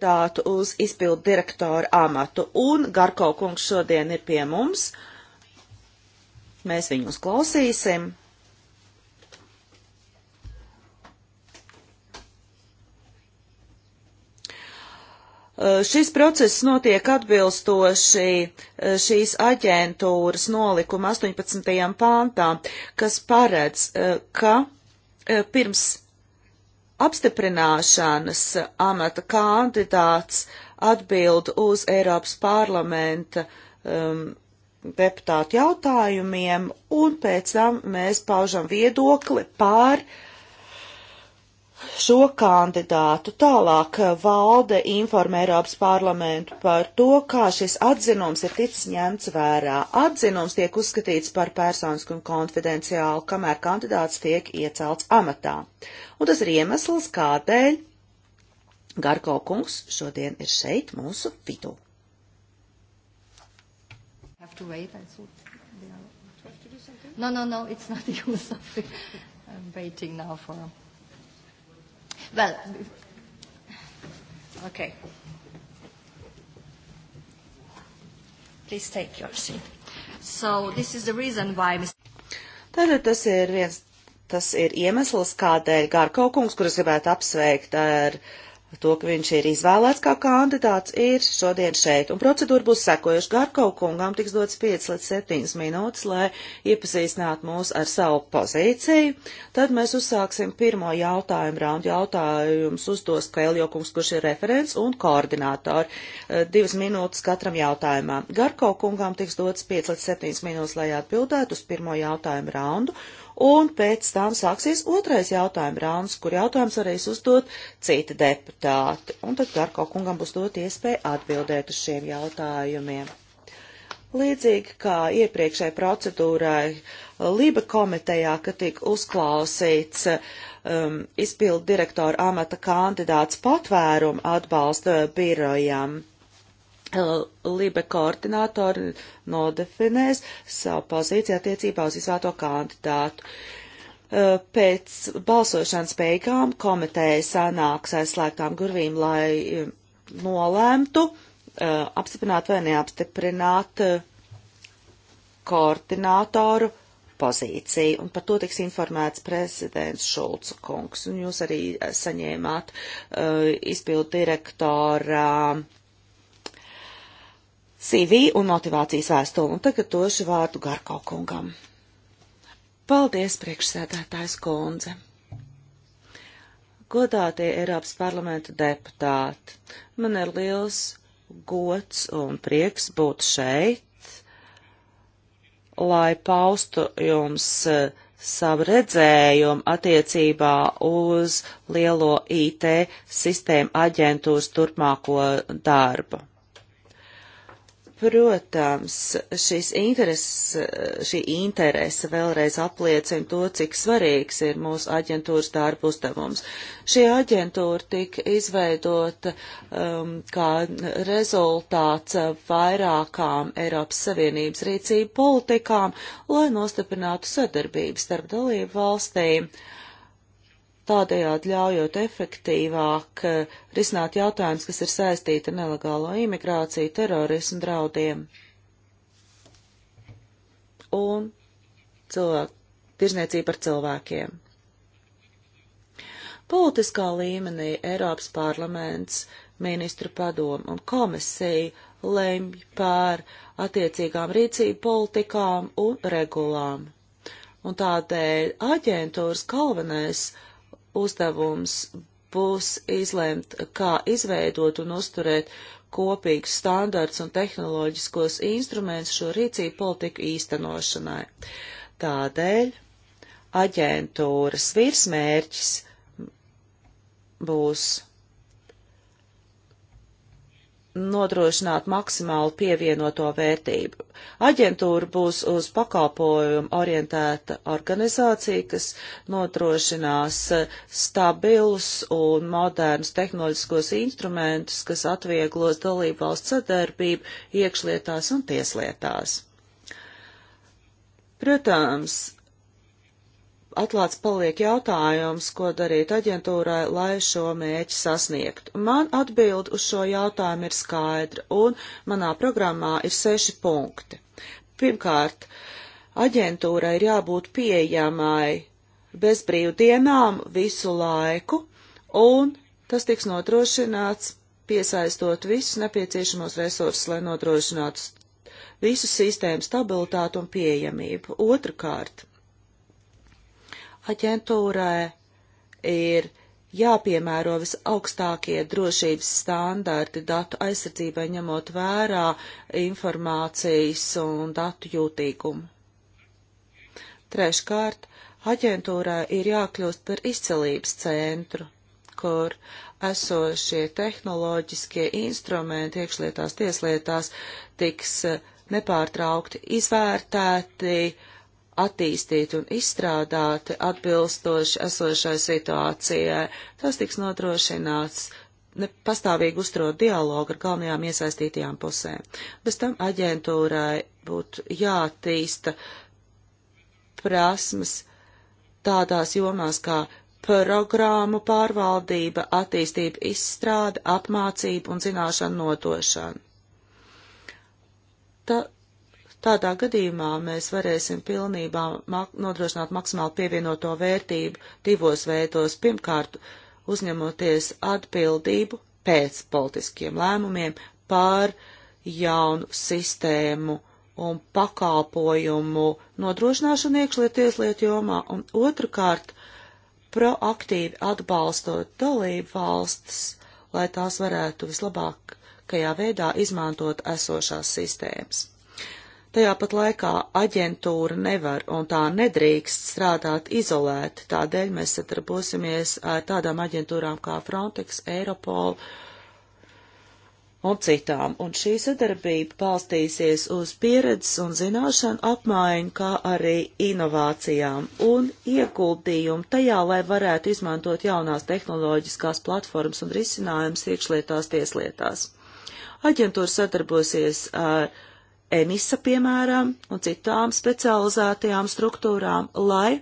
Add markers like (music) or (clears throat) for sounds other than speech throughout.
kandidātu uz izpildu direktoru amatu, un Garko kungs šodien ir pie mums. Mēs viņu uzklausīsim. Šis process notiek atbilstoši šīs aģentūras nolikuma 18. pāntām, kas paredz, ka pirms apstiprināšanas amata kandidāts atbild uz Eiropas parlamenta um, deputātu jautājumiem, un pēc tam mēs paužam viedokli pār uh, šo kandidātu. Tālāk eh, valde informē Eiropas parlamentu par to, kā šis atzinums ir ticis ņemts vērā. Atzinums tiek uzskatīts par personisku un konfidenciālu, kamēr kandidāts tiek iecelts amatā. Un tas ir iemesls, kādēļ Garko kungs šodien ir šeit mūsu vidū. No, no, no, it's not (laughs) you, Sophie. I'm waiting now for him. Well, okay. Please take your seat. So this is the reason why... Tātad tas ir viens, tas ir iemesls, kādēļ Gārko kungs, kuras gribētu apsveikt ar uh, to, ka viņš ir izvēlēts kā kandidāts, ir šodien šeit. Un procedūra būs sekojuši. Garkau kungam tiks dots 5 līdz 7 minūtes, lai iepazīstinātu mūs ar savu pozīciju. Tad mēs uzsāksim pirmo jautājumu raundu. Jautājums uzdos Kailjo kungs, kurš ir referents un koordinātori. Eh, divas minūtes katram jautājumā. Garkau kungam tiks dots 5 līdz 7 minūtes, lai atbildētu uz pirmo jautājumu raundu un pēc tam sāksies otrais jautājuma rauns, kur jautājums varēs uzdot citi deputāti, un tad Garko kungam būs dot iespēja atbildēt uz šiem jautājumiem. Līdzīgi kā iepriekšējai procedūrai Liba komitejā, kad tika uzklausīts um, izpildu direktora amata kandidāts patvērumu atbalsta birojam. Libe koordinātori nodefinēs savu pozīciju attiecībā uz izvēlto kandidātu. Pēc balsošanas beigām komiteja sanāks aizslēgtām gurvīm, lai nolēmtu apstiprināt vai neapstiprināt koordinātoru pozīciju, un par to tiks informēts prezidents Šulca kungs, un jūs arī saņēmāt uh, izpildu direktora uh, CV un motivācijas vēstuli. Un tagad došu vārdu Garkau kungam. Paldies, priekšsēdētājs kundze! Godātie Eiropas parlamenta deputāti, man ir liels gods un prieks būt šeit, lai paustu jums eh, savu redzējumu attiecībā uz lielo IT sistēmu aģentūras turpmāko darbu. Protams, šīs intereses, šī interese vēlreiz apliecina to, cik svarīgs ir mūsu aģentūras darba uzdevums. Šī aģentūra tika izveidota um, kā rezultāts vairākām Eiropas Savienības rīcību politikām, lai nostiprinātu sadarbības starp dalību valstīm. Uh, tādējādi ļaujot efektīvāk eh, risināt jautājumus, kas ir saistīti ar nelegālo imigrāciju, terorismu draudiem un cilvēku, tirzniecību ar cilvēkiem. Politiskā līmenī Eiropas parlaments, ministru padomu un komisija lemj pār attiecīgām rīcību politikām un regulām. Un tādēļ aģentūras galvenais uh, uzdevums būs izlēmt, kā izveidot un uzturēt kopīgus standarts un tehnoloģiskos instrumentus šo rīcību politiku īstenošanai. Tādēļ aģentūras virsmērķis būs nodrošināt maksimālu pievienoto vērtību. Aģentūra būs uz pakalpojumu orientēta organizācija, kas nodrošinās stabilus un modernus tehnoloģiskos instrumentus, kas atvieglos dalību valsts sadarbību iekšlietās un tieslietās. Protams, atklāts paliek jautājums, ko darīt aģentūrai, lai šo mēķi sasniegtu. Man atbild uz šo jautājumu ir skaidra, un manā programmā ir seši punkti. Pirmkārt, aģentūrai ir jābūt pieejamai bez brīvdienām visu laiku, un tas tiks nodrošināts piesaistot visus nepieciešamos resursus, lai nodrošinātu visu sistēmu stabilitātu un pieejamību. Otrakārt, aģentūrai ir jāpiemēro visaugstākie drošības standarti datu aizsardzībai, ņemot vērā informācijas un datu jūtīgumu. Treškārt, aģentūrai ir jākļūst par izcelības centru, kur esošie tehnoloģiskie instrumenti iekšlietās tieslietās tiks nepārtraukti izvērtēti, uh, attīstīt un izstrādāt atbilstoši esošai situācijai. Tas tiks nodrošināts pastāvīgi uzturot dialogu ar galvenajām iesaistītajām pusēm. Bez tam aģentūrai būtu jātīsta prasmes tādās jomās kā programmu pārvaldība, attīstība, izstrāde, apmācība un zināšana nodošana. Ta, Tādā gadījumā mēs varēsim pilnībā mak nodrošināt maksimāli pievienoto vērtību divos veidos. Pirmkārt, uzņemoties atbildību pēc politiskiem lēmumiem par jaunu sistēmu un pakalpojumu nodrošināšanu iekšliet tieslietu jomā, un otrkārt, proaktīvi atbalstot dalību valstis, lai tās varētu vislabākajā veidā izmantot esošās sistēmas. Tajā pat laikā aģentūra nevar un tā nedrīkst strādāt izolēti, tādēļ mēs sadarbosimies ar tādām aģentūrām kā Frontex, Europol un citām, un šī sadarbība balstīsies uz pieredzes un zināšanu apmaiņu, kā arī inovācijām un ieguldījumu tajā, lai varētu izmantot jaunās tehnoloģiskās platformas un risinājumus iekšlietās tieslietās. Aģentūra sadarbosies ar uh, emisa, piemēram, un citām specializētajām struktūrām, lai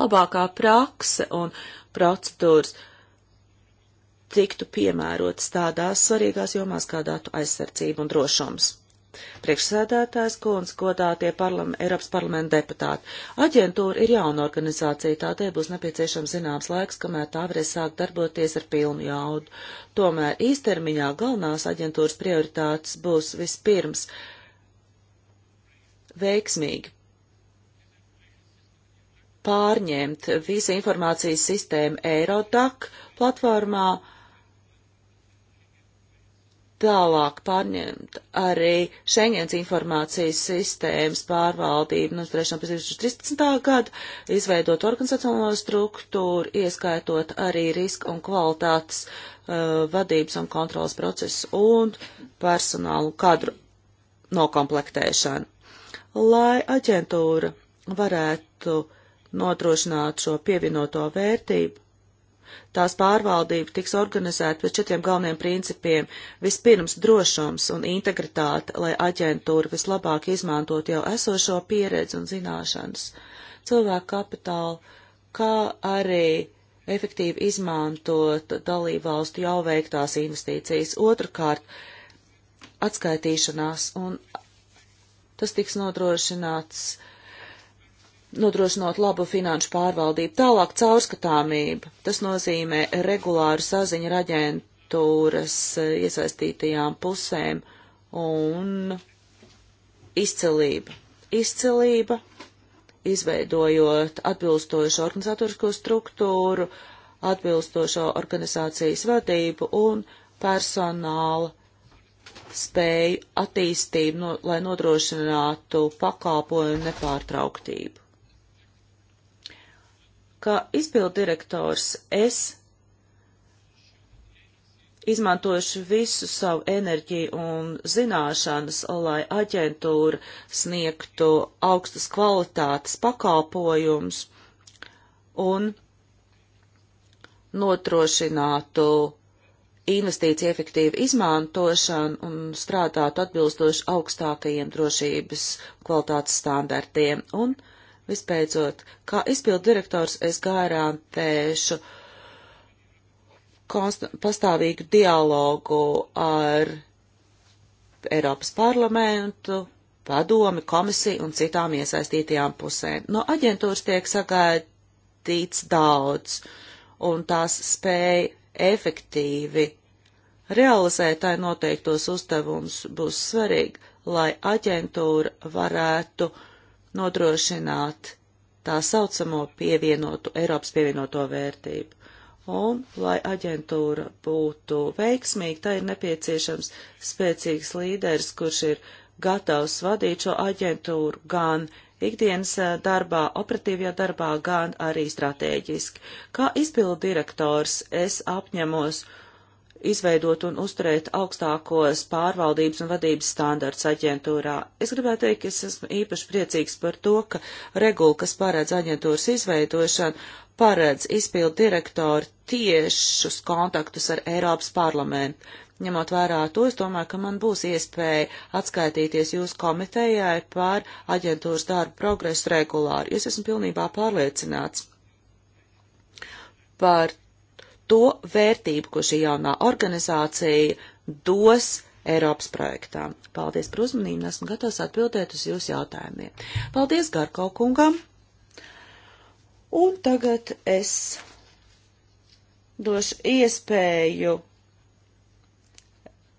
labākā prakse un procedūras tiktu piemērotas tādās svarīgās jomās kā datu aizsardzība un drošums. Priekšsēdētājs Kunz, godātie parlam Eiropas parlamenta deputāti. Aģentūra ir jauna organizācija, tādēļ būs nepieciešams zināms laiks, kamēr tā varēs sākt darboties ar pilnu jaudu. Tomēr īstermiņā galvenās aģentūras prioritātes būs vispirms veiksmīgi pārņemt visu informācijas sistēmu Eurodac platformā, tālāk pārņemt arī Schengens informācijas sistēmas pārvaldību no nu, 3. pēc 2013. gada, izveidot organizacionālo struktūru, ieskaitot arī riska un kvalitātes uh, vadības un kontrolas procesu un personālu kadru nokomplektēšanu. Lai aģentūra varētu nodrošināt šo pievienoto vērtību, tās pārvaldība tiks organizēta pēc četriem galveniem principiem. Vispirms drošums un integritāte, lai aģentūra vislabāk izmantot jau esošo pieredzi un zināšanas, cilvēku kapitālu, kā arī efektīvi izmantot dalībvalstu jau veiktās investīcijas. Otrakārt, atskaitīšanās, un tas tiks nodrošināts uh, nodrošinot labu finanšu pārvaldību. Tālāk caurskatāmība. Tas nozīmē regulāru saziņu ar aģentūras eh, iesaistītajām pusēm un izcelība. Izcelība, izveidojot atbilstošu organizatorisko struktūru, atbilstošo organizācijas vadību un personāla spēju attīstību, no, lai nodrošinātu pakalpojumu nepārtrauktību. Kā izpildirektors es izmantojuši visu savu enerģiju un zināšanas, lai aģentūra sniegtu augstas kvalitātes pakalpojums un notrošinātu investīciju efektīvu izmantošanu un strādātu atbilstoši augstākajiem drošības kvalitātes standartiem. Un Vispēcot, kā izpildu direktors es garantēšu pastāvīgu dialogu ar Eiropas parlamentu, padomi, komisiju un citām iesaistītajām pusēm. No aģentūras tiek sagaidīts daudz, un tās spēja efektīvi realizēt tai noteiktos uzdevumus būs svarīgi, lai aģentūra varētu uh, nodrošināt tā saucamo pievienotu, Eiropas pievienoto vērtību. Un, lai aģentūra būtu veiksmīga, tai ir nepieciešams spēcīgs līderis, kurš ir gatavs vadīt šo aģentūru gan ikdienas darbā, operatīvajā darbā, gan arī strateģiski. Kā izpildu direktors es apņemos uh, izveidot un uzturēt augstākos pārvaldības un vadības standarts aģentūrā. Es gribētu teikt, ka es esmu īpaši priecīgs par to, ka regula, kas paredz aģentūras izveidošanu, paredz izpildu direktoru tiešus kontaktus ar Eiropas parlamentu. Ņemot vērā to, es domāju, ka man būs iespēja atskaitīties jūsu komitejai par aģentūras darbu progresu regulāri. Es esmu pilnībā pārliecināts par to vērtību, ko šī jaunā organizācija dos Eiropas projektā. Paldies par uzmanību, esmu gatavs atbildēt uz jūsu jautājumiem. Paldies Garko kungam! Un tagad es došu iespēju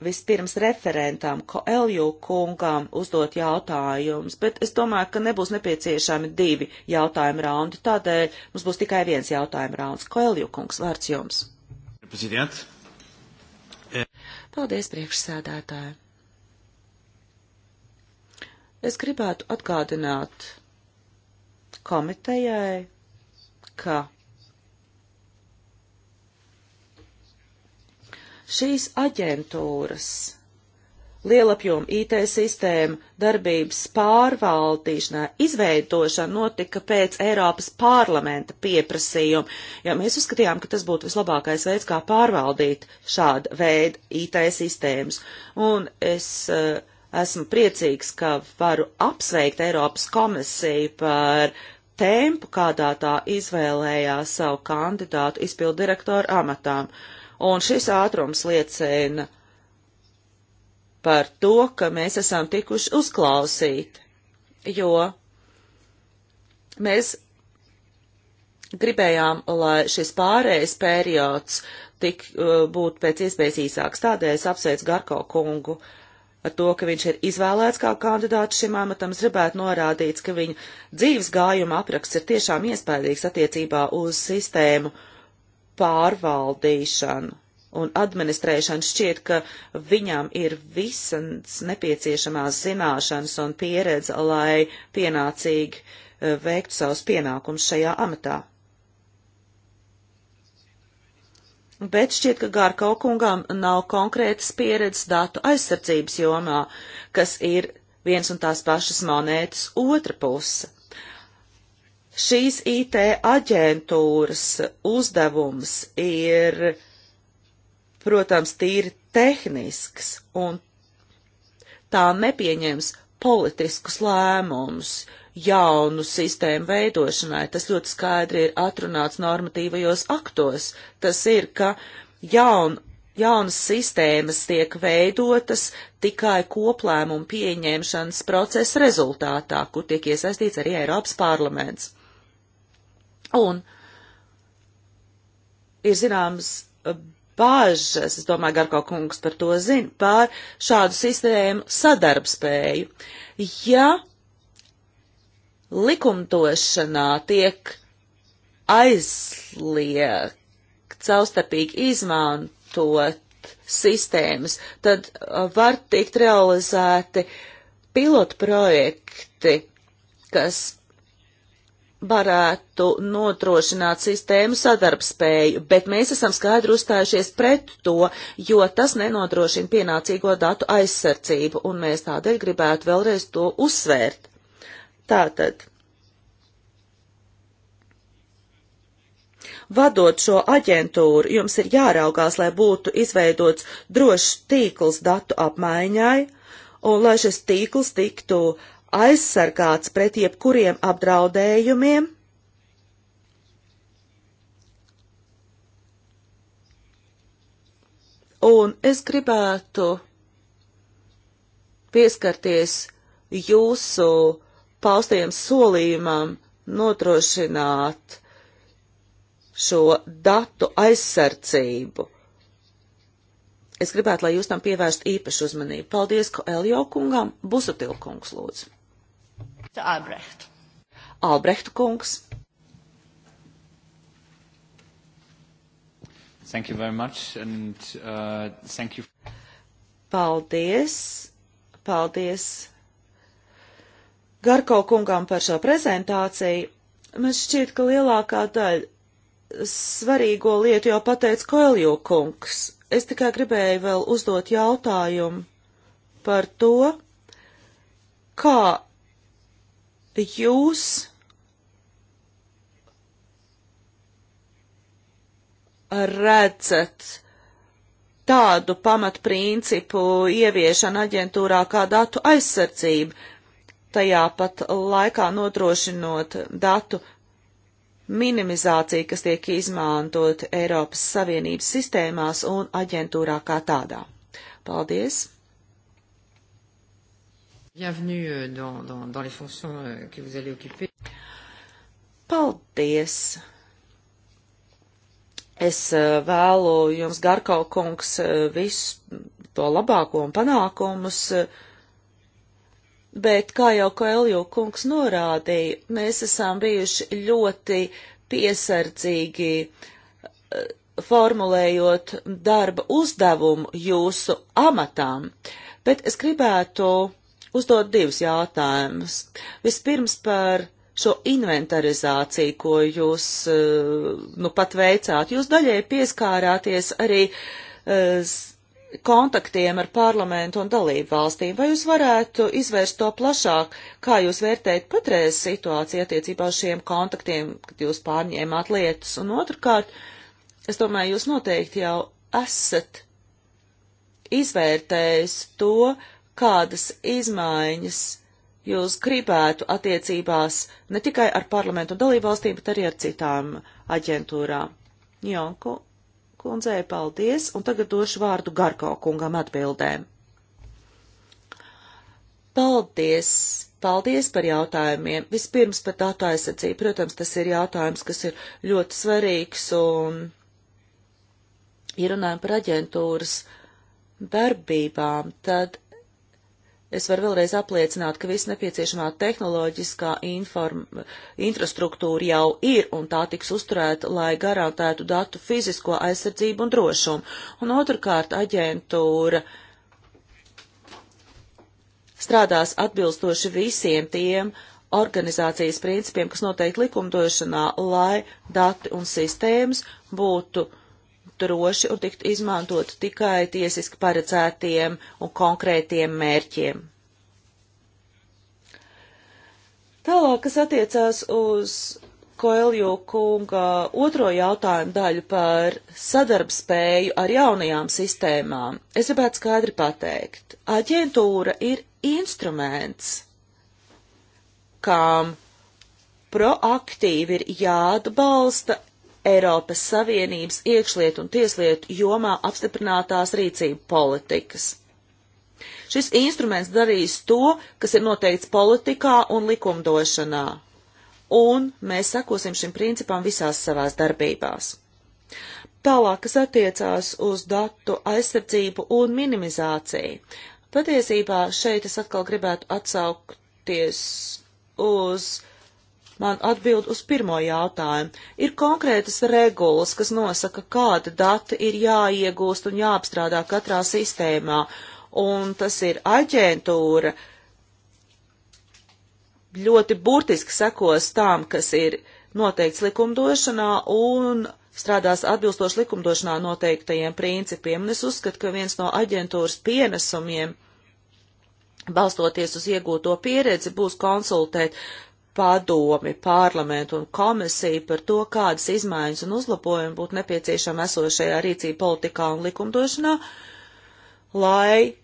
vispirms referentam Koelju kungam uzdot jautājumus, bet es domāju, ka nebūs nepieciešami divi jautājuma raundi, tādēļ mums būs tikai viens jautājuma rauns. Koelju kungs, vārds jums. Prezidents. E- Paldies, priekšsēdētāji. Es gribētu atgādināt komitejai, ka Šīs aģentūras lielapjoma IT sistēma darbības pārvaldīšanā izveidošana notika pēc Eiropas parlamenta pieprasījuma, ja mēs uzskatījām, ka tas būtu vislabākais veids, kā pārvaldīt šādu veidu IT sistēmas. Un es uh, esmu priecīgs, ka varu apsveikt Eiropas komisiju par tempu, kādā tā izvēlējās savu kandidātu izpildirektoru amatām. Uh, un šis ātrums liecina par to, ka mēs esam tikuši uzklausīti, jo mēs gribējām, lai šis pārējais periods tik uh, būtu pēc iespējas īsāks. Tādēļ es apsveicu Garko kungu ar to, ka viņš ir izvēlēts kā kandidāts šim amatam. Es gribētu norādīt, ka viņa dzīves gājuma apraksts ir tiešām iespējīgs attiecībā uz sistēmu pārvaldīšanu un administrēšanu. Šķiet, ka viņam ir visas nepieciešamās zināšanas un pieredze, lai pienācīgi eh, veiktu savus pienākumus šajā amatā. Bet šķiet, ka Gārkau kungām nav konkrētas pieredzes datu aizsardzības jomā, kas ir viens un tās pašas monētas otra puse. Šīs IT aģentūras uzdevums ir, protams, tīri tehnisks, un tā nepieņems politiskus lēmumus jaunu sistēmu veidošanai. Tas ļoti skaidri ir atrunāts normatīvajos aktos. Tas ir, ka jaun, jaunas sistēmas tiek veidotas tikai koplēmumu pieņemšanas procesa rezultātā, kur tiek iesaistīts arī Eiropas parlaments. Un ir zināmas bažas, es domāju, Garko kungs par to zina, par šādu sistēmu sadarbspēju. Ja likumdošanā tiek aizliegt caustarpīgi izmantot sistēmas, tad var tikt realizēti pilotprojekti, kas varētu notrošināt sistēmu sadarbspēju, bet mēs esam skaidri uzstājušies pret to, jo tas nenodrošina pienācīgo datu aizsardzību, un mēs tādēļ gribētu vēlreiz to uzsvērt. Tātad. Vadot šo aģentūru, jums ir jāraugās, lai būtu izveidots drošs tīkls datu apmaiņai, un lai šis tīkls tiktu uh, aizsargāts pret jebkuriem apdraudējumiem, un es gribētu pieskarties jūsu paustajam solījumam nodrošināt šo datu aizsardzību. Es gribētu, lai jūs tam pievērst īpašu uzmanību. Paldies, ko Eljo kungam, Busutilkungs lūdzu. Albrecht. Albrecht kungs. Thank you very much and uh, thank you. Paldies. Paldies Garko kungam par šo prezentāciju. Man šķiet, ka lielākā daļa svarīgo lietu jau pateica Koelju kungs. Es tikai gribēju vēl uzdot jautājumu par to, kā jūs redzat tādu pamatprincipu ieviešanu aģentūrā kā datu aizsardzība, tajā pat laikā nodrošinot datu minimizāciju, kas tiek izmantot Eiropas Savienības sistēmās un aģentūrā kā tādā. Paldies! Bienvenue euh, dans, dans, dans les fonctions euh, que vous allez occuper. Paldies! Es euh, vēlu jums, Garko kungs, visu to labāko un panākumus, bet, kā jau Koelju kungs norādīja, mēs esam bijuši ļoti piesardzīgi eh, formulējot darba uzdevumu jūsu amatām, bet es gribētu uzdot divus jautājumus. Vispirms par šo inventarizāciju, ko jūs eh, nu pat veicāt. Jūs daļai pieskārāties arī eh, kontaktiem ar parlamentu un dalību valstīm. Vai jūs varētu izvērst to plašāk, kā jūs vērtējat patreiz situāciju attiecībā uz šiem kontaktiem, kad jūs pārņēmāt lietas? Un otrkārt, es domāju, jūs noteikti jau esat izvērtējis to, uh, kādas izmaiņas jūs gribētu attiecībās ne tikai ar parlamentu un dalībvalstīm, bet arī ar citām aģentūrām. Jonku kundzei paldies, un tagad došu vārdu Garko kungam atbildēm. Paldies! Paldies par jautājumiem. Vispirms par datu aizsardzību. Protams, tas ir jautājums, kas ir ļoti svarīgs, un, ja runājam par aģentūras darbībām, tad Es varu vēlreiz apliecināt, ka viss nepieciešamā tehnoloģiskā inform, infrastruktūra jau ir un tā tiks uzturēta, lai garantētu datu fizisko aizsardzību un drošumu. Un otrkārt, aģentūra strādās atbilstoši visiem tiem organizācijas principiem, kas noteikti likumdošanā, lai dati un sistēmas būtu droši un tikt izmantot tikai tiesiski paredzētiem un konkrētiem mērķiem. Tālāk, kas attiecās uz Koeljo kunga otro jautājumu daļu par sadarbspēju ar jaunajām sistēmām, es gribētu skaidri pateikt. Aģentūra ir instruments, kam proaktīvi ir jāatbalsta Eiropas Savienības iekšlietu un tieslietu jomā apstiprinātās rīcību politikas. Šis instruments darīs to, kas ir noteikts politikā un likumdošanā, un mēs sekosim šim principam visās savās darbībās. Tālāk, kas attiecās uz datu aizsardzību un minimizāciju. Patiesībā šeit es atkal gribētu atsaukties uz man atbild uz pirmo jautājumu. Ir konkrētas regulas, kas nosaka, kāda data ir jāiegūst un jāapstrādā katrā sistēmā, un tas ir aģentūra ļoti burtiski sekos tām, kas ir noteikts likumdošanā un strādās atbilstoši likumdošanā noteiktajiem principiem. Un es uzskatu, ka viens no aģentūras pienesumiem, balstoties uz iegūto pieredzi, būs konsultēt padomi, parlamentu un komisiju par to, kādas izmaiņas un uzlabojumi būtu nepieciešami esošajā rīcība politikā un likumdošanā, lai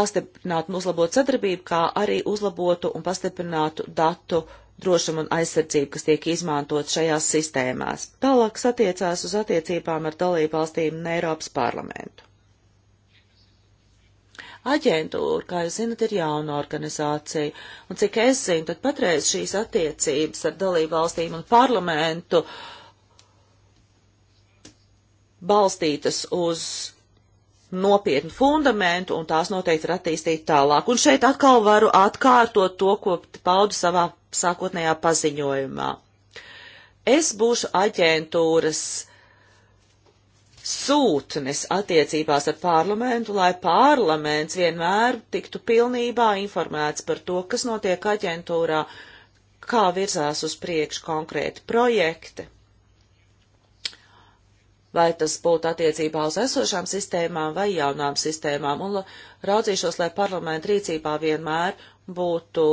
pastiprinātu un uzlabotu sadarbību, kā arī uzlabotu un pastiprinātu datu drošumu un aizsardzību, kas tiek izmantot šajās sistēmās. Tālāk satiecās uz attiecībām ar dalībvalstīm un Eiropas parlamentu. Aģentūra, kā jūs zinat, ir jauna organizācija, un cik es zinu, tad patreiz šīs attiecības ar dalību valstīm un parlamentu balstītas uz nopietnu fundamentu, un tās noteikti ir attīstīt tālāk. Un šeit atkal varu atkārtot to, ko paudu savā sākotnējā paziņojumā. Es būšu aģentūras sūtnes attiecībās ar parlamentu, lai parlaments vienmēr tiktu pilnībā informēts par to, kas notiek aģentūrā, kā virzās uz priekšu konkrēti projekti. Vai tas būtu attiecībā uz esošām sistēmām vai jaunām sistēmām, un raudzīšos, lai parlamentu rīcībā vienmēr būtu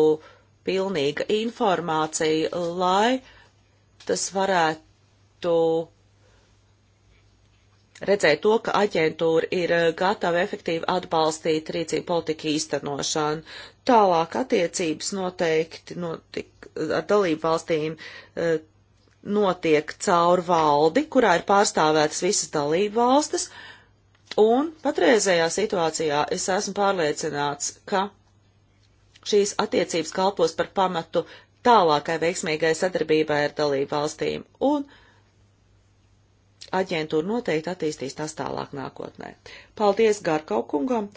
pilnīga informācija, lai tas varētu redzēja to, ka aģentūra ir eh, gatava efektīvi atbalstīt rīcību politiku īstenošanu. Tālāk attiecības noteikti notik, ar dalību valstīm eh, notiek caur valdi, kurā ir pārstāvētas visas dalību valstis, un patreizējā situācijā es esmu pārliecināts, ka šīs attiecības kalpos par pamatu tālākai veiksmīgai sadarbībai ar dalību valstīm. Un uh, aģentūra noteikti attīstīs tās tālāk nākotnē. Paldies Garkau kungam,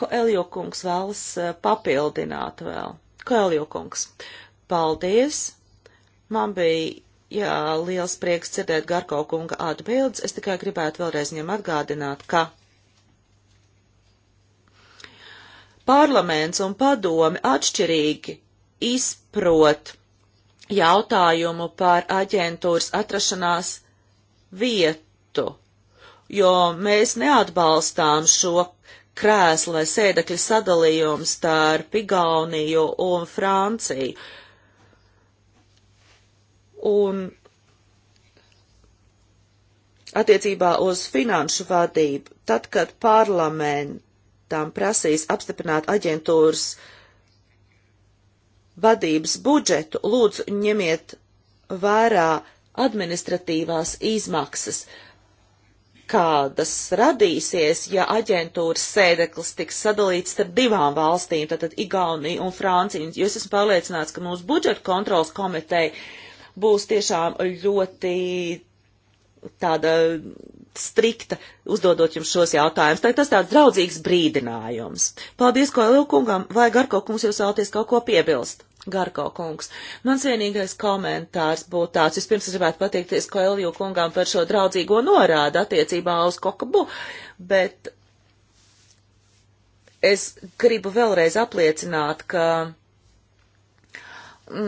ko Elio kungs vēlas eh, papildināt vēl. Ko Elio kungs? Paldies! Man bija jā, liels prieks dzirdēt Garkau kunga atbildes. Es tikai gribētu vēlreiz viņam atgādināt, ka parlaments un padomi atšķirīgi izprot jautājumu par aģentūras atrašanās vietu, jo mēs neatbalstām šo krēslu vai sēdekļu sadalījumu starp Igauniju un Franciju. Un attiecībā uz finanšu vadību, tad, kad parlamentam prasīs apstiprināt aģentūras vadības budžetu, lūdzu ņemiet vērā administratīvās izmaksas, kādas radīsies, ja aģentūras sēdeklis tiks sadalīts starp divām valstīm, tātad Igauniju un Franciju. Jo es esmu pārliecināts, ka mūsu budžeta kontrols komiteja būs tiešām ļoti tāda strikta uzdodot jums šos jautājumus. Tā ir tas tāds draudzīgs brīdinājums. Paldies, ko Elkungam, vai Garko kungs jūs vēlaties kaut ko piebilst? Garko kungs. Mans vienīgais komentārs būtu tāds, vispirms es gribētu pateikties Koelju kungām par šo draudzīgo norādu attiecībā uz kokabu, bet es gribu vēlreiz apliecināt, ka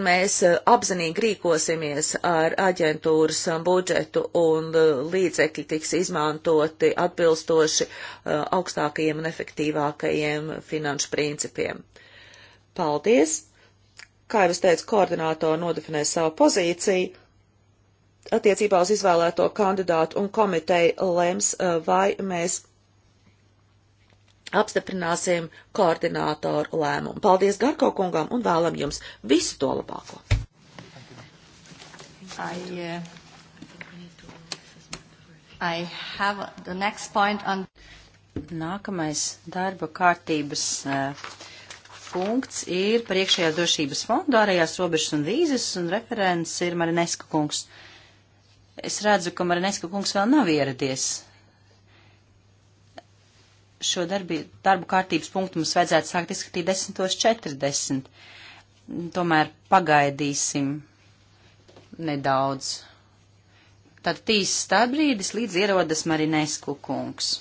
mēs eh, apzinīgi rīkosimies ar aģentūras budžetu un eh, līdzekļi tiks izmantoti atbilstoši eh, augstākajiem un efektīvākajiem finanšu principiem. Paldies! Kā jau es teicu, koordinātori nodefinē savu pozīciju attiecībā uz izvēlēto kandidātu un komiteju lems, eh, vai mēs apstiprināsim koordinātoru lēmumu. Paldies Garko kungam un vēlam jums visu to labāko. I, uh, I have the next point on... Nākamais darba kārtības uh, punkts ir par iekšējās drošības fondu, ārējās robežas un vīzes, un referents ir Marineska kungs. Es redzu, ka Marineska kungs vēl nav ieradies. Šo darbi, darbu kārtības punktu mums vajadzētu sākt izskatīt 10.40. Tomēr pagaidīsim nedaudz. Tad tīs tā brīdis, līdz ierodas Marinesku kungs.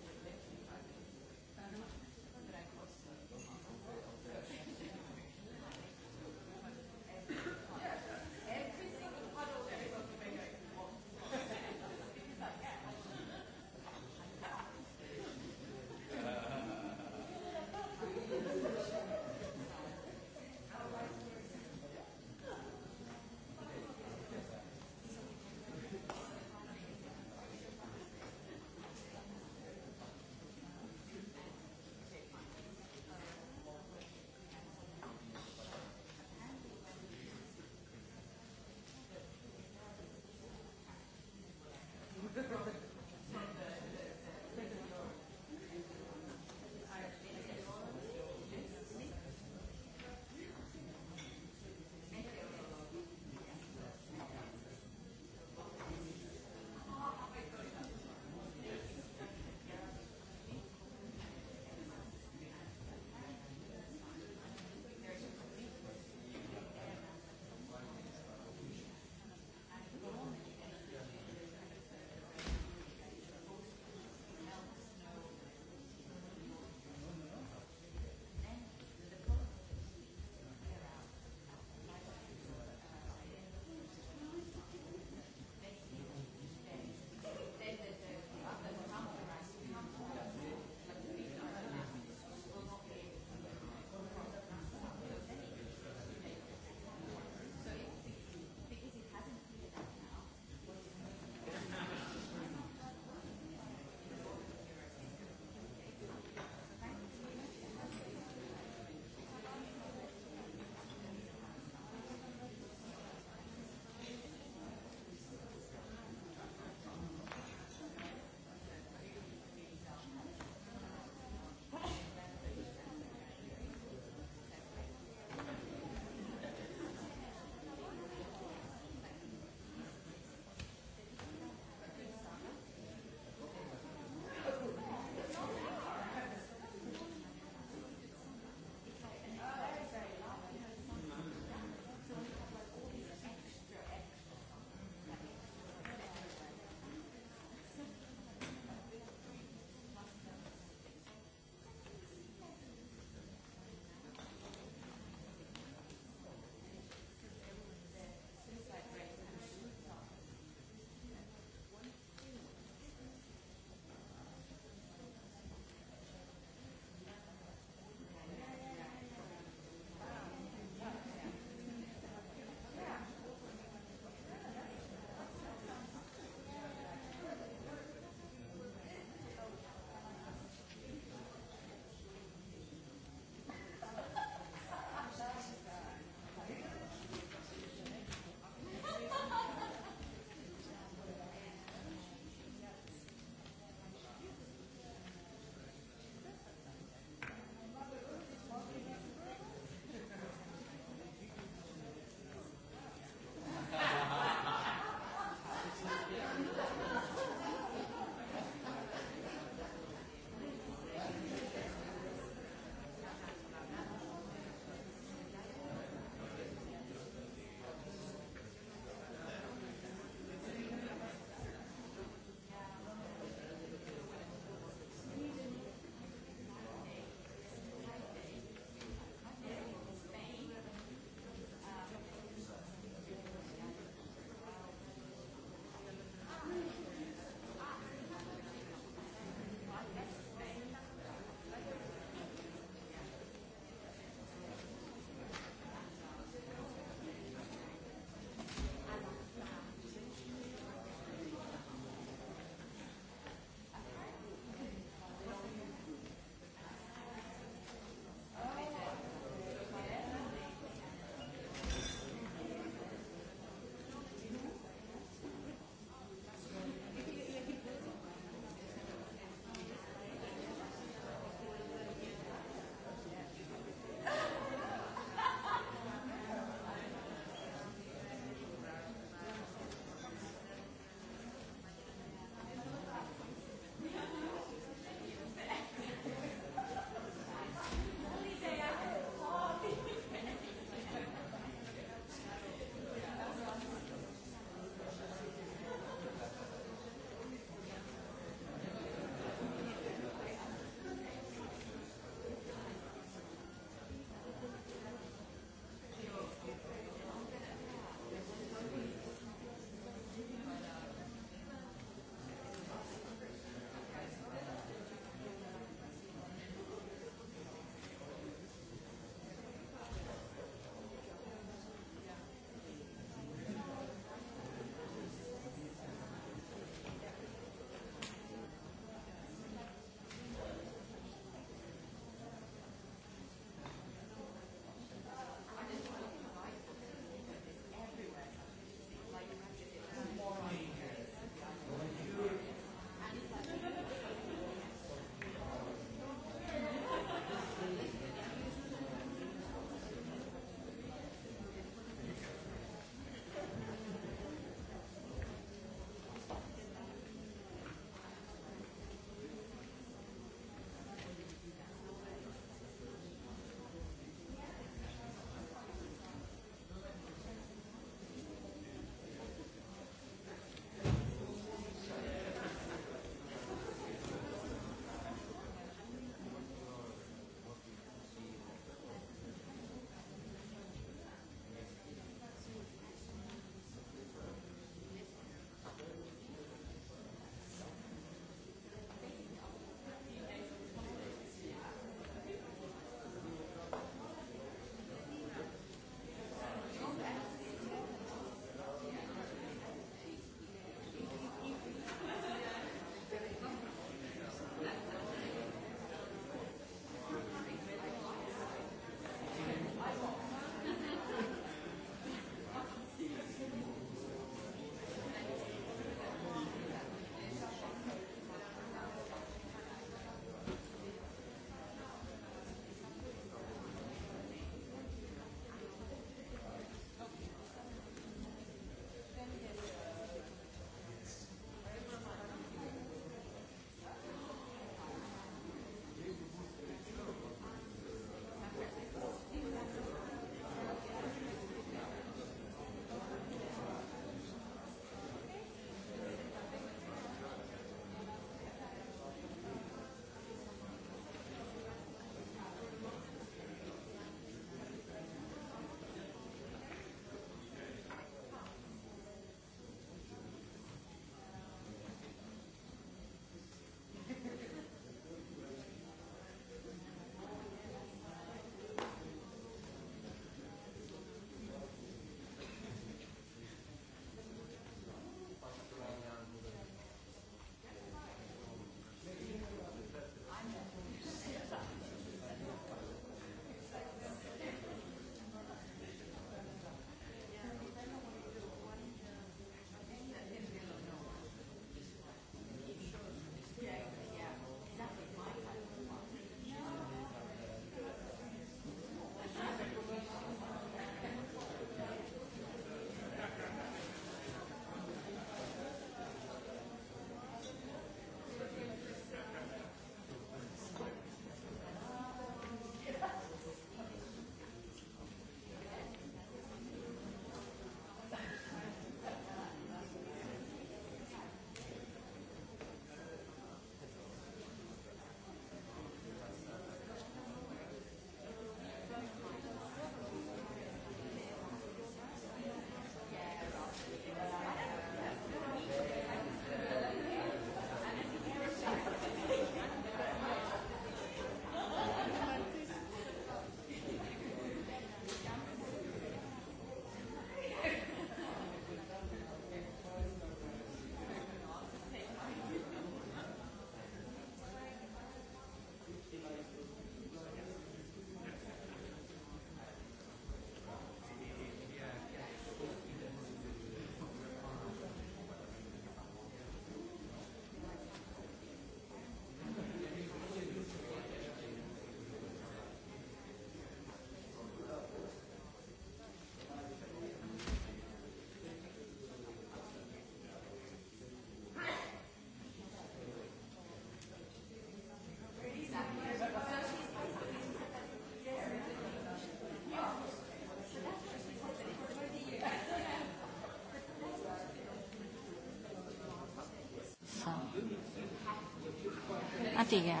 Öttinger.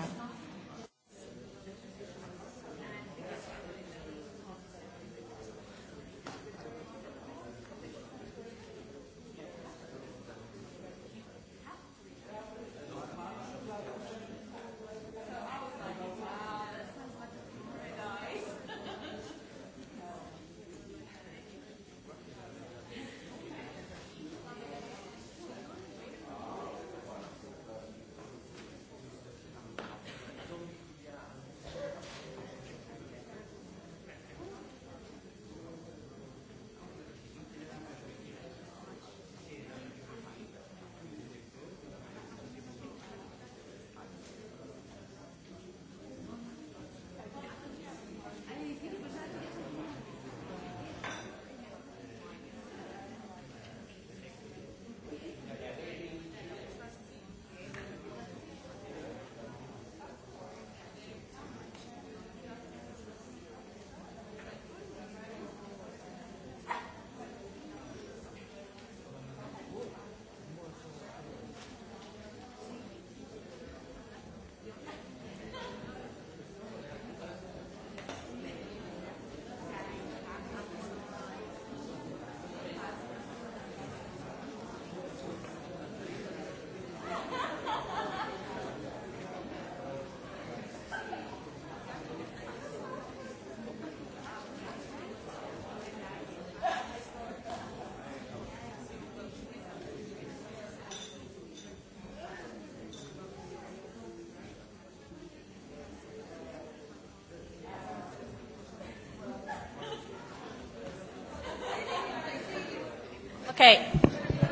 Okay.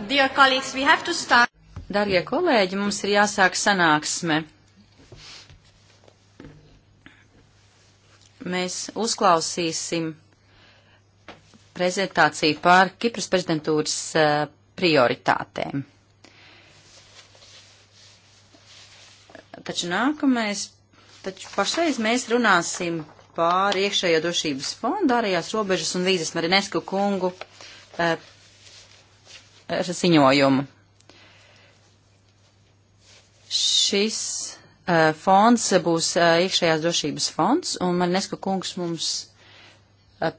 Dear colleagues, we have to start. Darbie kolēģi, mums ir jāsāk sanāksme. Mēs uzklausīsim prezentāciju par Kipras prezidentūras eh, prioritātēm. Taču nākamais, taču pašreiz mēs runāsim par iekšējo drošības fondu, ārējās robežas un vīzes Marinesku kungu eh, ziņojumu. Šis uh, fonds būs uh, iekšējās drošības fonds, un man neska kungs mums, uh,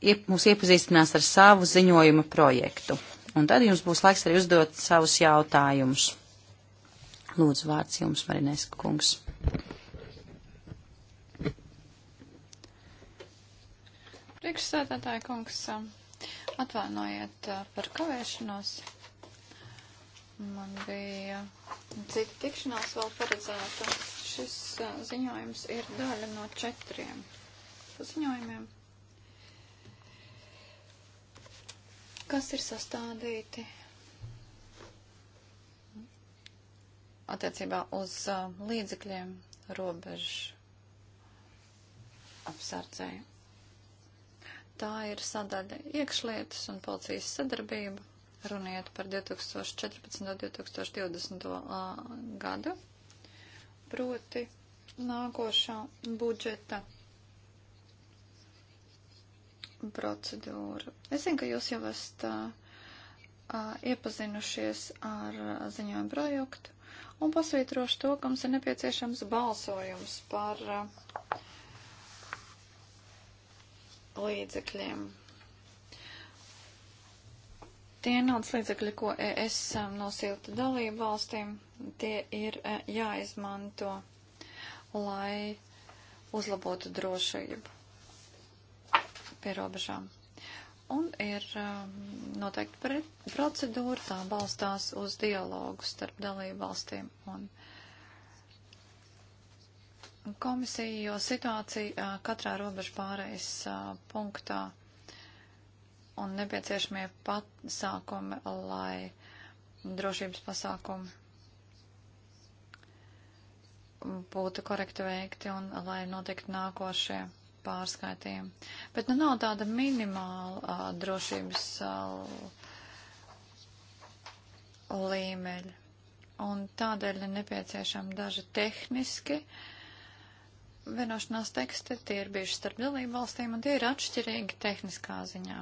iep, mums iepazīstinās ar savu ziņojuma projektu. Un tad jums būs laiks arī uzdot savus jautājumus. Lūdzu, vārds jums, Marineska kungs. Priekšsēdētāja kungs. Um Atvainojiet par kavēšanos. Man bija cita tikšanās vēl paredzēta. Šis ziņojums ir daļa no četriem ziņojumiem, kas ir sastādīti attiecībā uz līdzekļiem robežu apsardzēju Tā ir sadaļa iekšlietas un policijas sadarbība. Runiet par 2014. un 2020. gadu. Proti nākošā budžeta procedūra. Es zinu, ka jūs jau esat uh, iepazinušies ar ziņojumu projektu un pasvītrošu to, ka mums ir nepieciešams balsojums par uh, līdzekļiem. Tie naudas līdzekļi, ko es um, nosiltu dalību valstīm, tie ir uh, jāizmanto, lai uzlabotu drošību pie robežām. Un ir um, noteikti procedūra, tā balstās uz dialogu starp dalību valstīm un valstīm komisiju, jo situācija katrā robežu pārējais punktā un nepieciešamie pasākumi, lai drošības pasākumi būtu korekti veikti un lai notiktu nākošie pārskaitījumi. Bet nu nav tāda minimāla uh, drošības uh, līmeļa. Un tādēļ ir nepieciešami daži tehniski uh, vienošanās teksti, tie ir bieži starp dalību valstīm un tie ir atšķirīgi tehniskā ziņā.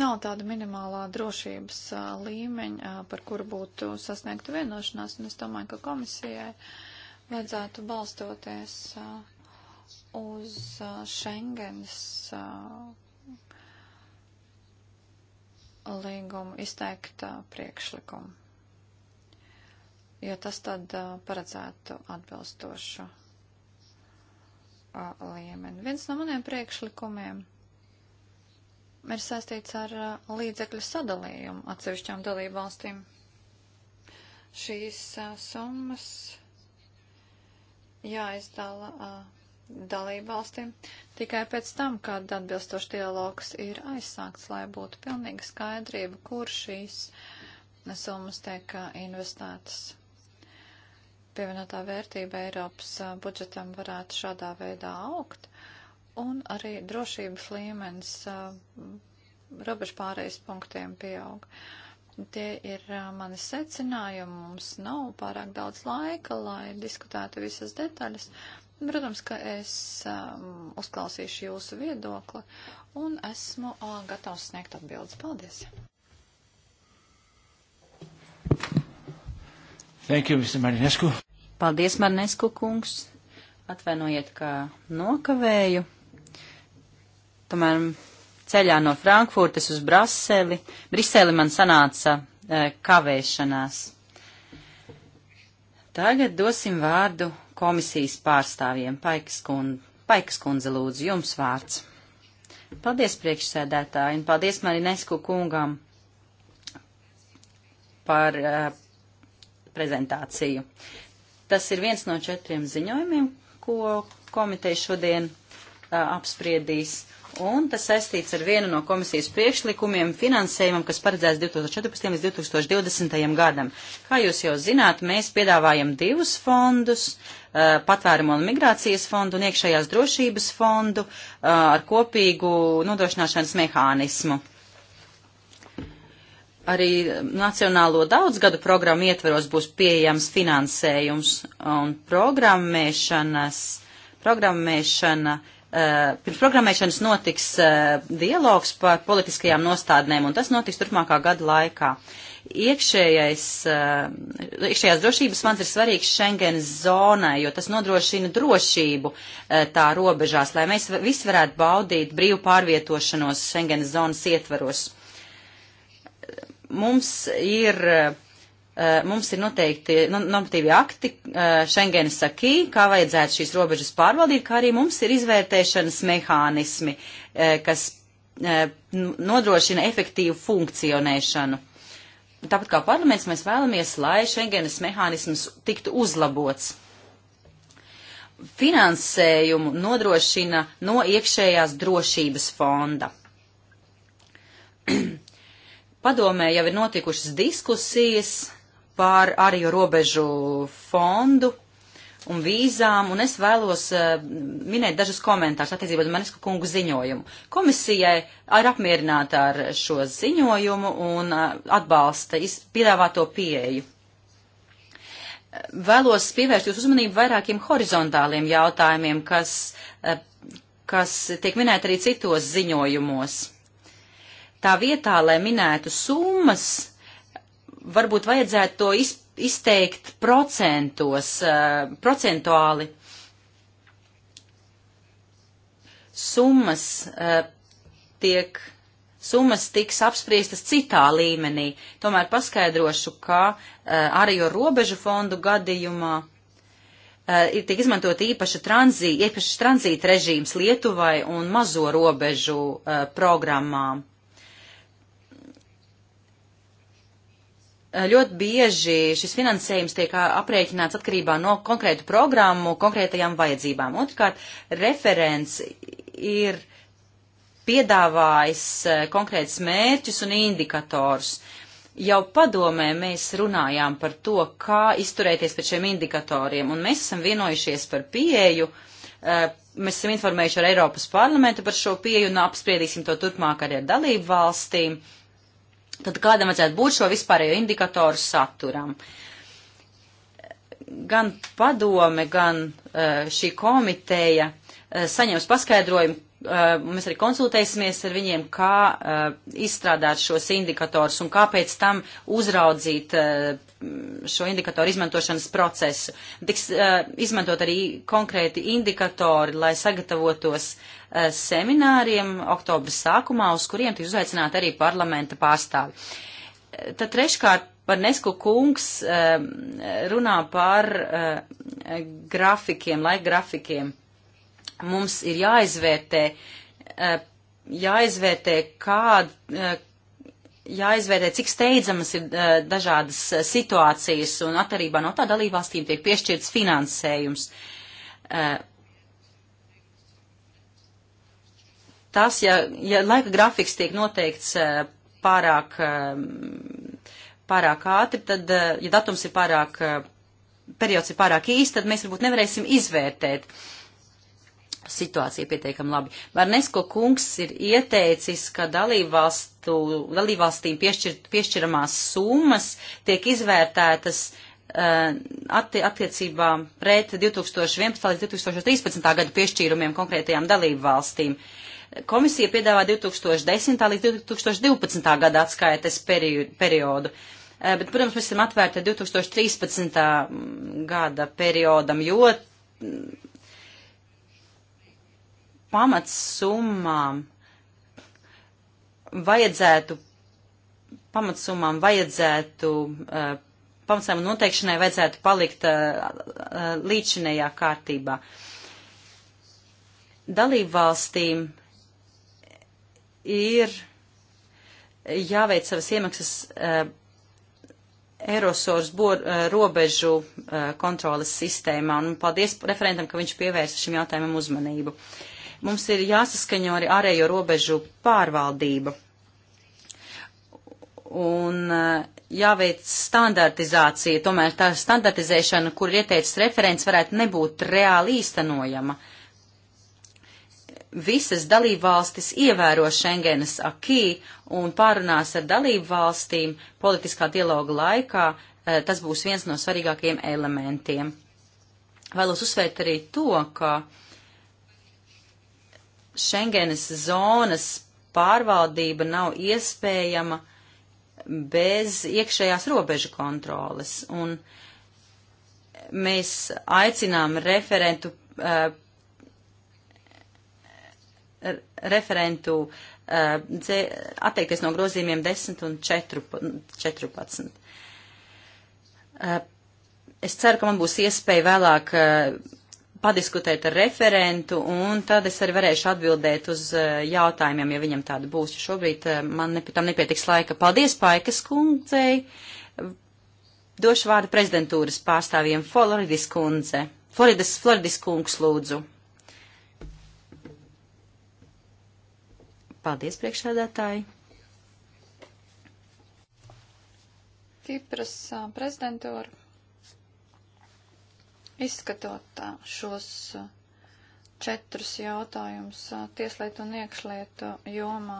Nav tāda minimālā drošības a, līmeņa, a, par kuru būtu sasniegta vienošanās, un es domāju, ka komisijai vajadzētu balstoties a, uz Schengens līgumu izteikt priekšlikumu jo tas tad uh, paredzētu atbilstošu uh, līmeni. Viens no maniem priekšlikumiem ir saistīts ar uh, līdzekļu sadalījumu atsevišķām dalību valstīm. Šīs uh, summas jāizdala uh, dalību valstīm tikai pēc tam, kad atbilstoši dialogs ir aizsākts, lai būtu pilnīga skaidrība, kur šīs summas tiek investētas pievienotā vērtība Eiropas budžetam varētu šādā veidā augt, un arī drošības līmenis robežu pārējais punktiem pieaug. Tie ir mani secinājumi, mums nav pārāk daudz laika, lai diskutētu visas detaļas. Protams, ka es um, uzklausīšu jūsu viedokli un esmu uh, gatavs sniegt atbildes. Paldies! Thank you, Mr. Marinesku. Paldies, Marinesku kungs. Atvainojiet, kā nokavēju. Tomēr ceļā no Frankfurtes uz Braseli, Briseli man sanāca e, kavēšanās. Tagad dosim vārdu komisijas pārstāvjiem. Paikas kundze, Paikas kundze lūdzu, jums vārds. Paldies priekšsēdētāji un paldies Marinesku kungam par uh, prezentāciju. Tas ir viens no četriem ziņojumiem, ko komiteja šodien uh, apspriedīs. Un tas saistīts ar vienu no komisijas priekšlikumiem finansējumam, kas paredzēts 2014. līdz 2020. gadam. Kā jūs jau zināt, mēs piedāvājam divus fondus uh, - patvērumu un migrācijas fondu un iekšējās drošības fondu uh, ar kopīgu nodrošināšanas mehānismu arī Nacionālo daudzgadu programmu ietveros būs pieejams finansējums un programmēšanas, programmēšana, eh, pirms programmēšanas notiks eh, dialogs par politiskajām nostādnēm, un tas notiks turpmākā gada laikā. Iekšējais, eh, iekšējās drošības mans ir svarīgs Schengenas zonai, jo tas nodrošina drošību tā robežās, lai mēs visi varētu baudīt brīvu pārvietošanos Schengenas zonas ietvaros. Mums ir, eh, mums ir noteikti nu, normatīvi akti eh, Schengenas akī, kā vajadzētu šīs robežas pārvaldīt, kā arī mums ir izvērtēšanas mehānismi, eh, kas nodrošina efektīvu funkcionēšanu. Tāpat kā parlaments, mēs vēlamies, lai Schengenas mehānisms tiktu uzlabots. Finansējumu nodrošina no iekšējās drošības fonda. (clears throat) Padomē jau ir notikušas diskusijas par arī robežu fondu un vīzām, un es vēlos uh, minēt dažus komentārus attiecībā uz Manisku kungu ziņojumu. Komisijai ir apmierināta ar šo ziņojumu un uh, atbalsta piedāvāto pieeju. Vēlos pievērst jūsu uzmanību vairākiem horizontāliem jautājumiem, kas, uh, kas tiek minēti arī citos ziņojumos tā vietā, lai minētu summas, varbūt vajadzētu to izteikt procentos, eh, procentuāli. Summas eh, tiek, summas tiks apspriestas citā līmenī. Tomēr paskaidrošu, ka eh, arī jo robežu fondu gadījumā ir tiek izmantot īpaša tranzī, īpašs tranzīta režīms Lietuvai un mazo robežu programmām Eh, ļoti bieži šis finansējums tiek aprēķināts atkarībā no konkrētu programmu, konkrētajām vajadzībām. Otrkārt, referents ir piedāvājis eh, konkrētus mērķus un indikators. Jau padomē mēs runājām par to, kā izturēties pret šiem indikatoriem, un mēs esam vienojušies par pieeju, eh, mēs esam informējuši ar Eiropas parlamentu par šo pieeju un apspriedīsim to turpmāk arī ar dalību valstīm. Uh, Tad kādam vajadzētu būt šo vispārējo indikatoru saturam? Gan padome, gan eh, šī komiteja eh, saņems paskaidrojumu, eh, mēs arī konsultēsimies ar viņiem, kā izstrādāt šos indikatorus un kāpēc tam uzraudzīt Mm, šo indikatoru izmantošanas procesu. Tiks uh, izmantot arī konkrēti indikatori, lai sagatavotos uh, semināriem oktobra sākumā, uz kuriem tiks uzaicināti arī parlamenta pārstāvi. Eh, tad treškārt par Nesku kungs uh, runā par grafikiem, laika grafikiem. Mums ir jāizvērtē, jāizvērtē, kāda jāizvērtē, cik steidzamas ir dažādas situācijas un atkarībā no tā dalībvalstīm tiek piešķirts finansējums. Tas, ja, ja laika grafiks tiek noteikts pārāk, pārāk ātri, tad, ja datums ir pārāk, periods ir pārāk īsts, tad mēs varbūt nevarēsim izvērtēt. Uh, situācija pietiekami labi. Barnesko kungs ir ieteicis, ka dalībvalstīm piešķir, piešķiramās summas tiek izvērtētas eh, atti, attiecībā pret 2011. līdz 2013. gadu piešķīrumiem konkrētajām dalību valstīm. Komisija piedāvā 2010. līdz 2012. gada atskaites periodu. Eh, bet, protams, mēs esam atvērti 2013. Mm, gada periodam, jo mm, pamatsummām vajadzētu, pamatsummām vajadzētu, eh, pamatsummām noteikšanai vajadzētu palikt eh, eh, līdzinējā kārtībā. Dalību valstīm ir jāveic savas iemaksas Eirosors robežu kontrolas sistēmā, un paldies referentam, ka viņš pievērsa šim jautājumam uzmanību. Uh, Mums ir jāsaskaņo arī ārējo robežu pārvaldība un eh, jāveic standartizācija. Tomēr tā standartizēšana, kur ir ieteicis referents, varētu nebūt reāli īstenojama. Visas dalībvalstis ievēro Schengenas akī un pārunās ar dalībvalstīm politiskā dialoga laikā. Eh, tas būs viens no svarīgākajiem elementiem. Vēlos uzsvērt arī to, ka uh, Schengenes zonas pārvaldība nav iespējama bez iekšējās robežu kontroles. Un mēs aicinām referentu, uh, referentu uh, atteikties no grozījumiem 10 un 14. Uh, eh, es ceru, ka man būs iespēja vēlāk uh, padiskutēt ar referentu, un tad es arī varēšu atbildēt uz eh, jautājumiem, ja viņam tāda būs. Šobrīd eh, man nep tam nepietiks laika. Paldies Paikas kundzei. Došu vārdu prezidentūras pārstāvjiem Floridis kundze. Floridas, Floridis kungs lūdzu. Paldies priekšādātāji. Kipras prezidentūra Izskatot šos četrus jautājumus tieslietu un iekšlietu jomā,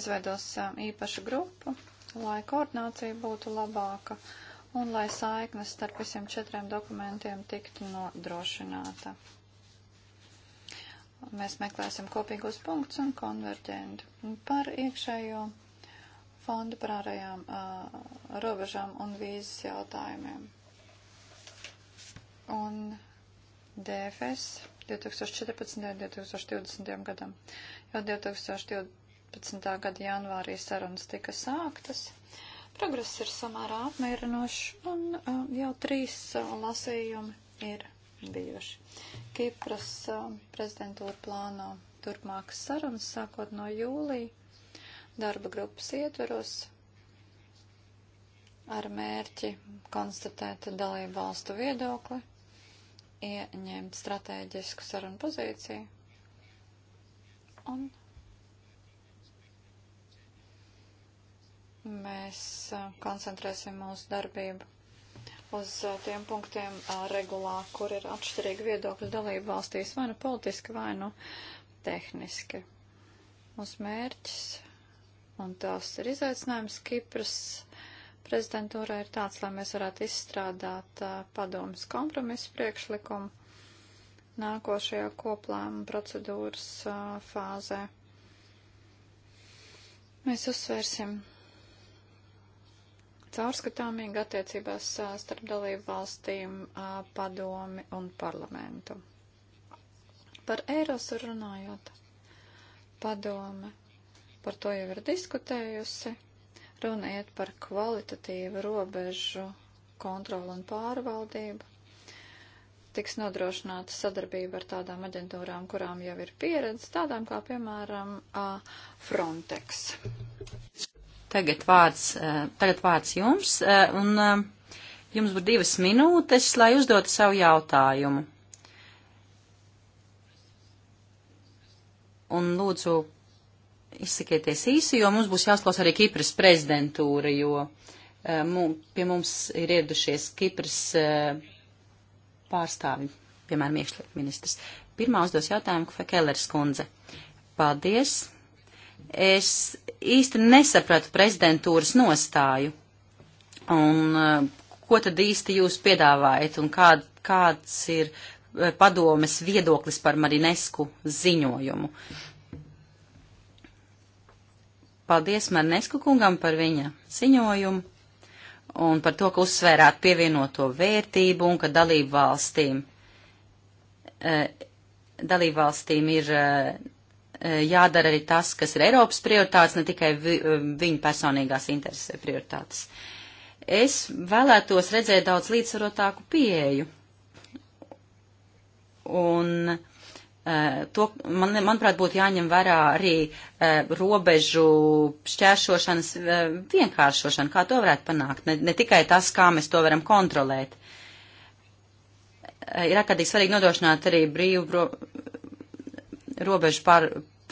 izveidos īpašu grupu, lai koordinācija būtu labāka un lai saiknes starp visiem četriem dokumentiem tiktu nodrošināta. Mēs meklēsim kopīgos punktus un konverģentu par iekšējo fondu par ārējām uh, robežām un vīzes jautājumiem un DFS 2014. un 2020. gadam. Jau 2012. gada janvārī sarunas tika sāktas. Progress ir samērā apmierinošs un uh, jau trīs uh, lasījumi ir bijuši. Kipras uh, prezidentūra plāno turpmākas sarunas sākot no jūlija darba grupas ietveros ar mērķi konstatēt dalību valstu viedokli ieņemt stratēģisku sarunu pozīciju. Un mēs koncentrēsim mūsu darbību uz tiem punktiem regulā, kur ir atšķirīgi viedokļi dalību valstīs, vai nu politiski, vai nu tehniski. Mūsu mērķis, un tās ir izaicinājums Kipras prezidentūrā ir tāds, lai mēs varētu izstrādāt padomas kompromisu priekšlikumu nākošajā koplēma procedūras fāzē. Mēs uzsvērsim caurskatāmīgi attiecībās starp dalību valstīm padomi un parlamentu. Par Eirosu runājot, padome par to jau ir diskutējusi Runa iet par kvalitatīvu robežu kontroli un pārvaldību. Tiks nodrošināta sadarbība ar tādām aģentūrām, kurām jau ir pieredze, tādām kā, piemēram, Frontex. Tagad vārds, tagad vārds jums, un jums būs divas minūtes, lai uzdotu savu jautājumu. Un lūdzu izsakieties īsi, jo mums būs jāsklaus arī Kipras prezidentūra, jo e, mums, pie mums ir ieradušies Kipras e, pārstāvi, piemēram, iekšlietu ministrs. Pirmā uzdos jautājumu Fekelers kundze. Paldies. Es īsti nesapratu prezidentūras nostāju. Un e, ko tad īsti jūs piedāvājat un kā, kāds ir padomes viedoklis par Marinesku ziņojumu? Uh, Paldies Marnesku kungam par viņa ziņojumu un par to, ka uzsvērāt pievienoto vērtību un ka dalību valstīm, e, dalību valstīm ir e, e, jādara arī tas, kas ir Eiropas prioritātes, ne tikai vi, viņu personīgās intereses prioritātes. Es vēlētos redzēt daudz līdzsvarotāku pieeju. Un uh, to, man, manuprāt, būtu jāņem vērā arī e, robežu šķēršošanas e, vienkāršošana, kā to varētu panākt, ne, ne tikai tas, kā mēs to varam kontrolēt. E, ir ārkārtīgi svarīgi nodrošināt arī brīvu ro, robežu pār,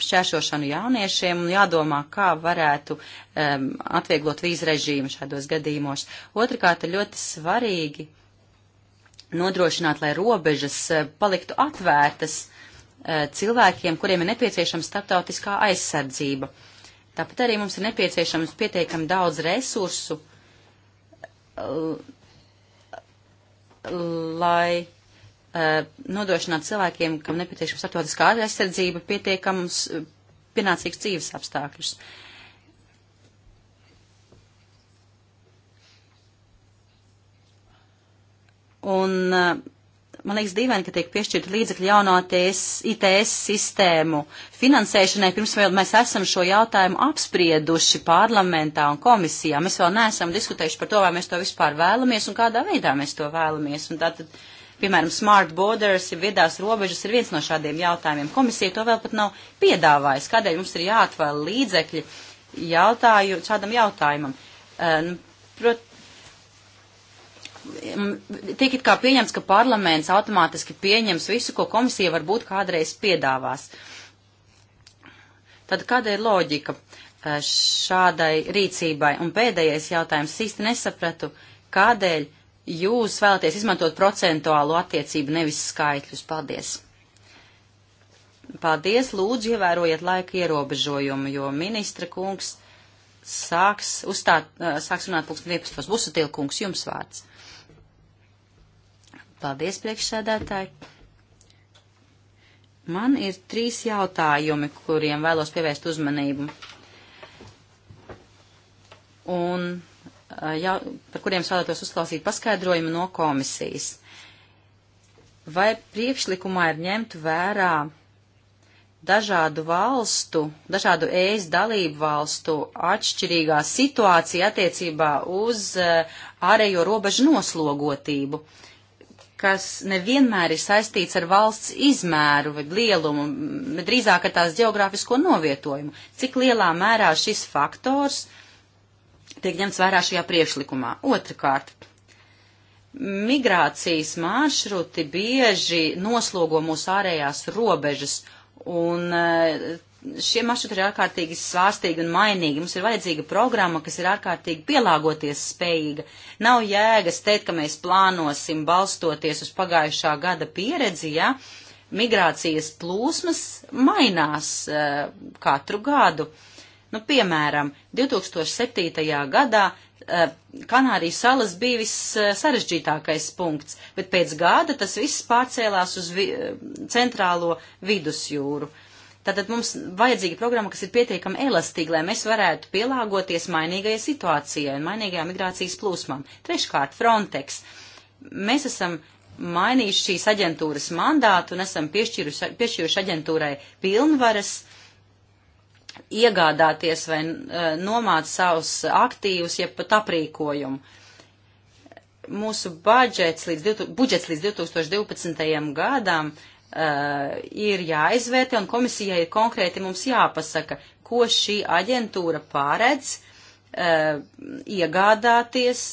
šķēršošanu jauniešiem un jādomā, kā varētu um, atvieglot vīzu režīmu šādos gadījumos. Otrakārt, ir ļoti svarīgi nodrošināt, lai robežas paliktu atvērtas Eh, cilvēkiem, kuriem ir nepieciešama starptautiskā aizsardzība. Tāpat arī mums ir nepieciešams pietiekami daudz resursu, eh, lai eh, nodrošinātu cilvēkiem, kam nepieciešama starptautiskā aizsardzība, pietiekams pienācīgs dzīves apstākļus. Un uh, Man liekas dīvaini, ka tiek piešķirta līdzekļi jaunā TS, ITS sistēmu finansēšanai. Pirms vēl mēs esam šo jautājumu apsprieduši parlamentā un komisijā. Mēs vēl neesam diskutējuši par to, vai mēs to vispār vēlamies un kādā veidā mēs to vēlamies. Un tātad, piemēram, smart borders, viedās robežas ir viens no šādiem jautājumiem. Komisija to vēl pat nav piedāvājusi. Kādēļ mums ir jāatvēl līdzekļi jautāju, šādam jautājumam? Uh, prot, tiek it kā pieņemts, ka parlaments automātiski pieņems visu, ko komisija varbūt kādreiz piedāvās. Tad kāda ir loģika e, šādai rīcībai? Un pēdējais jautājums īsti nesapratu, kādēļ jūs vēlaties izmantot procentuālu attiecību, nevis skaitļus. Paldies! Paldies, lūdzu, ievērojiet laika ierobežojumu, jo ministra kungs sāks, uzstāt, e, sāks runāt pulksten 11. Busutilkungs, jums vārds. Paldies, priekšsēdētāji. Man ir trīs jautājumi, kuriem vēlos pievērst uzmanību. Un jau, par kuriem es vēlētos uzklausīt paskaidrojumu no komisijas. Vai priekšlikumā ir ņemt vērā dažādu valstu, dažādu ēst dalību valstu atšķirīgā situācija attiecībā uz ārējo robežu noslogotību? Uh, kas nevienmēr ir saistīts ar valsts izmēru vai lielumu, bet drīzāk ar tās geogrāfisko novietojumu. Cik lielā mērā šis faktors tiek ņemts vērā šajā priekšlikumā? Otrakārt, migrācijas maršruti bieži noslogo mūsu ārējās robežas un eh, šie maršruti ir ārkārtīgi svārstīgi un mainīgi. Mums ir vajadzīga programma, kas ir ārkārtīgi pielāgoties spējīga. Nav jēgas teikt, ka mēs plānosim balstoties uz pagājušā gada pieredzi, ja migrācijas plūsmas mainās uh, katru gadu. Nu, piemēram, 2007. gadā e, Kanārijas salas bija vissarežģītākais punkts, bet pēc gada tas viss pārcēlās uz vi e, centrālo vidusjūru. Tātad mums vajadzīga programma, kas ir pietiekami elastīga, lai mēs varētu pielāgoties mainīgajai situācijai un mainīgajām migrācijas plūsmām. Treškārt, Frontex. Mēs esam mainījuši šīs aģentūras mandātu un esam piešķīruši aģentūrai pilnvaras iegādāties vai e, nomāt savus aktīvus, jeb pat aprīkojumu. Mūsu budžets līdz, budžets līdz 2012. gadam uh, uh, ir jāizvērtē un komisijai ir konkrēti mums jāpasaka, ko šī aģentūra pārēdz uh, iegādāties,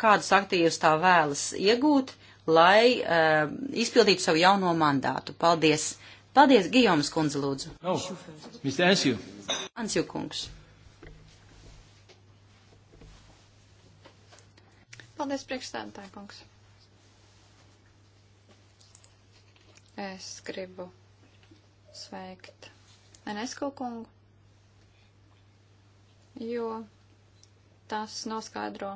kādus aktīvus tā vēlas iegūt, lai uh, izpildītu savu jauno mandātu. Paldies! Paldies, Gijomas kundze, lūdzu. No. Oh, Mr. Ansju. Ansju kungs. Paldies, priekšstādātāja kungs. Es gribu sveikt Enesko kungu, jo tas noskaidro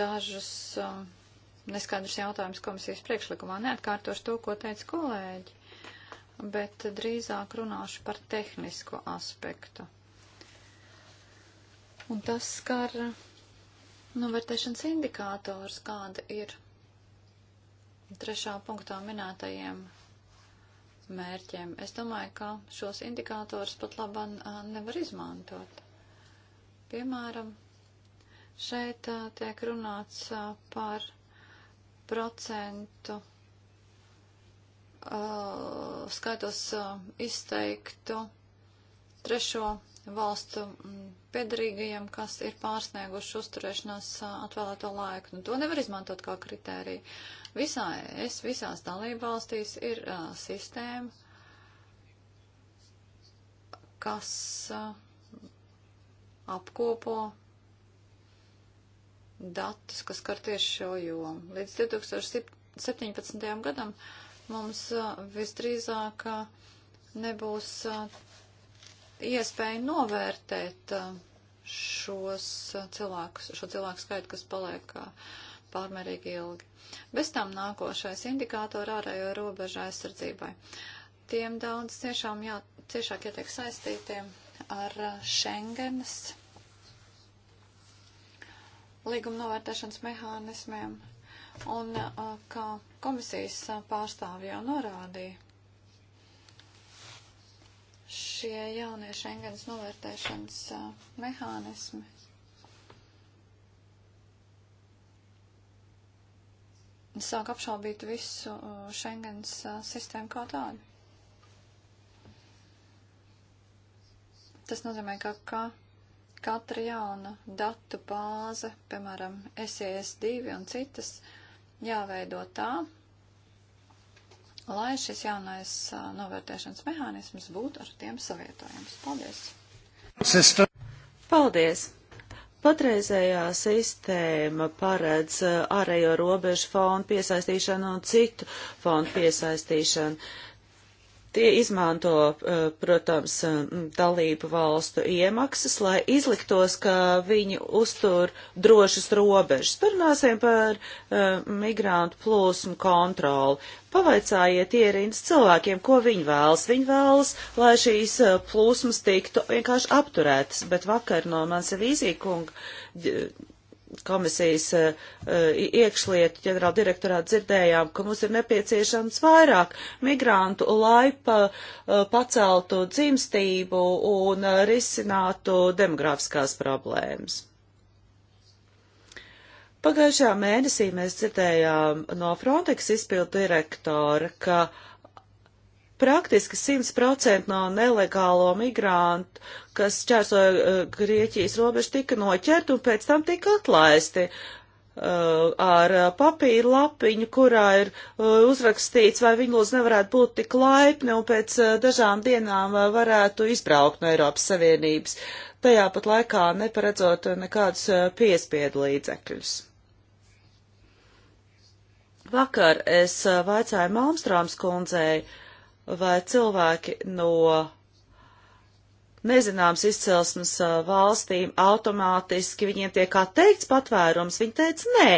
dažus uh, neskaidrus jautājumus komisijas priekšlikumā. Neatkārtošu to, ko teica kolēģi, bet drīzāk runāšu par tehnisko aspektu. Un tas skar novērtēšanas indikātors, kāda ir trešā punktā minētajiem mērķiem. Es domāju, ka šos indikātors pat laban nevar izmantot. Piemēram, šeit tiek runāts par procentu skaitos izteiktu trešo valstu piedarīgajiem, kas ir pārsnieguši uzturēšanās atvēlēto laiku. Nu, to nevar izmantot kā kritēriju. Visā es, visās dalībvalstīs ir uh, sistēma, kas uh, apkopo datus, kas skar tieši šo jomu. Līdz 2017. gadam mums uh, visdrīzāk uh, nebūs uh, iespēja novērtēt. Uh, šos cilvēkus, šo cilvēku skaitu, kas paliek uh, pārmērīgi ilgi. Bez tam nākošais indikātori ārējo robežu aizsardzībai. Tiem daudz tiešām jā, ciešāk ietiek saistītiem ar uh, Schengenas līguma novērtēšanas mehānismiem. Un uh, kā komisijas uh, pārstāvja jau norādīja, šie jaunie Schengens novērtēšanas mehānismi sāk apšaubīt visu uh, Schengens uh, sistēmu kā tādu. Tas nozīmē, ka, ka katra jauna datu bāze, piemēram, SES2 un citas, jāveido tā, lai šis jaunais uh, novērtēšanas mehānisms būtu ar tiem savietojams. Paldies! Sister. Paldies! Patreizējā sistēma paredz uh, ārējo robežu fondu piesaistīšanu un citu fondu piesaistīšanu. Tie izmanto, eh, protams, eh, dalību valstu iemaksas, lai izliktos, ka viņi uztur drošas robežas. Parunāsim par uh, migrantu plūsmu kontroli. Pavaicājiet ierindas cilvēkiem, ko viņi vēlas. Viņi vēlas, lai šīs plūsmas tiktu vienkārši apturētas, bet vakar no manas vīzīkunga komisijas eh, eh, iekšlietu ģenerāla direktorā dzirdējām, ka mums ir nepieciešams vairāk migrantu, lai pa, eh, paceltu dzimstību un risinātu demografiskās problēmas. Pagājušajā mēnesī mēs dzirdējām no Frontex izpildu direktora, ka uh, Praktiski 100% no nelegālo migrantu, kas čērsoja eh, Grieķijas robežu, tika noķert un pēc tam tika atlaisti eh, ar eh, papīra lapiņu, kurā ir uzrakstīts, vai viņi lūdzu nevarētu būt tik laipni un pēc dažām dienām varētu izbraukt no Eiropas Savienības, tajā pat laikā neparedzot nekādus piespiedu līdzekļus. Vakar es vaicāju Malmstrāms kundzei, uh, vai cilvēki no nezināms izcelsmes uh, valstīm automātiski viņiem tiek atteikts patvērums. Viņi teica, nē,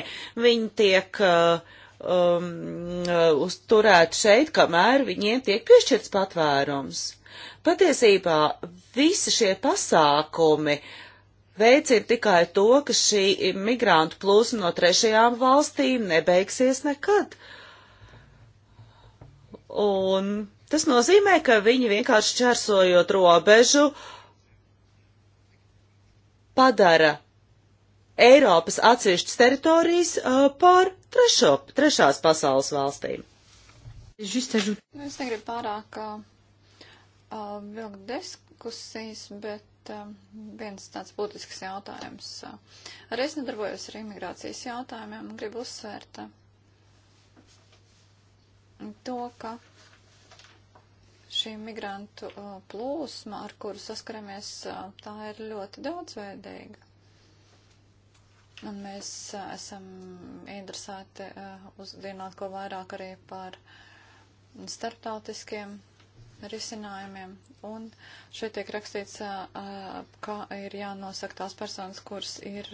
viņi tiek uh, um, uh, uzturēti šeit, kamēr viņiem tiek piešķirts patvērums. Patiesībā visi šie pasākumi veicina tikai to, ka šī migrantu plūsma no trešajām valstīm nebeigsies nekad. Un Tas nozīmē, ka viņi vienkārši čersojot robežu padara Eiropas atsevišķas teritorijas uh, par trešo, trešās pasaules valstīm. Nu, es negribu pārāk uh, uh vilkt diskusijas, bet uh, viens tāds būtisks jautājums. Uh, arī es nedarbojos ar imigrācijas jautājumiem un gribu uzsvērt uh, to, ka Šī migrantu uh, plūsma, ar kuru saskaramies, uh, tā ir ļoti daudzveidīga. Un mēs uh, esam interesēti uzzināt ko vairāk arī par starptautiskiem risinājumiem. Un šeit tiek rakstīts, kā ir jānosaka tās personas, kuras ir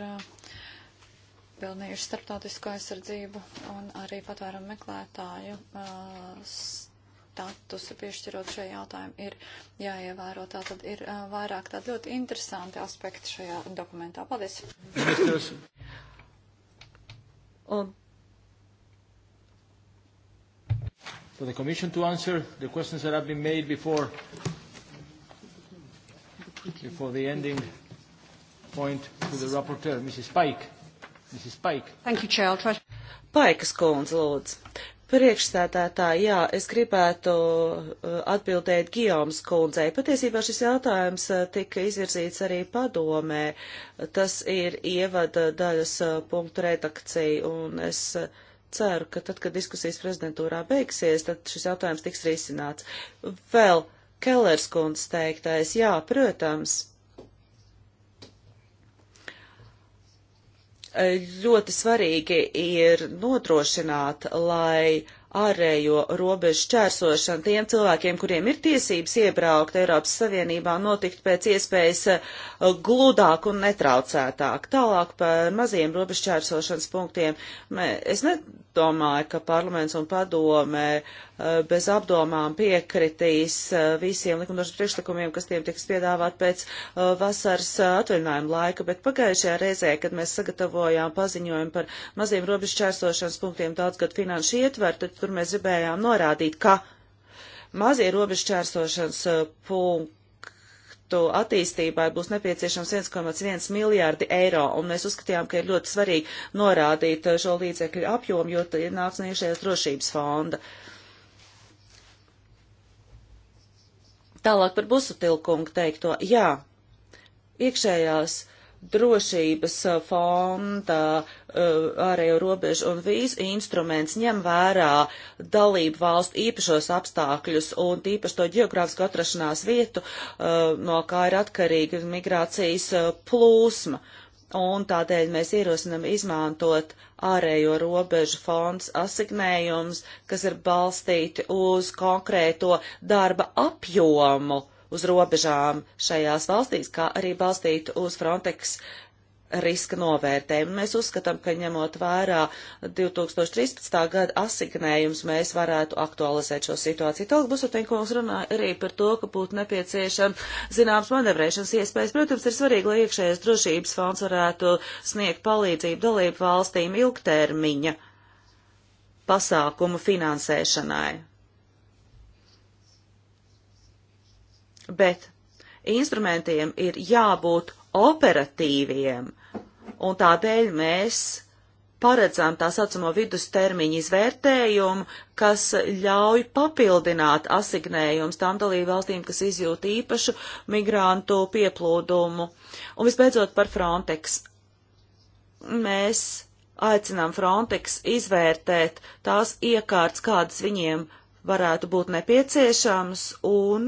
pilnījuši starptautisku aizsardzību un arī patvērumu meklētāju statusu piešķirot šo jautājumu, ir jāievēro. Tā tad ir uh, vairāk tādi ļoti interesanti aspekti šajā dokumentā. Paldies! Un for the Commission to answer the questions that have been made before, before the ending point to the rapporteur, Mrs. Pike. Mrs. Pike. Thank you, Chair. I'll try. Paikas kundze, lūdzu. Priekšsēdētā, jā, es gribētu uh, atbildēt Gijoms kundzei. Patiesībā šis jautājums uh, tika izvirzīts arī padomē. Tas ir ievada daļas uh, punktu redakcija, un es ceru, ka tad, kad diskusijas prezidentūrā beigsies, tad šis jautājums tiks risināts. Vēl Kellers kundze teiktais, jā, protams E, ļoti svarīgi ir nodrošināt, lai ārējo robežu čērsošana tiem cilvēkiem, kuriem ir tiesības iebraukt Eiropas Savienībā, notikt pēc iespējas e, gludāk un netraucētāk. Tālāk par maziem robežu čērsošanas punktiem. Es ne, domāju, ka parlaments un padomē eh, bez apdomām piekritīs eh, visiem likumdošanas priekšlikumiem, kas tiem tiks piedāvāt pēc eh, vasaras atvaļinājuma laika, bet pagājušajā reizē, kad mēs sagatavojām paziņojumu par maziem robežšķērsošanas punktiem daudzgad finanšu ietver, tad tur mēs gribējām norādīt, ka mazie robežšķērsošanas punkti sportu attīstībai būs nepieciešams 1,1 miljārdi eiro, un mēs uzskatījām, ka ir ļoti svarīgi norādīt uh, šo līdzekļu apjomu, jo tie nāks no iekšējās drošības fonda. Tālāk par busutilkungu teikto. Jā, iekšējās drošības uh, fonda Uh, ārējo robežu un vīzu instruments ņem vērā dalību valstu īpašos apstākļus un īpaši to ģeogrāfisko atrašanās vietu, uh, no kā ir atkarīga migrācijas uh, plūsma. Un tādēļ mēs ierosinam izmantot ārējo robežu fonds asignējums, kas ir balstīti uz konkrēto darba apjomu uz robežām šajās valstīs, kā arī balstīti uz Frontex riska novērtējumu. Mēs uzskatām, ka ņemot vērā 2013. gada asignējums, mēs varētu aktualizēt šo situāciju. Tālāk Busotenkungs runāja arī par to, ka būtu nepieciešama zināms manevrēšanas iespējas. Protams, ir svarīgi, lai iekšējais drošības fonds varētu sniegt palīdzību dalību valstīm ilgtermiņa pasākumu finansēšanai. Bet instrumentiem ir jābūt operatīviem, un tādēļ mēs paredzam tā saucamo vidustermiņu izvērtējumu, kas ļauj papildināt asignējums tām dalībvalstīm, kas izjūt īpašu migrantu pieplūdumu. Un visbeidzot par Frontex. Mēs aicinām Frontex izvērtēt tās iekārtas, kādas viņiem varētu būt nepieciešams, un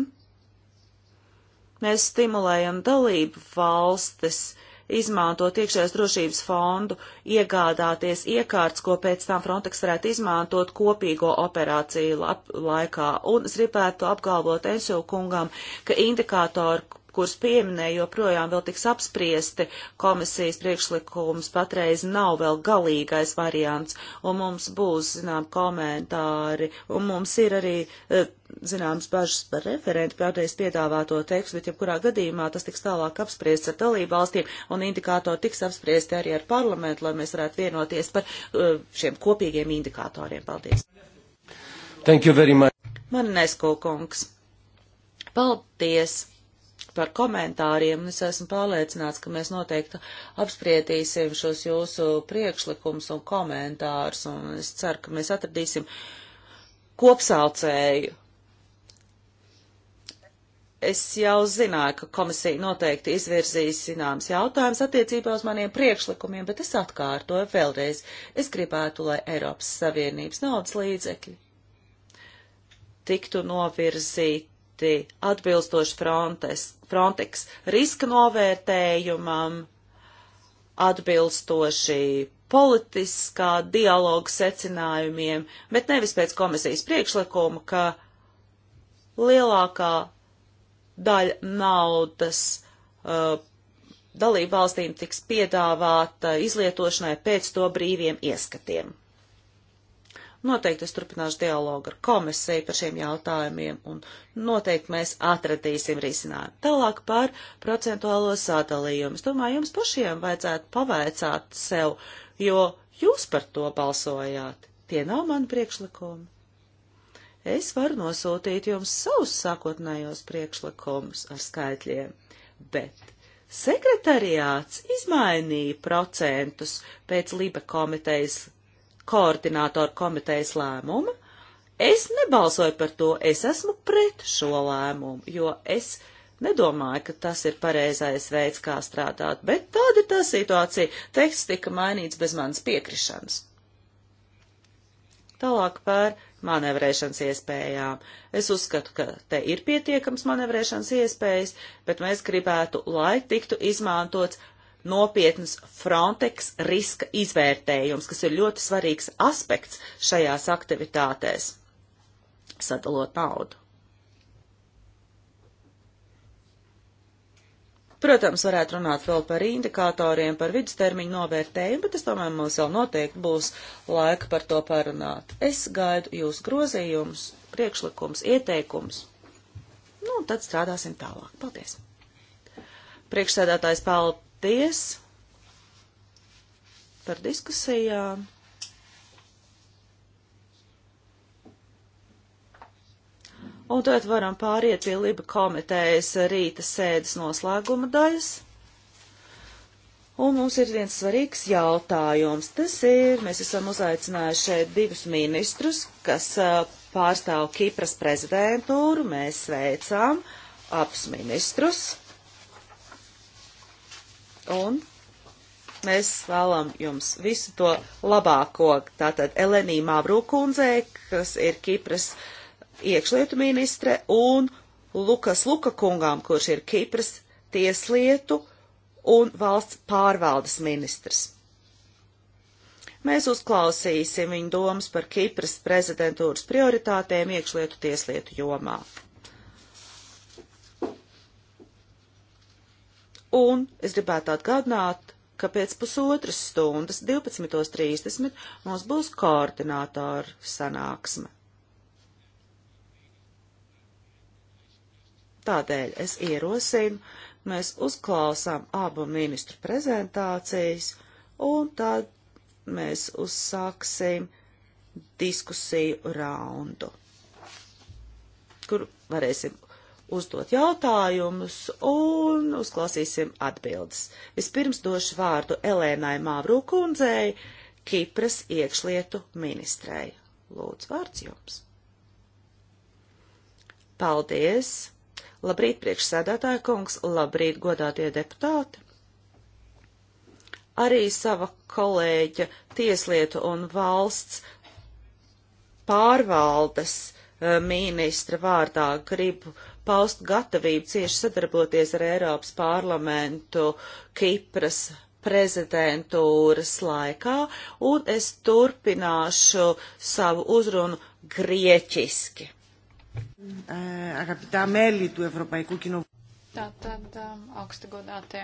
mēs stimulējam dalību valstis uh, izmantot iekšējās drošības fondu, iegādāties iekārts, ko pēc tam Frontex varētu izmantot kopīgo operāciju laikā. Un es gribētu apgalvot Enso kungam, ka indikātori, kurus pieminēja, joprojām vēl tiks apspriesti. Komisijas priekšlikums patreiz nav vēl galīgais variants, un mums būs, zinām, komentāri, un mums ir arī, e, zināms, bažas par referentu patreiz piedāvāto tekstu, bet jebkurā gadījumā tas tiks tālāk apspriests ar dalību valstīm, un indikātori tiks apspriesti arī ar parlamentu, lai mēs varētu vienoties par e, šiem kopīgiem indikātoriem. Paldies! Thank you very much. Man nesko kungs. Paldies! par komentāriem, un es esmu pārliecināts, ka mēs noteikti apspriedīsim šos jūsu priekšlikums un komentārus, un es ceru, ka mēs atradīsim kopsaucēju. Es jau zināju, ka komisija noteikti izvirzīs zināms jautājums attiecībā uz maniem priekšlikumiem, bet es atkārtoju vēlreiz. Es gribētu, lai Eiropas Savienības naudas līdzekļi tiktu novirzīt ļoti atbilstoši Frontes, Frontex riska novērtējumam, atbilstoši politiskā dialoga secinājumiem, bet nevis pēc komisijas priekšlikuma, ka lielākā daļa naudas uh, dalību valstīm tiks piedāvāta izlietošanai pēc to brīviem ieskatiem. Noteikti es turpināšu dialogu ar komisiju par šiem jautājumiem un noteikti mēs atradīsim risinājumu. Tālāk par procentuālo sadalījumu. Es domāju, jums pašiem vajadzētu pavaicāt sev, jo jūs par to balsojāt. Tie nav mani priekšlikumi. Es varu nosūtīt jums savus sākotnējos priekšlikumus ar skaitļiem, bet sekretariāts izmainīja procentus pēc Liba komitejas koordinātoru komitejas lēmumu. Es nebalsoju par to, es esmu pret šo lēmumu, jo es nedomāju, ka tas ir pareizais veids, kā strādāt, bet tāda ir tā situācija. Teksts tika mainīts bez manas piekrišanas. Tālāk par manevrēšanas iespējām. Es uzskatu, ka te ir pietiekams manevrēšanas iespējas, bet mēs gribētu, lai tiktu izmantots nopietnas Frontex riska izvērtējums, kas ir ļoti svarīgs aspekts šajās aktivitātēs, sadalot naudu. Protams, varētu runāt vēl par indikatoriem, par vidustermiņu novērtējumu, bet es domāju, mums vēl noteikti būs laika par to parunāt. Es gaidu jūs grozījumus, priekšlikums, ieteikums. Nu, un tad strādāsim tālāk. Paldies! Priekšsēdētājs paldies! Paldies par diskusijām. Un tad varam pāriet pie Liba komitejas rīta sēdes noslēguma daļas. Un mums ir viens svarīgs jautājums. Tas ir, mēs esam uzaicinājuši šeit divus ministrus, kas pārstāv Kipras prezidentūru. Mēs sveicām abus ministrus. Un mēs vēlam jums visu to labāko. Tātad Elenī Mavrūkundzei, kas ir Kipras iekšlietu ministre, un Lukas Luka kungām, kurš ir Kipras tieslietu un valsts pārvaldes ministrs. Mēs uzklausīsim viņu domas par Kipras prezidentūras prioritātēm iekšlietu tieslietu jomā. Un es gribētu atgādināt, ka pēc pusotras stundas, 12.30, mums būs koordinātoru sanāksme. Tādēļ es ierosinu, mēs uzklausām abu ministru prezentācijas, un tad mēs uzsāksim diskusiju raundu, kur varēsim uzdot jautājumus un uzklausīsim atbildes. Vispirms došu vārdu Elēnai Māvru kundzei, Kipras iekšlietu ministrei. Lūdzu, vārds jums. Paldies! Labrīt, priekšsēdētāja kungs, labrīt, godātie deputāti! Arī sava kolēģa tieslietu un valsts pārvaldes eh, ministra vārdā gribu uh, paust gatavību cieši sadarboties ar Eiropas parlamentu Kipras prezidentūras laikā, un es turpināšu savu uzrunu grieķiski. Agapitā mēlī tu Evropaiku kino. Tātad um, augsta godātie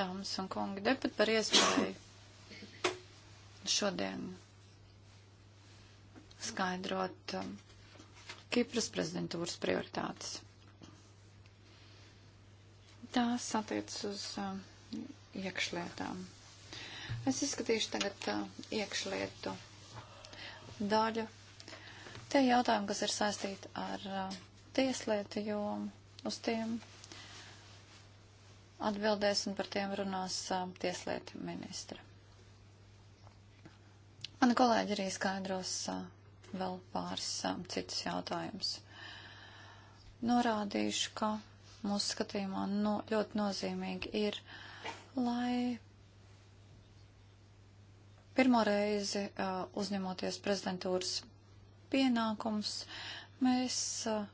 dāmas un kungi deputāti par iespēju šodien skaidrot um, Kipras prezidentūras prioritātes. Tās attiecas uz uh, iekšlietām. Es izskatīšu tagad uh, iekšlietu daļu. Tie jautājumi, kas ir saistīti ar uh, tieslietu jomu, uz tiem atbildēs un par tiem runās uh, tieslietu ministra. Mani kolēģi arī skaidros uh, vēl pāris um, citas jautājumus. Norādīšu, ka mūsu skatījumā no, nu, ļoti nozīmīgi ir, lai pirmo reizi uh, uzņemoties prezidentūras pienākums, mēs. Uh,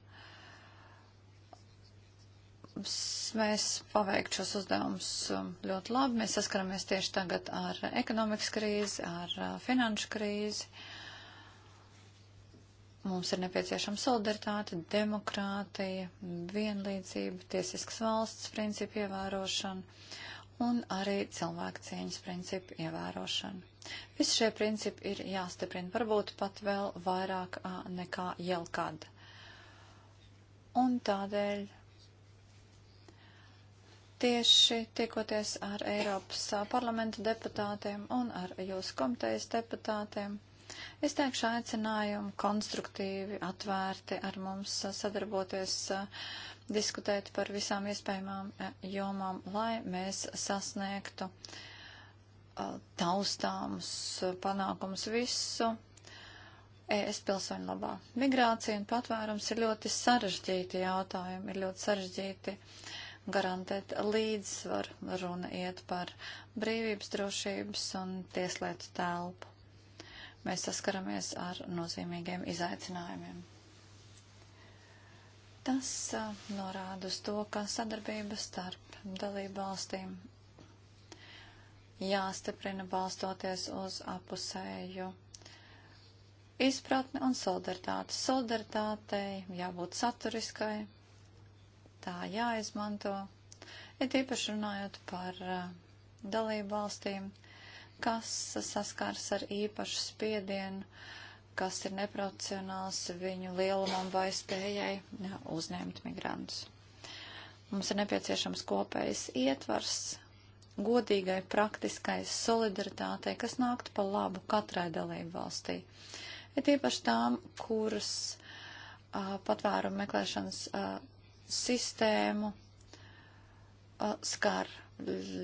mēs paveikt šos uzdevumus ļoti labi. Mēs saskaramies tieši tagad ar ekonomikas krīzi, ar finanšu krīzi. Mums ir nepieciešama solidaritāte, demokrātija, vienlīdzība, tiesisks valsts principu ievērošana un arī cilvēku cieņas principu ievērošana. Visi šie principi ir jāstiprina, varbūt pat vēl vairāk a, nekā jelkad. Un tādēļ tieši tikoties ar Eiropas parlamenta deputātiem un ar jūsu komitejas deputātiem. Es teikšu aicinājumu konstruktīvi, atvērti ar mums sadarboties, diskutēt par visām iespējamām eh, jomām, lai mēs sasniegtu eh, taustāmus panākumus visu ES pilsoņu labā. Migrācija un patvērums ir ļoti sarežģīti jautājumi, ir ļoti sarežģīti garantēt līdzsvaru. Runa iet par brīvības, drošības un tieslietu telpu mēs saskaramies ar nozīmīgiem izaicinājumiem. Tas norāda uz to, ka sadarbība starp dalību valstīm jāstiprina balstoties uz apusēju izpratni un solidaritāti. Solidaritātei jābūt saturiskai, tā jāizmanto, ir ja īpaši runājot par dalību valstīm kas saskars ar īpašu spiedienu, kas ir neproporcionāls viņu lielumam vai spējai uzņemt migrantus. Mums ir nepieciešams kopējs ietvars, godīgai, praktiskai solidaritātei, kas nāktu pa labu katrai dalību valstī. Ir īpaši tām, kuras uh, patvērumu meklēšanas uh, sistēmu uh, skar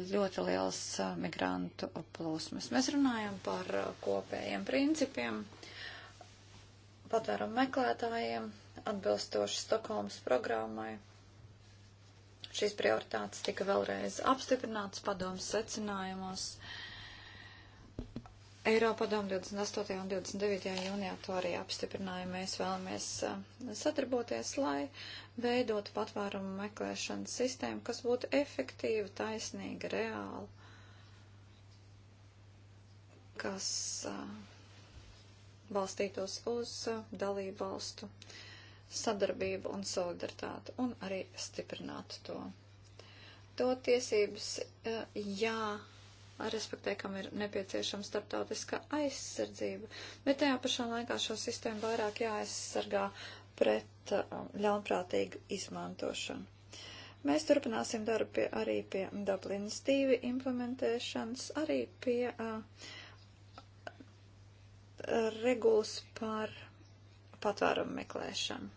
ļoti liels migrantu plūsmas. Mēs runājam par kopējiem principiem, patvērumu meklētājiem, atbilstoši Stokholmas programmai. Šīs prioritātes tika vēlreiz apstiprinātas padomas secinājumos. Uh, Eiropadom 28. un 29. jūnijā to arī apstiprināja. Mēs vēlamies eh, sadarboties, lai veidotu patvērumu meklēšanas sistēmu, kas būtu efektīva, taisnīga, reāla, kas eh, balstītos uz eh, dalību valstu sadarbību un solidaritāti un arī stiprinātu to. To tiesības jā respektē, kam ir nepieciešama starptautiska aizsardzība. Bet tajā pašā laikā šo sistēmu vairāk jāaizsargā pret um, ļaunprātīgu izmantošanu. Mēs turpināsim darbu pie, arī pie Dublinas 2 implementēšanas, arī pie uh, regulas par patvērumu meklēšanu.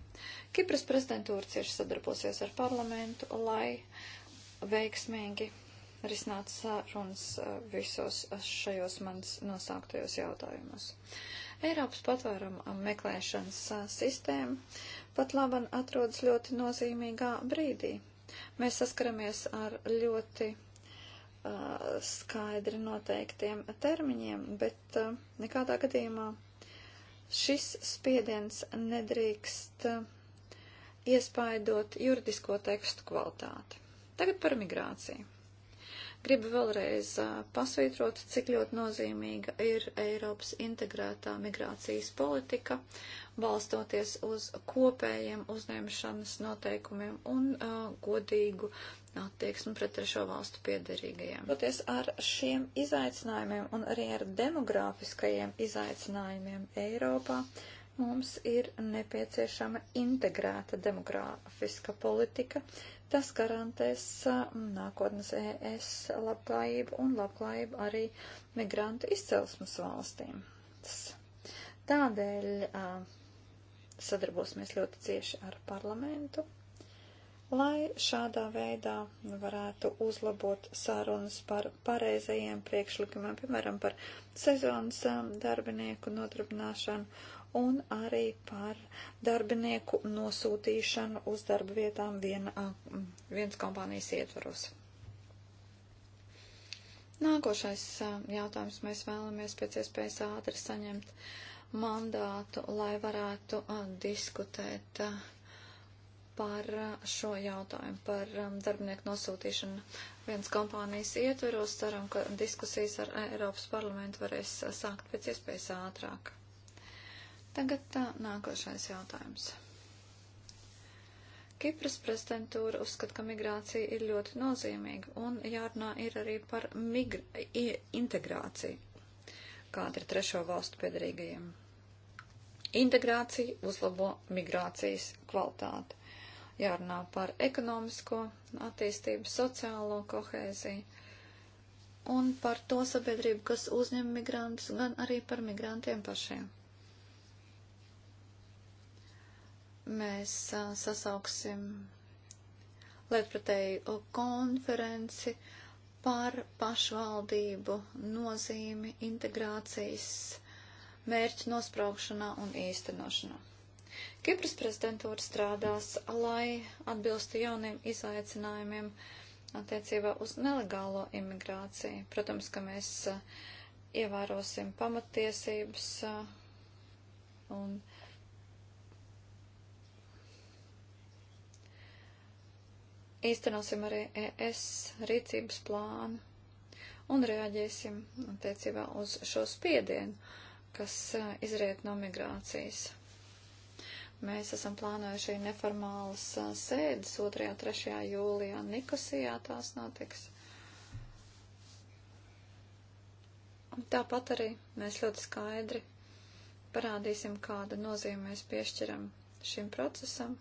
Kipras prezidentūra cieši sadarbosies ar parlamentu, lai veiksmīgi risināt sarunas eh, visos eh, šajos manas nosauktajos jautājumos. Eiropas patvēruma eh, meklēšanas sistēma pat laban atrodas ļoti nozīmīgā brīdī. Mēs saskaramies ar ļoti uh, skaidri noteiktiem termiņiem, bet uh, nekādā gadījumā šis spiediens nedrīkst uh, iespaidot juridisko tekstu kvalitāti. Tagad par migrāciju. Gribu vēlreiz pasvītrot, cik ļoti nozīmīga ir Eiropas integrētā migrācijas politika, balstoties uz kopējiem uzņemšanas noteikumiem un uh, godīgu attieksmi pret trešo valstu piederīgajiem. Toties ar šiem izaicinājumiem un arī ar demografiskajiem izaicinājumiem Eiropā Mums ir nepieciešama integrēta demografiska politika. Tas garantēs nākotnes ES labklājību un labklājību arī migrantu izcelsmes valstīm. Tādēļ sadarbosimies ļoti cieši ar parlamentu, lai šādā veidā varētu uzlabot sarunas par pareizajiem priekšlikumiem, piemēram, par sezonas darbinieku nodarbināšanu un arī par darbinieku nosūtīšanu uz darba vietām viena, viens kompānijas ietvaros. Nākošais jautājums mēs vēlamies pēc iespējas ātri saņemt mandātu, lai varētu diskutēt par šo jautājumu, par darbinieku nosūtīšanu viens kompānijas ietveros. Ceram, ka diskusijas ar Eiropas parlamentu varēs sākt pēc iespējas ātrāk. Tagad uh, nākošais jautājums. Kipras prezidentūra uzskata, ka migrācija ir ļoti nozīmīga un jārunā ir arī par migra integrāciju, kāda ir trešo valstu piedarīgajiem. Integrācija uzlabo migrācijas kvalitāti. Jārunā par ekonomisko attīstību, sociālo kohēziju un par to sabiedrību, kas uzņem migrantus, gan arī par migrantiem pašiem. mēs a, sasauksim lietpratēju konferenci par pašvaldību nozīmi integrācijas mērķu nospraukšanā un īstenošanā. Kipras prezidentūra strādās, lai atbilstu jauniem izaicinājumiem attiecībā uz nelegālo imigrāciju. Protams, ka mēs a, ievērosim pamatiesības a, un īstenosim arī ES rīcības plānu un reaģēsim attiecībā uz šo spiedienu, kas e, izriet no migrācijas. Mēs esam plānojuši neformālas e, sēdes 2. un 3. jūlijā Nikosijā tās notiks. Un tāpat arī mēs ļoti skaidri parādīsim, kāda nozīme mēs piešķiram šim procesam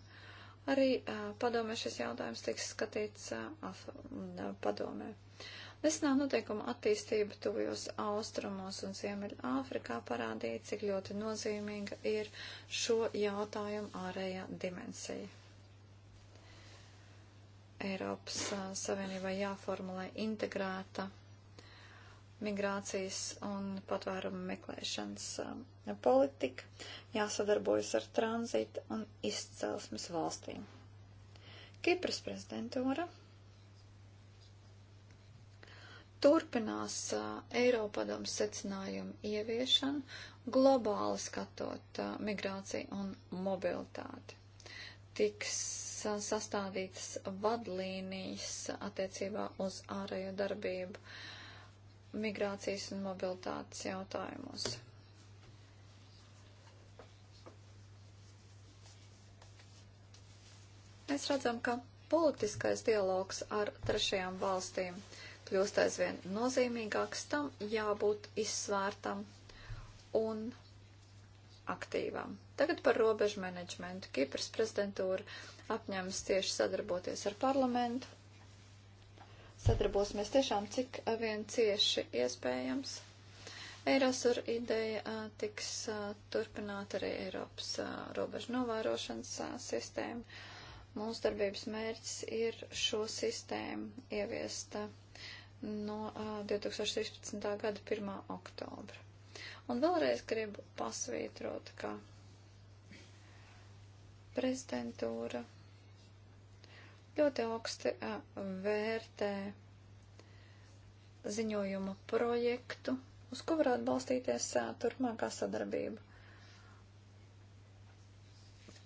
Arī uh, padomē šis jautājums tiks skatīts uh, padomē. Nesenā noteikuma attīstība tuvajos austrumos un ziemeļa Āfrikā parādīja, cik ļoti nozīmīga ir šo jautājumu ārējā dimensija. Eiropas Savienībai jāformulē integrēta migrācijas un patvērumu meklēšanas um, politika, jāsadarbojas ar tranzīta un izcelsmes valstīm. Kipras prezidentūra turpinās uh, Eiropadomas secinājumu ieviešanu globāli skatot uh, migrāciju un mobilitāti. Tiks uh, sastādītas vadlīnijas attiecībā uz ārējo darbību uh, migrācijas un mobilitātes jautājumos. Mēs redzam, ka politiskais dialogs ar trešajām valstīm kļūst aizvien nozīmīgāks, tam jābūt izsvērtam un aktīvam. Tagad par robežu menedžmentu. Kipras prezidentūra apņēmas cieši sadarboties ar parlamentu sadarbosimies tiešām cik eh, vien cieši iespējams. Eirosur ideja eh, tiks eh, turpināta arī Eiropas robežu novērošanas sistēma. Mūsu darbības mērķis ir šo sistēmu ieviest no 2016. gada 1. oktobra. Un vēlreiz gribu pasvītrot, ka prezidentūra ļoti augsti vērtē ziņojuma projektu, uz ko varētu balstīties turpmākā sadarbība.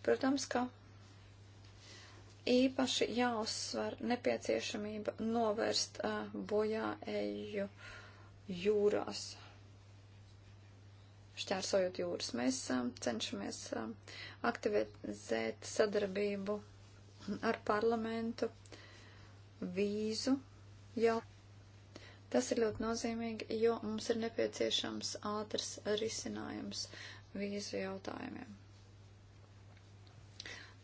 Protams, ka īpaši jāuzsver nepieciešamība novērst bojā eju jūrās, šķērsojot jūras. Mēs cenšamies aktivizēt sadarbību ar parlamentu vīzu jau. Tas ir ļoti nozīmīgi, jo mums ir nepieciešams ātrs risinājums vīzu jautājumiem.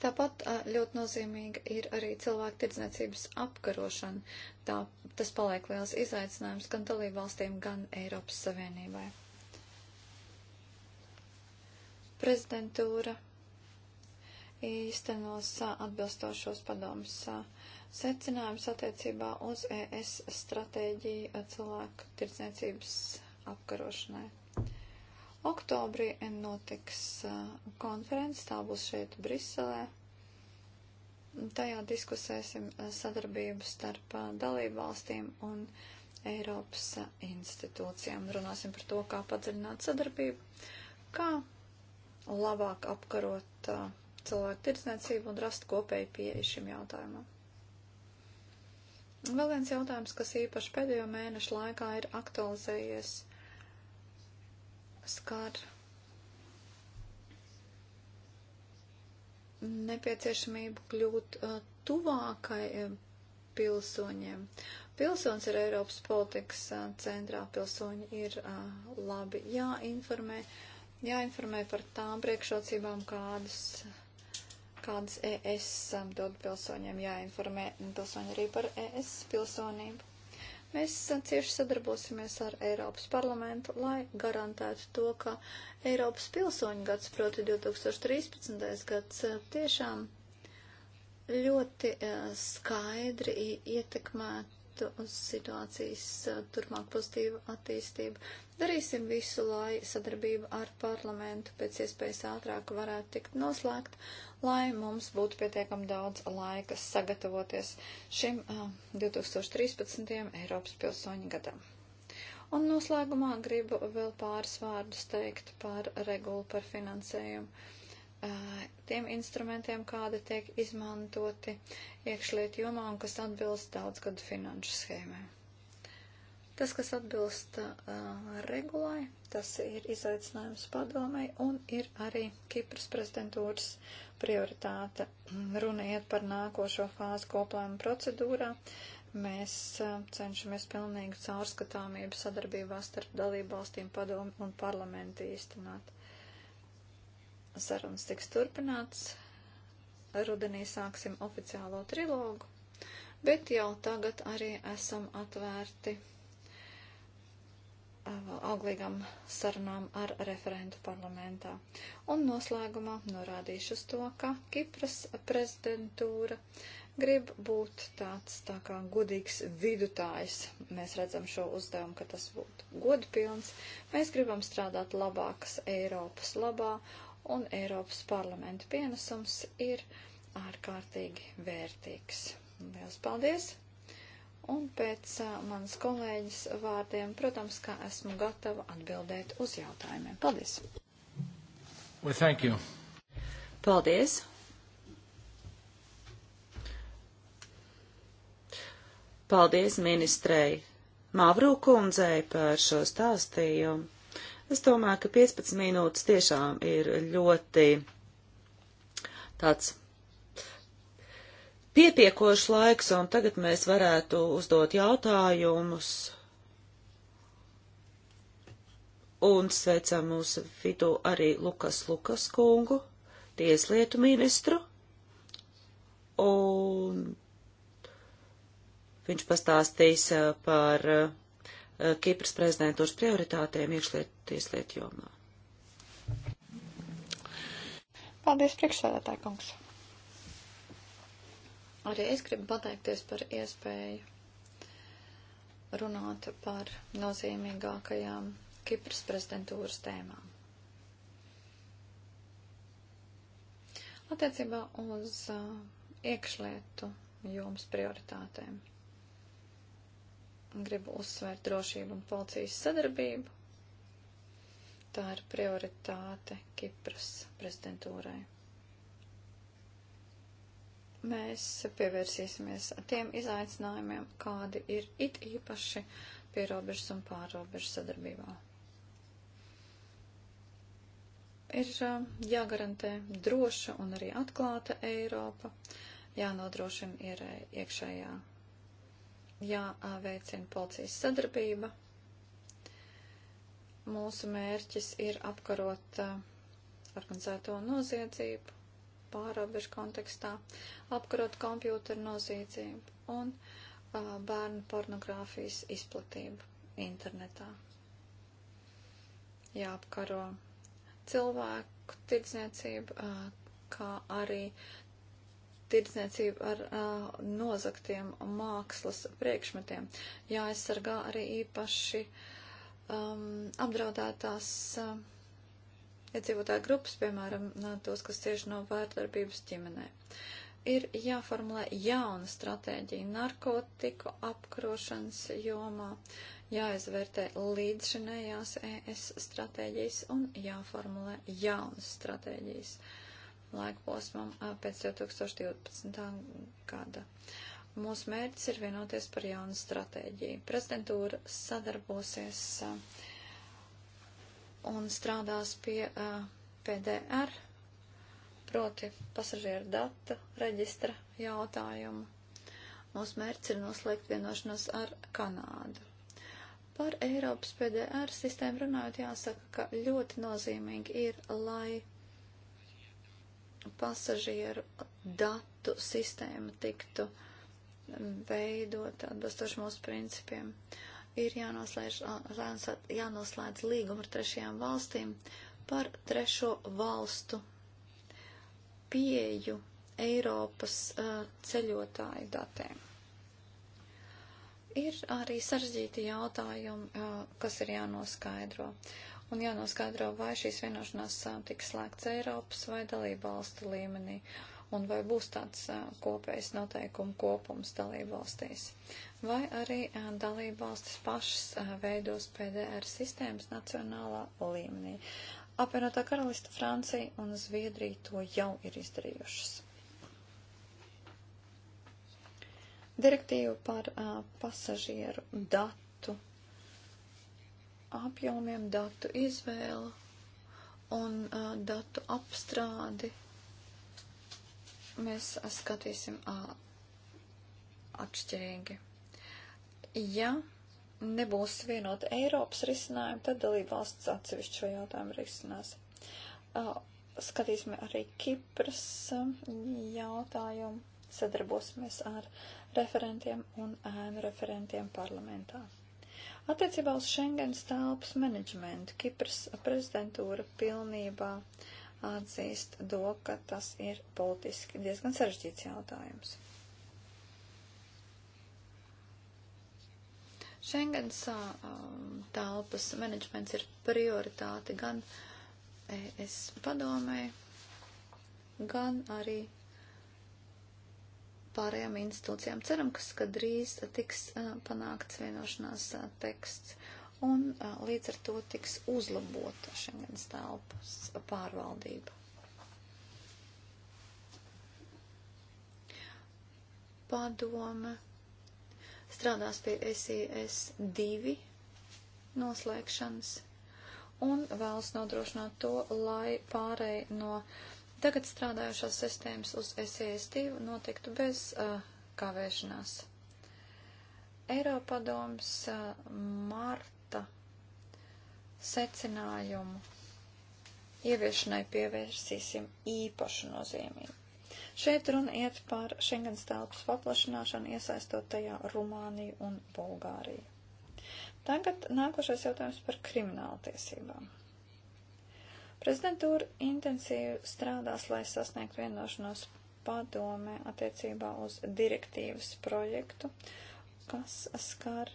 Tāpat ļoti nozīmīga ir arī cilvēku tirdzniecības apkarošana. Tā, tas paliek liels izaicinājums gan dalībvalstīm, gan Eiropas Savienībai. Prezidentūra īstenos atbilstošos padomus secinājumus attiecībā uz ES stratēģiju cilvēku tirdzniecības apkarošanai. Oktobrī notiks konferences, tā būs šeit Briselē. Tajā diskusēsim sadarbību starp dalību valstīm un Eiropas institūcijām. Runāsim par to, kā padziļināt sadarbību, kā labāk apkarot uh, cilvēku tirdzniecību un rast kopēju pieeju šim jautājumam. Vēl viens jautājums, kas īpaši pēdējo mēnešu laikā ir aktualizējies, skar nepieciešamību kļūt uh, tuvākai uh, pilsoņiem. Pilsons ir Eiropas politikas uh, centrā, pilsoņi ir uh, labi jāinformē, jāinformē par tām priekšrocībām, kādas kādas ES dod pilsoņiem jāinformē pilsoņi arī par ES pilsonību. Mēs cieši sadarbosimies ar Eiropas parlamentu, lai garantētu to, ka Eiropas pilsoņu gads, proti 2013. gads, tiešām ļoti skaidri ietekmētu uz situācijas turpmāk pozitīvu attīstību. Darīsim visu, lai sadarbība ar parlamentu pēc iespējas ātrāk varētu tikt noslēgt lai mums būtu pietiekam daudz laika sagatavoties šim uh, 2013. Eiropas pilsoņu gadam. Un noslēgumā gribu vēl pāris vārdus teikt par regulu par finansējumu. Uh, tiem instrumentiem, kādi tiek izmantoti iekšliet jomā un kas atbilst daudzgadu finanšu schēmai. Tas, kas atbilst uh, regulai, tas ir izaicinājums padomai un ir arī Kipras prezidentūras prioritāte. Runa iet par nākošo fāzi koplēmu procedūrā. Mēs uh, cenšamies pilnīgu caurskatāmību sadarbībā starp dalību valstīm padomu un parlamentu īstenot. Sarunas tiks turpināts. Rudenī sāksim oficiālo trilogu, bet jau tagad arī esam atvērti Uh, auglīgām sarunām ar referentu parlamentā. Un noslēgumā norādīšu uz to, ka Kipras prezidentūra grib būt tāds tā kā godīgs vidutājs. Mēs redzam šo uzdevumu, ka tas būtu godpilns. Mēs gribam strādāt labākas Eiropas labā, un Eiropas parlamenta pienesums ir ārkārtīgi vērtīgs. Lielas paldies! Un pēc uh, manas kolēģis vārdiem, protams, ka esmu gatava atbildēt uz jautājumiem. Paldies! Well, thank you. Paldies! Paldies ministrei Mavru kundzei par šo stāstījumu. Es domāju, ka 15 minūtes tiešām ir ļoti tāds pietiekošs laiks, un tagad mēs varētu uzdot jautājumus. Un sveicam mūsu vidū arī Lukas Lukas kungu, tieslietu ministru. Un viņš pastāstīs eh, par eh, Kipras prezidentūras prioritātēm iekšlietu tieslietu jomā. Paldies, priekšsēdētāji kungs! Arī es gribu pateikties par iespēju runāt par nozīmīgākajām Kipras prezidentūras tēmām. Attiecībā uz uh, iekšlietu jomas prioritātēm. Gribu uzsvērt drošību un policijas sadarbību. Tā ir prioritāte Kipras prezidentūrai mēs pievērsīsimies tiem izaicinājumiem, kādi ir it īpaši pierobežas un pārobežas sadarbībā. Ir eh, jāgarantē droša un arī atklāta Eiropa, jānodrošina ir iekšējā, jāveicina policijas sadarbība. Mūsu mērķis ir apkarot eh, organizēto noziedzību, pārobežu kontekstā, apkarot kompjūteru noziedzību un uh, bērnu pornogrāfijas izplatību internetā. Jāapkaro cilvēku tirdzniecību, uh, kā arī tirdzniecību ar uh, nozaktiem mākslas priekšmetiem. Jāaizsargā arī īpaši um, apdraudētās. Uh, iedzīvotāju grupas, piemēram, tos, kas cieši no vērtarbības ģimenē. Ir jāformulē jauna stratēģija narkotiku apkarošanas jomā, jāizvērtē līdzšinējās ES stratēģijas un jāformulē jaunas stratēģijas laikposmam pēc 2012. gada. Mūsu mērķis ir vienoties par jaunu stratēģiju. Prezidentūra sadarbosies uh, un strādās pie uh, eh, PDR, proti pasažieru data reģistra jautājumu. Mūsu mērķis ir noslēgt vienošanos ar Kanādu. Par Eiropas PDR sistēmu runājot, jāsaka, ka ļoti nozīmīgi ir, lai pasažieru datu sistēma tiktu mm, veidot atbilstoši mūsu principiem. Uh, ir jānoslēdz, jānoslēdz līguma ar trešajām valstīm par trešo valstu pieju Eiropas uh, ceļotāju datēm. Ir arī sarežģīti jautājumi, uh, kas ir jānoskaidro. Un jānoskaidro, vai šīs vienošanās uh, tiks slēgts Eiropas vai dalību valstu līmenī. Uh, un vai būs tāds kopējs noteikumu kopums dalību valstīs. Vai arī dalību valstis pašas veidos PDR sistēmas nacionālā līmenī. Apvienotā karalista Francija un Zviedrija to jau ir izdarījušas. Direktīva par uh, pasažieru datu apjomiem, datu izvēlu un uh, datu apstrādi mēs skatīsim atšķirīgi. Ja nebūs vienota Eiropas risinājuma, tad dalība valsts atsevišķi šo jautājumu risinās. Skatīsim arī Kipras jautājumu, sadarbosimies ar referentiem un ēnu referentiem parlamentā. Attiecībā uz Schengens telpas menedžmentu Kipras prezidentūra pilnībā uh, atzīst to, ka tas ir politiski diezgan sarežģīts jautājums. Schengens telpas menedžments ir prioritāte gan es padomē, gan arī pārējām institūcijām. Ceram, kas, ka drīz tiks panākts vienošanās teksts un līdz ar to tiks uzlabota Schengens telpas pārvaldība. Padome strādās pie SIS 2 noslēgšanas un vēlas nodrošināt to, lai pārēj no tagad strādājušās sistēmas uz SIS 2 notiktu bez uh, kavēšanās. Eiropadoms uh, martā secinājumu ieviešanai pievērsīsim īpašu nozīmību. Šeit runa iet par Schengens telpas paplašināšanu, iesaistot tajā Rumāniju un Bulgāriju. Tagad nākošais jautājums par kriminālu tiesībām. Prezidentūra intensīvi strādās, lai sasniegtu vienošanos padomē attiecībā uz direktīvas projektu, kas skar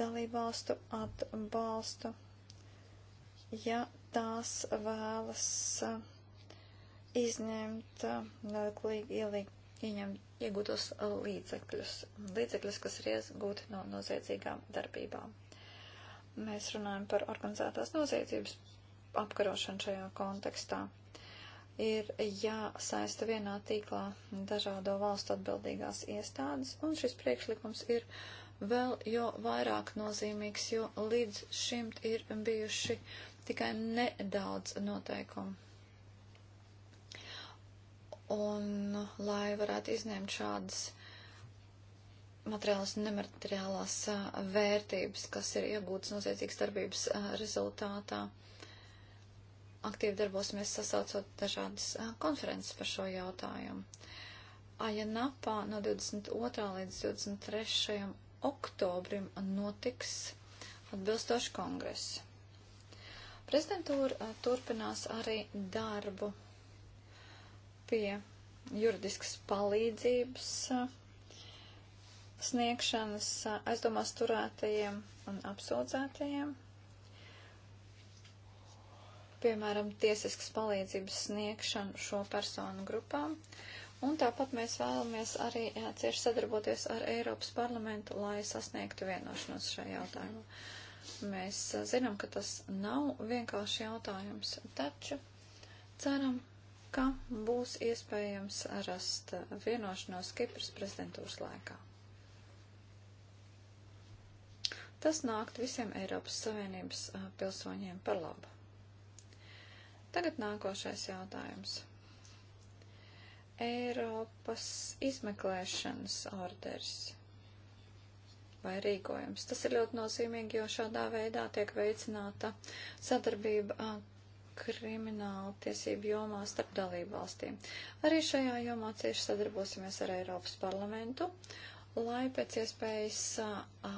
dalībvalstu atbalstu, ja tās vēlas uh, izņemt neliklīgi uh, ielikt, ieņemt, iegūtos uh, līdzekļus, līdzekļus, kas ir iegūti no noziedzīgām darbībām. Mēs runājam par organizētās noziedzības apkarošanu šajā kontekstā. Ir jāsaista vienā tīklā dažādo valstu atbildīgās iestādes, un šis priekšlikums ir uh, vēl jo vairāk nozīmīgs, jo līdz šim ir bijuši tikai nedaudz noteikumu. Un lai varētu izņemt šādas materiālas un nemateriālās vērtības, kas ir iegūtas noziedzīgas darbības rezultātā, aktīvi darbosimies sasaucot dažādas konferences par šo jautājumu. Ajanapā no 22. līdz 23 oktobrim notiks atbilstoši kongresi. Prezidentūra turpinās arī darbu pie juridiskas palīdzības sniegšanas aizdomās turētajiem un apsūdzētajiem piemēram, tiesiskas palīdzības sniegšanu šo personu grupām. Un tāpat mēs vēlamies arī jā, cieši sadarboties ar Eiropas parlamentu, lai sasniegtu vienošanos šajā jautājumā. Mēs zinām, ka tas nav vienkārši jautājums, taču ceram, ka būs iespējams rast vienošanos Kipras prezidentūras laikā. Tas nākt visiem Eiropas Savienības pilsoņiem par labu. Tagad nākošais jautājums. Eiropas izmeklēšanas orders vai rīkojums. Tas ir ļoti nozīmīgi, jo šādā veidā tiek veicināta sadarbība krimināla tiesību jomā starp dalību valstīm. Arī šajā jomā cieši sadarbosimies ar Eiropas parlamentu, lai pēc iespējas a,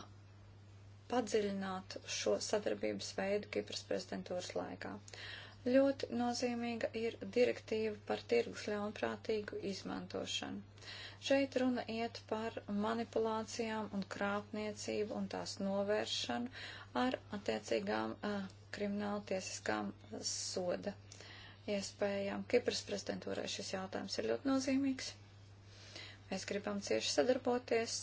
padziļinātu šo sadarbības veidu Kipras prezidentūras laikā. Uh, Ļoti nozīmīga ir direktīva par tirgus ļaunprātīgu izmantošanu. Šeit runa iet par manipulācijām un krāpniecību un tās novēršanu ar attiecīgām uh, krimināla tiesiskām soda iespējām. Kipras prezidentūrai šis jautājums ir ļoti nozīmīgs. Mēs gribam cieši sadarboties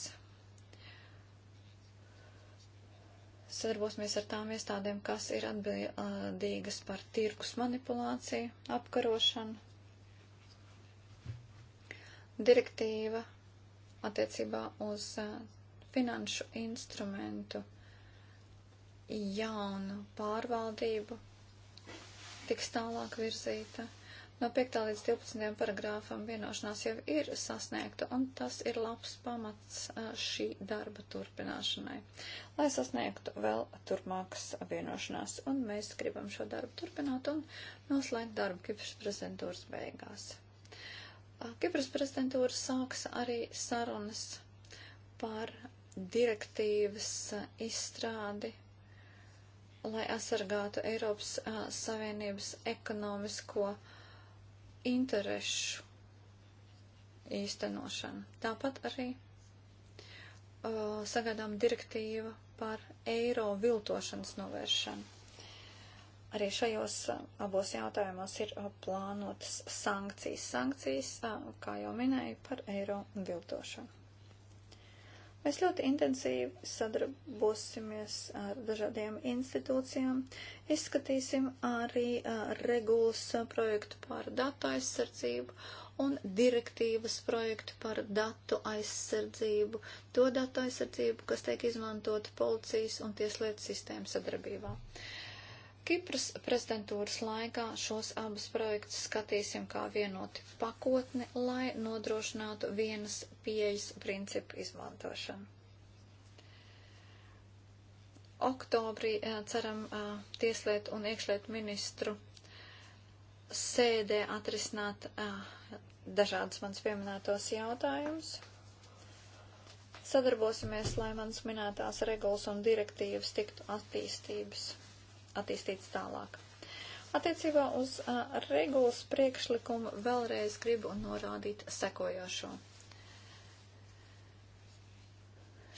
sadarbosimies ar tām iestādēm, kas ir atbildīgas par tirgus manipulāciju, apkarošanu. Direktīva attiecībā uz uh, finanšu instrumentu jaunu pārvaldību tiks tālāk virzīta. No 5. līdz 12. paragrāfam vienošanās jau ir sasniegta, un tas ir labs pamats šī darba turpināšanai, lai sasniegtu vēl turpmākas vienošanās. Un mēs gribam šo darbu turpināt un noslēgt darbu Kipras prezidentūras beigās. Kipras prezidentūra sāks arī sarunas par direktīvas izstrādi lai aizsargātu Eiropas a, Savienības ekonomisko uh, interešu īstenošana. Tāpat arī uh, sagaidām direktīva par eiro viltošanas novēršanu. Arī šajos uh, abos jautājumos ir uh, plānotas sankcijas. Sankcijas, uh, kā jau minēju, par eiro viltošanu. Mēs ļoti intensīvi sadarbosimies ar dažādiem institūcijām, izskatīsim arī uh, regulas projektu par datu aizsardzību un direktīvas projektu par datu aizsardzību, to datu aizsardzību, kas tiek izmantota policijas un tieslietu sistēmas sadarbībā. Uh, Kipras prezidentūras laikā šos abus projektus skatīsim kā vienoti pakotni, lai nodrošinātu vienas pieejas principu izmantošanu. Oktobrī eh, ceram eh, tieslietu un iekšlietu ministru sēdē atrisināt eh, dažādas mans pieminētos jautājumus. Sadarbosimies, lai mans minētās regulas un direktīvas tiktu attīstības attīstīts tālāk. Attiecībā uz uh, regulas priekšlikumu vēlreiz gribu norādīt sekojošo.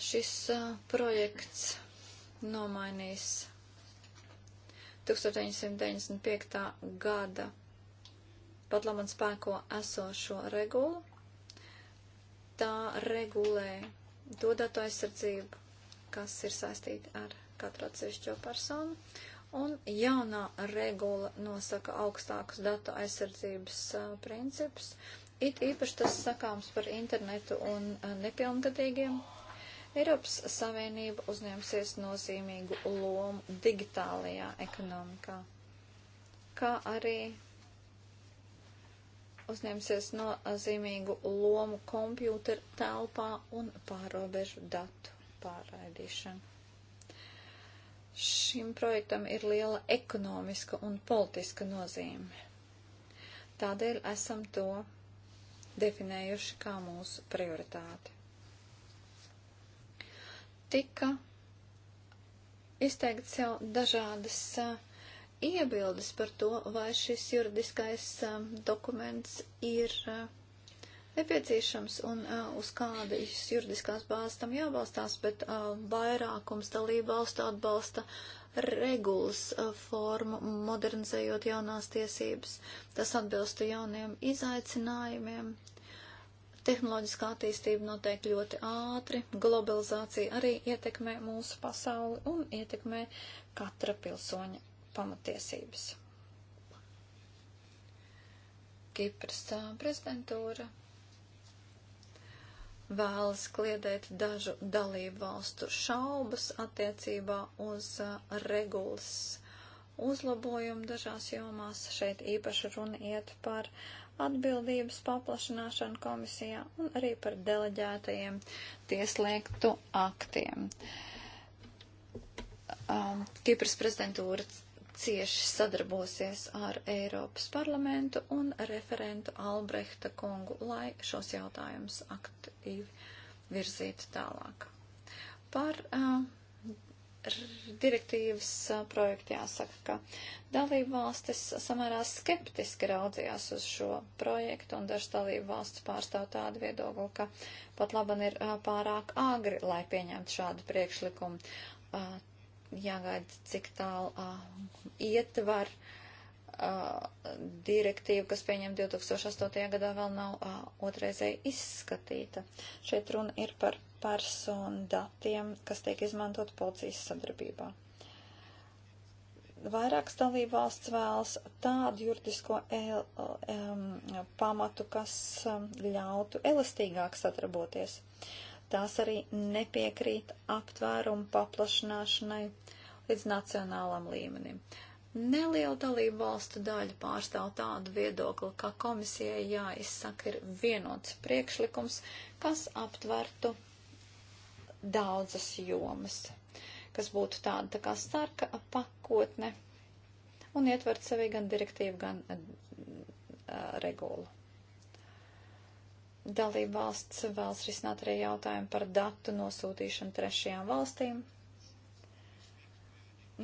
Šis uh, projekts nomainīs 1995. gada pat labam spēko esošo regulu. Tā regulē to datu aizsardzību, kas ir saistīta ar katru atsevišķo personu. Un jaunā regula nosaka augstākus datu aizsardzības uh, principus. It īpaši tas sakāms par internetu un uh, nepilngadīgiem. Eiropas Savienība uzņemsies nozīmīgu lomu digitālajā ekonomikā, kā arī uzņemsies nozīmīgu lomu kompjūter telpā un pārobežu datu pārraidīšanu. Šim projektam ir liela ekonomiska un politiska nozīme. Tādēļ esam to definējuši kā mūsu prioritāti. Tika izteikts jau dažādas iebildes par to, vai šis juridiskais dokuments ir nepieciešams un uh, uz kādas juridiskās bāzes tam jābalstās, bet uh, vairākums dalību valstu atbalsta regulas uh, formu, modernizējot jaunās tiesības. Tas atbilstu jauniem izaicinājumiem. Tehnoloģiskā attīstība notiek ļoti ātri, globalizācija arī ietekmē mūsu pasauli un ietekmē katra pilsoņa pamatiesības. Kipras uh, prezidentūra vēlas kliedēt dažu dalību valstu šaubas attiecībā uz regulas uzlabojumu dažās jomās. Šeit īpaši runa iet par atbildības paplašināšanu komisijā un arī par deleģētajiem tiesliektu aktiem. Um, Kipras prezidentūra cieši sadarbosies ar Eiropas parlamentu un referentu Albrehta kungu, lai šos jautājumus aktīvi virzītu tālāk. Par uh, direktīvas uh, projektu jāsaka, ka dalību valstis samērā skeptiski raudzījās uz šo projektu, un dažas dalību valstis pārstāv tādu viedokli, ka pat laban ir uh, pārāk agri, lai pieņemtu šādu priekšlikumu. Uh, jāgaida, cik tālu uh, ietvar uh, direktīva, kas pieņem 2008. gadā, vēl nav uh, otrreizēji izskatīta. Šeit runa ir par personu datiem, kas tiek izmantot policijas sadarbībā. Vairākas dalībvalsts vēlas tādu juridisko el, um, pamatu, kas um, ļautu elastīgāk sadarboties. Uh, Tās arī nepiekrīt aptvērumu paplašināšanai līdz nacionālam līmenim. Neliela dalību valstu daļa pārstāv tādu viedokli, ka komisijai jāizsaka ir vienots priekšlikums, kas aptvertu daudzas jomas, kas būtu tāda tā kā starka pakotne un ietvertu sevī gan direktīvu, gan uh, regulu. Dalība valsts vēlas risināt arī jautājumu par datu nosūtīšanu trešajām valstīm.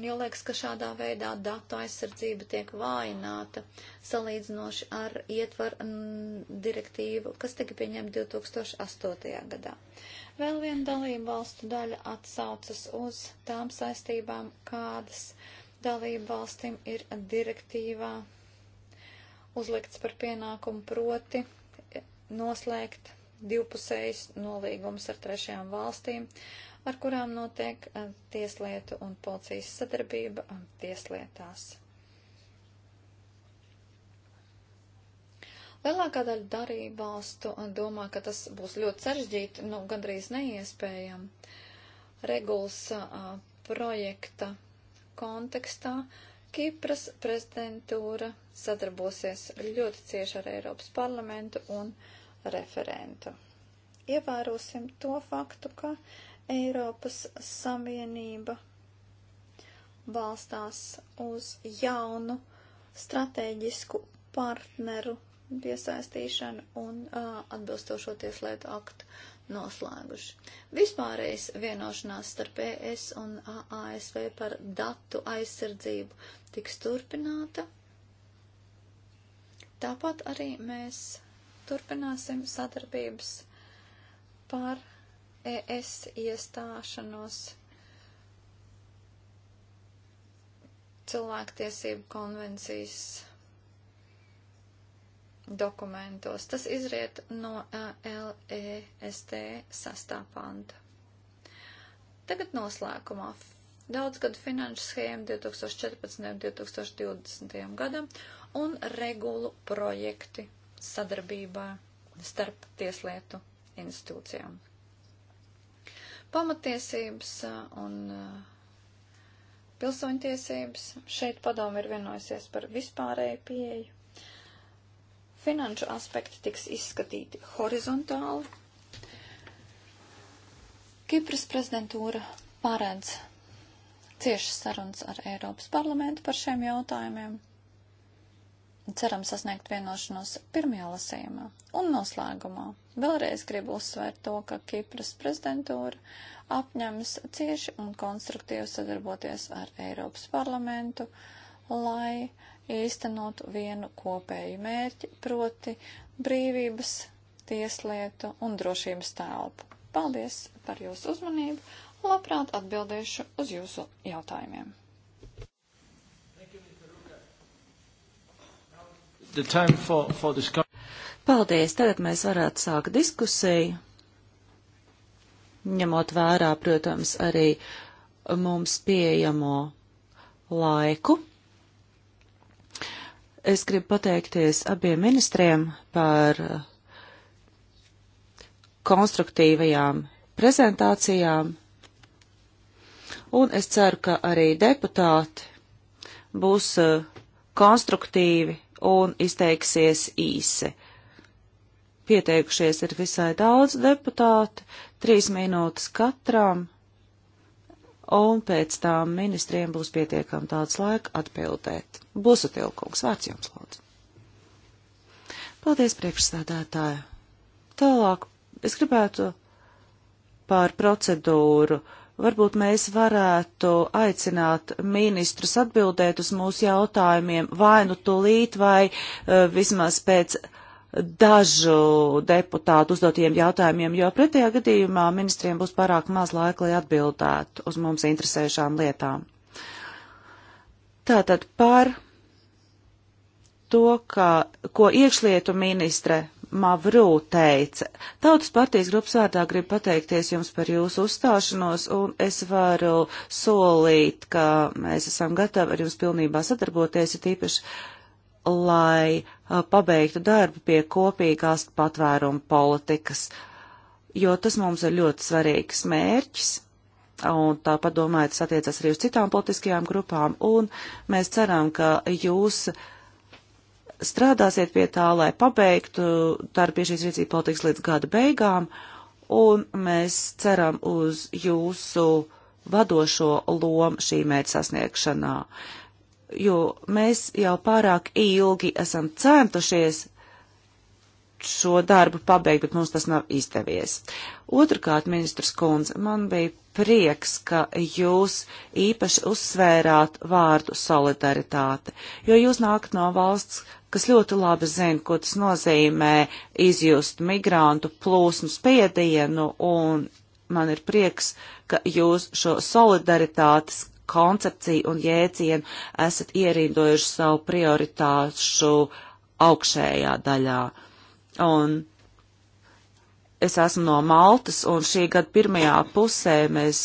Jo liekas, ka šādā veidā datu aizsardzība tiek vājināta salīdzinoši ar ietvaru direktīvu, kas tika pieņemta 2008. gadā. Vēl viena dalība valstu daļa atsaucas uz tām saistībām, kādas dalību valstīm ir direktīvā uzlikts par pienākumu proti noslēgt divpusējs nolīgums ar trešajām valstīm, ar kurām notiek eh, tieslietu un policijas sadarbība eh, tieslietās. Lielākā daļa darībvalstu eh, domā, ka tas būs ļoti sarežģīti, nu, gandrīz neiespējami. Regulas a, projekta kontekstā Kipras prezidentūra sadarbosies ļoti cieši ar Eiropas parlamentu un uh, referentu. Ievērosim to faktu, ka Eiropas Savienība balstās uz jaunu stratēģisku partneru piesaistīšanu un uh, atbilstošo tieslietu aktu noslēguši. Vispārējais vienošanās starp ES un ASV par datu aizsardzību tiks turpināta. Tāpat arī mēs Turpināsim sadarbības par ES iestāšanos cilvēktiesību konvencijas dokumentos. Tas izriet no e LEST sastā panta. Tagad noslēgumā daudzgadu finanšu schēmu 2014. un 2020. gadam un regulu projekti sadarbībā starp tieslietu institūcijām. Pamatiesības uh, un uh, pilsoņtiesības. Šeit padomu ir vienojusies par vispārēju pieeju. Finanšu aspekti tiks izskatīti horizontāli. Kipras prezidentūra paredz ciešas sarunas ar Eiropas parlamentu par šiem jautājumiem ceram sasniegt vienošanos pirmajā lasījumā. Un noslēgumā vēlreiz gribu uzsvērt to, ka Kipras prezidentūra apņems cieši un konstruktīvi sadarboties ar Eiropas parlamentu, lai īstenotu vienu kopēju mērķi, proti brīvības, tieslietu un drošības telpu. Paldies par jūsu uzmanību, labprāt atbildēšu uz jūsu jautājumiem. for, for this... Paldies! Tagad mēs varētu sākt diskusiju, ņemot vērā, protams, arī mums pieejamo laiku. Es gribu pateikties abiem ministriem par konstruktīvajām prezentācijām, un es ceru, ka arī deputāti būs eh, konstruktīvi un izteiksies īsi. Pieteikušies ir visai daudz deputāti, trīs minūtes katram, un pēc tām ministriem būs pietiekam tāds laika atbildēt. Busutilkungs, vārds jums lūdzu. Paldies, priekšstādātāja. Tālāk es gribētu pār procedūru uh, Varbūt mēs varētu aicināt ministrus atbildēt uz mūsu jautājumiem vai nu tūlīt, vai uh, vismaz pēc dažu deputātu uzdotiem jautājumiem, jo pretējā gadījumā ministriem būs pārāk maz laika, lai atbildētu uz mums interesējušām lietām. Tātad par to, ka, ko iekšlietu ministre Mavrū teica. Tautas partijas grupas vārdā grib pateikties jums par jūsu uzstāšanos, un es varu solīt, ka mēs esam gatavi ar jums pilnībā sadarboties, ja tīpaši, lai pabeigtu darbu pie kopīgās patvērumu politikas, jo tas mums ir ļoti svarīgs mērķis un tāpat domāju, tas attiecas arī uz citām politiskajām grupām, un mēs ceram, ka jūs strādāsiet pie tā, lai pabeigtu darbu pie šīs rīcība politikas līdz gada beigām, un mēs ceram uz jūsu vadošo lomu šī mērķa sasniegšanā, jo mēs jau pārāk ilgi esam centušies šo darbu pabeigt, bet mums tas nav izdevies. Otrkārt, ministrs Kunz, man bija prieks, ka jūs īpaši uzsvērāt vārdu solidaritāte, jo jūs nākat no valsts, kas ļoti labi zina, ko tas nozīmē izjust migrantu plūsmu spiedienu, un man ir prieks, ka jūs šo solidaritātes koncepciju un jēcienu esat ierindojuši savu prioritāšu augšējā daļā. Un es esmu no Maltas, un šī gada pirmajā pusē mēs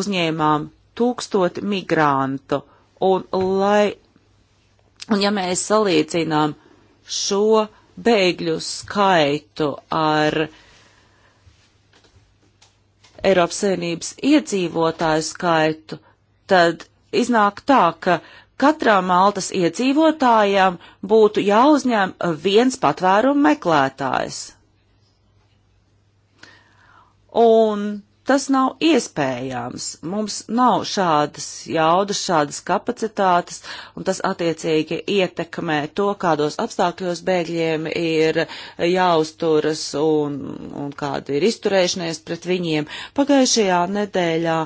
uzņēmām tūkstoti migrantu, un lai Un ja mēs salīdzinām šo bēgļu skaitu ar Eiropas Savienības iedzīvotāju skaitu, tad iznāk tā, ka katram Maltas iedzīvotājam būtu jāuzņem viens patvērumu meklētājs. Un Tas nav iespējams. Mums nav šādas jaudas, šādas kapacitātes, un tas attiecīgi ietekmē to, kādos apstākļos bēgļiem ir jāuzturas un, un kāda ir izturēšanās pret viņiem. Pagājušajā nedēļā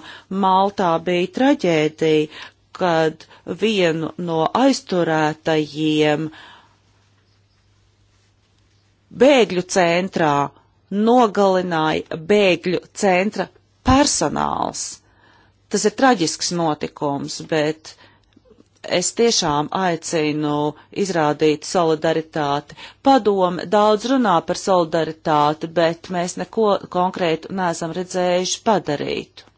Maltā bija traģēdija, kad vienu no aizturētajiem bēgļu centrā nogalināja bēgļu centra personāls. Tas ir traģisks notikums, bet es tiešām aicinu izrādīt solidaritāti. Padome daudz runā par solidaritāti, bet mēs neko konkrētu neesam redzējuši padarītu.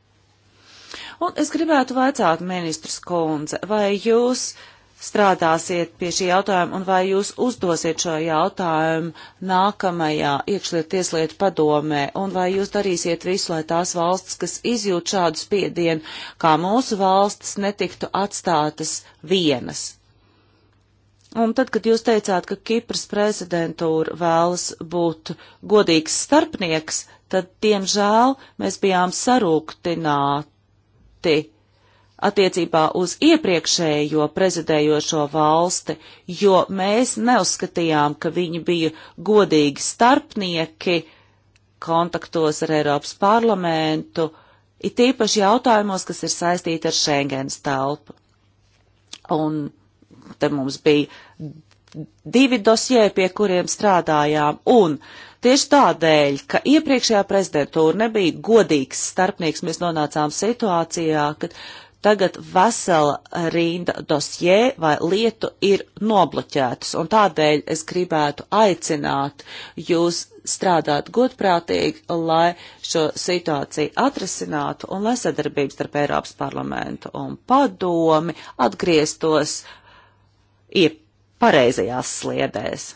Un es gribētu vaicāt ministrs Kunze, vai jūs uh, strādāsiet pie šī jautājuma un vai jūs uzdosiet šo jautājumu nākamajā iekšliet tieslietu padomē un vai jūs darīsiet visu, lai tās valstis, kas izjūt šādu spiedienu, kā mūsu valstis, netiktu atstātas vienas. Un tad, kad jūs teicāt, ka Kipras prezidentūra vēlas būt godīgs starpnieks, tad, diemžēl, mēs bijām sarūktināti attiecībā uz iepriekšējo prezidējošo valsti, jo mēs neuzskatījām, ka viņi bija godīgi starpnieki kontaktos ar Eiropas parlamentu, it īpaši jautājumos, kas ir saistīti ar Schengens telpu. Un te mums bija divi dosjē, pie kuriem strādājām, un tieši tādēļ, ka iepriekšējā prezidentūra nebija godīgs starpnieks, mēs nonācām situācijā, kad tagad vesela rinda dosjē vai lietu ir nobloķētas, un tādēļ es gribētu aicināt jūs strādāt godprātīgi, lai šo situāciju atrisinātu un lai sadarbības starp Eiropas parlamentu un padomi atgrieztos ir pareizajās sliedēs.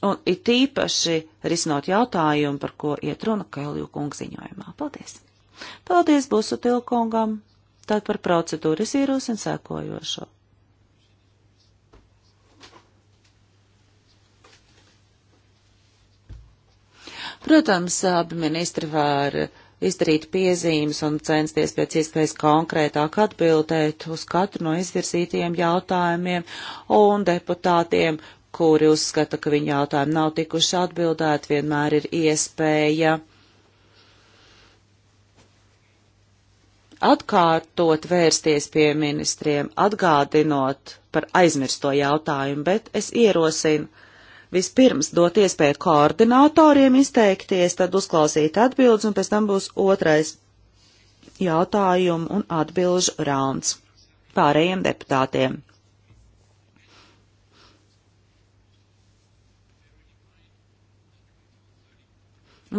Un it īpaši risinot jautājumu, par ko iet runa Kailju kungu ziņojumā. Paldies! Paldies Busu Tilkungam! Tātad par procedūru es ierosinu sēkojošo. Protams, abi ministri var izdarīt piezīmes un censties pēc iespējas konkrētāk atbildēt uz katru no izvirzītajiem jautājumiem un deputātiem, kuri uzskata, ka viņa jautājumi nav tikuši atbildēti, vienmēr ir iespēja atkārtot vērsties pie ministriem, atgādinot par aizmirsto jautājumu, bet es ierosinu vispirms dot iespēju koordinatoriem izteikties, tad uzklausīt atbildes, un pēc tam būs otrais jautājumu un atbilžu rauns pārējiem deputātiem.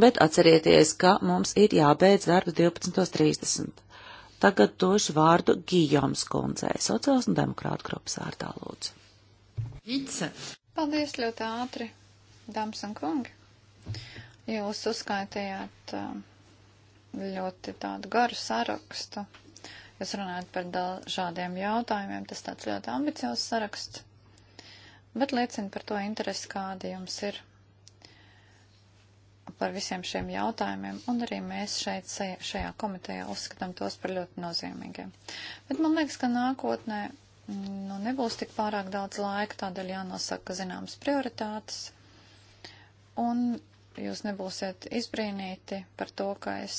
Bet atcerieties, ka mums ir jābeidz darba 12.30. Tagad došu vārdu Gijoms kundzei, sociāls un demokrāta grupas vārdā lūdzu. Vice. Paldies ļoti ātri, dāmas un kungi. Jūs uzskaitījāt um, ļoti tādu garu sarakstu. Jūs runājat par dažādiem jautājumiem, tas tāds ļoti ambiciozs saraksts, bet liecina par to interesi, kāda jums ir par visiem šiem jautājumiem, un arī mēs šeit, šajā komitejā uzskatām tos par ļoti nozīmīgiem. Bet man liekas, ka nākotnē nu, nebūs tik pārāk daudz laika, tādēļ jānosaka zināmas prioritātes. Un jūs nebūsiet izbrīnīti par to, ka es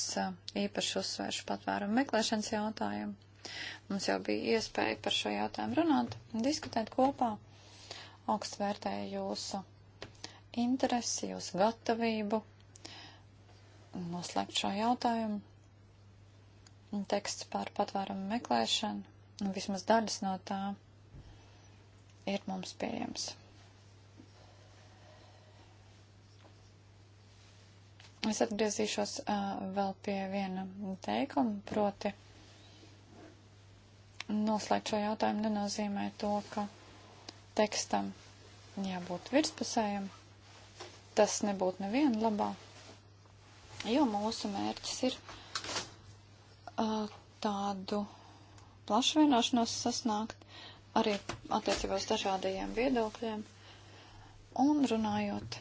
īpaši uzsvēršu patvērumu meklēšanas jautājumu. Mums jau bija iespēja par šo jautājumu runāt, diskutēt kopā. Augst vērtēju jūsu interesi, jūsu gatavību noslēgt šo jautājumu. Teksts par patvērumu meklēšanu, nu, vismaz daļas no tā, ir mums pieejams. Es atgriezīšos uh, vēl pie viena teikuma, proti noslēgt šo jautājumu nenozīmē to, ka tekstam jābūt virspusējam. Tas nebūtu neviena labā jo mūsu mērķis ir uh, tādu plašu vienošanos sasniegt arī attiecībā uz dažādajiem viedokļiem un runājot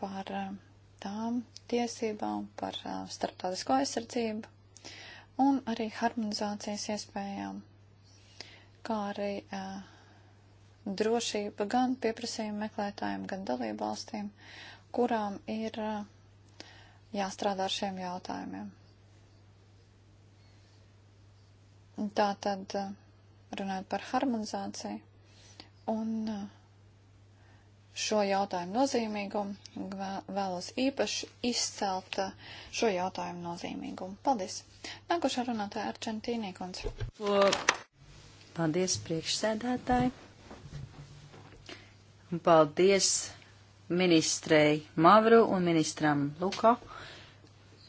par uh, tām tiesībām, par uh, starptautisko aizsardzību un arī harmonizācijas iespējām, kā arī uh, drošība gan pieprasījuma meklētājiem, gan dalībvalstīm. valstīm kurām ir jāstrādā ar šiem jautājumiem. Tā tad runājot par harmonizāciju un šo jautājumu nozīmīgumu, vēlos īpaši izcelt šo jautājumu nozīmīgumu. Paldies! Nākošā runātāja Arčentīnī kundze. Paldies, priekšsēdētāji! Un paldies! ministrei Mavru un ministram Luka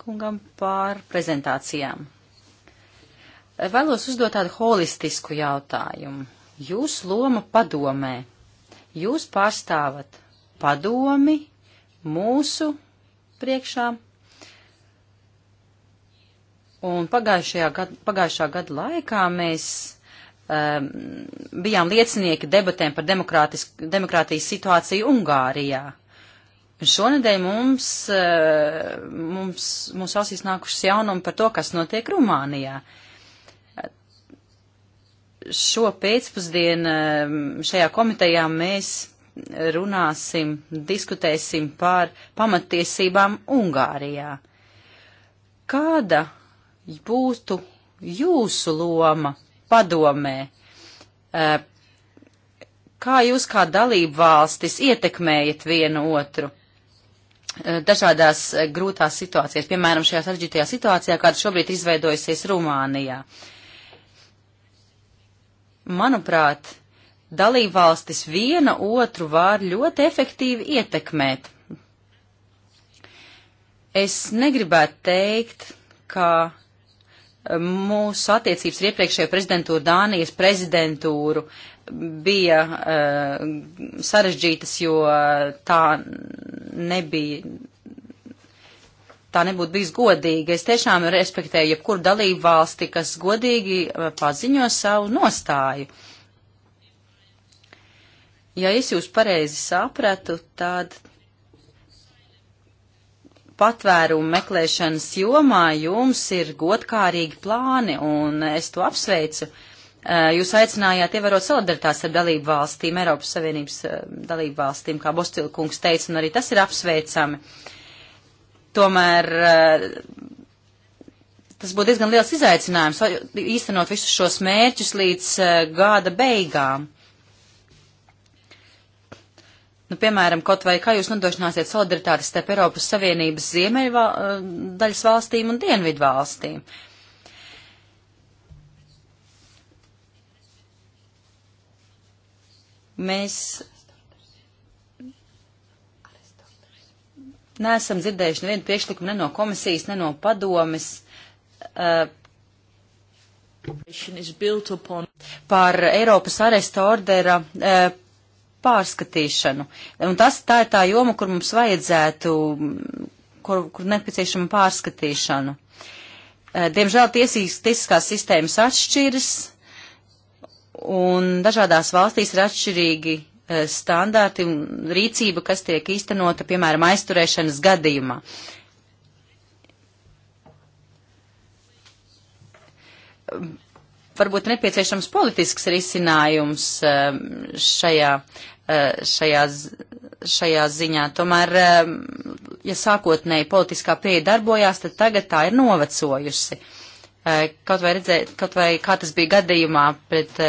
kungam par prezentācijām. Vēlos uzdot tādu holistisku jautājumu. Jūs loma padomē. Jūs pārstāvat padomi mūsu priekšā. Un pagājušajā gad, pagājušā gada laikā mēs um, bijām liecinieki debatēm par demokrātijas situāciju Ungārijā. Un šonedēļ mums, uh, mums, mums ausīs nākušas jaunumi par to, kas notiek Rumānijā. Šo pēcpusdienu ehm, šajā komitejā mēs runāsim, diskutēsim par pamatiesībām Ungārijā. Kāda būtu jūsu loma padomē. Eh, kā jūs kā dalību valstis ietekmējat vienu otru? Eh, dažādās eh, grūtās situācijās, piemēram, šajā sarežģītajā situācijā, kāda šobrīd izveidojusies Rumānijā. Manuprāt, dalībvalstis viena otru var ļoti efektīvi ietekmēt. Es negribētu teikt, ka Mūsu attiecības ar iepriekšējo prezidentūru, Dānijas prezidentūru, bija uh, sarežģītas, jo eh, tā nebija tā nebūtu bijis godīga. Es tiešām respektēju jebkuru dalību valsti, kas godīgi eh, paziņo savu nostāju. Ja es jūs pareizi sapratu, tad patvērumu meklēšanas jomā jums ir godkārīgi plāni, un es to apsveicu. Eh, jūs aicinājāt ievērot solidaritātes ar dalību valstīm, Eiropas Savienības eh, dalību valstīm, kā Bostilkungs teica, un arī tas ir apsveicami. Tomēr eh, tas būtu diezgan liels izaicinājums īstenot visus šos mērķus līdz gada beigām. Uh, Nu, piemēram, kaut vai kā jūs nodrošināsiet solidaritāti starp Eiropas Savienības ziemeļu eh, daļas valstīm un dienvidu valstīm? Mēs neesam dzirdējuši nevienu priekšlikumu ne no komisijas, ne no padomes. Uh, par Eiropas aresta ordera uh, pārskatīšanu. Un tas tā ir tā joma, kur mums vajadzētu, kur, kur nepieciešama pārskatīšanu. Eh, diemžēl tiesīs, tiesiskās sistēmas atšķiras, un dažādās valstīs ir atšķirīgi eh, standarti un rīcība, kas tiek īstenota, piemēram, aizturēšanas gadījumā. Varbūt nepieciešams politisks risinājums eh, šajā Eh, šajā, šajā ziņā. Tomēr, eh, ja sākotnēji politiskā pieeja darbojās, tad tagad tā ir novecojusi. Eh, kaut vai, redzē, kaut vai kā tas bija gadījumā pret,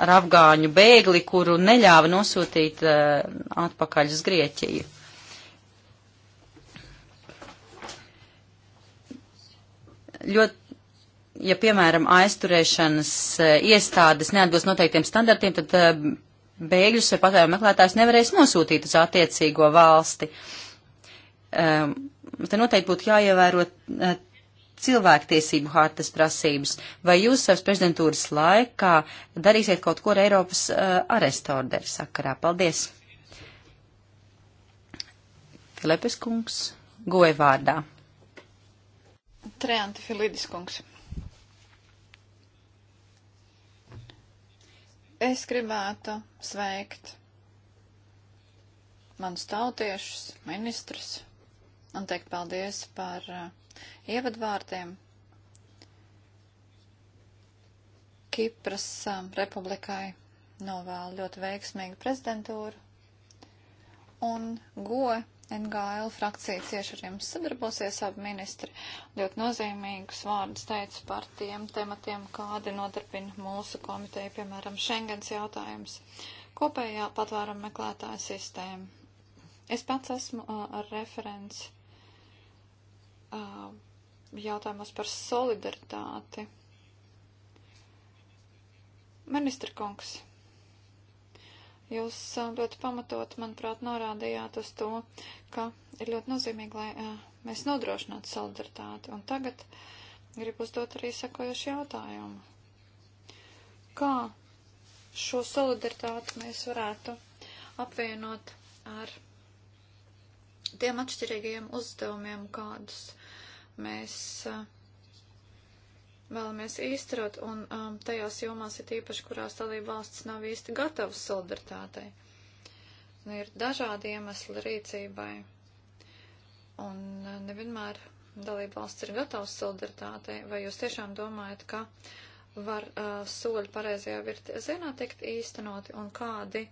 ar afgāņu bēgli, kuru neļāva nosūtīt atpakaļ uz Grieķiju. Ļoti ja, piemēram, aizturēšanas eh, iestādes neatbilst noteiktiem standartiem, tad eh, bēgļus vai patērumu meklētājs nevarēs nosūtīt uz attiecīgo valsti. Um, te noteikti būtu jāievēro uh, cilvēktiesību hartas prasības. Vai jūs savas prezidentūras laikā darīsiet kaut ko ar Eiropas uh, arestorderi sakarā? Paldies! Filepes kungs, goja vārdā. Treanti Filidis kungs. Es gribētu sveikt manus tautiešus, ministrus un teikt paldies par uh, ievadvārdiem. Kipras uh, republikai novēlu ļoti veiksmīgu prezidentūru un goju NGL frakcija cieši ar jums sadarbosies, abi ministri ļoti nozīmīgus vārdus teica par tiem tematiem, kādi nodarbina mūsu komiteju, piemēram, Schengens jautājums, kopējā patvēruma meklētāja sistēma. Es pats esmu uh, referents uh, jautājumos par solidaritāti. Ministra kungs, Jūs ļoti pamatot, manuprāt, norādījāt uz to, ka ir ļoti nozīmīgi, lai mēs nodrošinātu solidaritāti. Un tagad gribu uzdot arī sekojuši jautājumu. Kā šo solidaritāti mēs varētu apvienot ar tiem atšķirīgajiem uzdevumiem, kādus mēs uh, vēlamies īstenot, un um, tajās jomās ir īpaši, kurās dalība valsts nav īsti gatavas solidaritātei. Nu, ir dažādi iemesli rīcībai, un uh, nevienmēr dalība valsts ir gatavas solidaritātei. Vai jūs tiešām domājat, ka var uh, soļi pareizajā virzienā tikt īstenoti, un kādi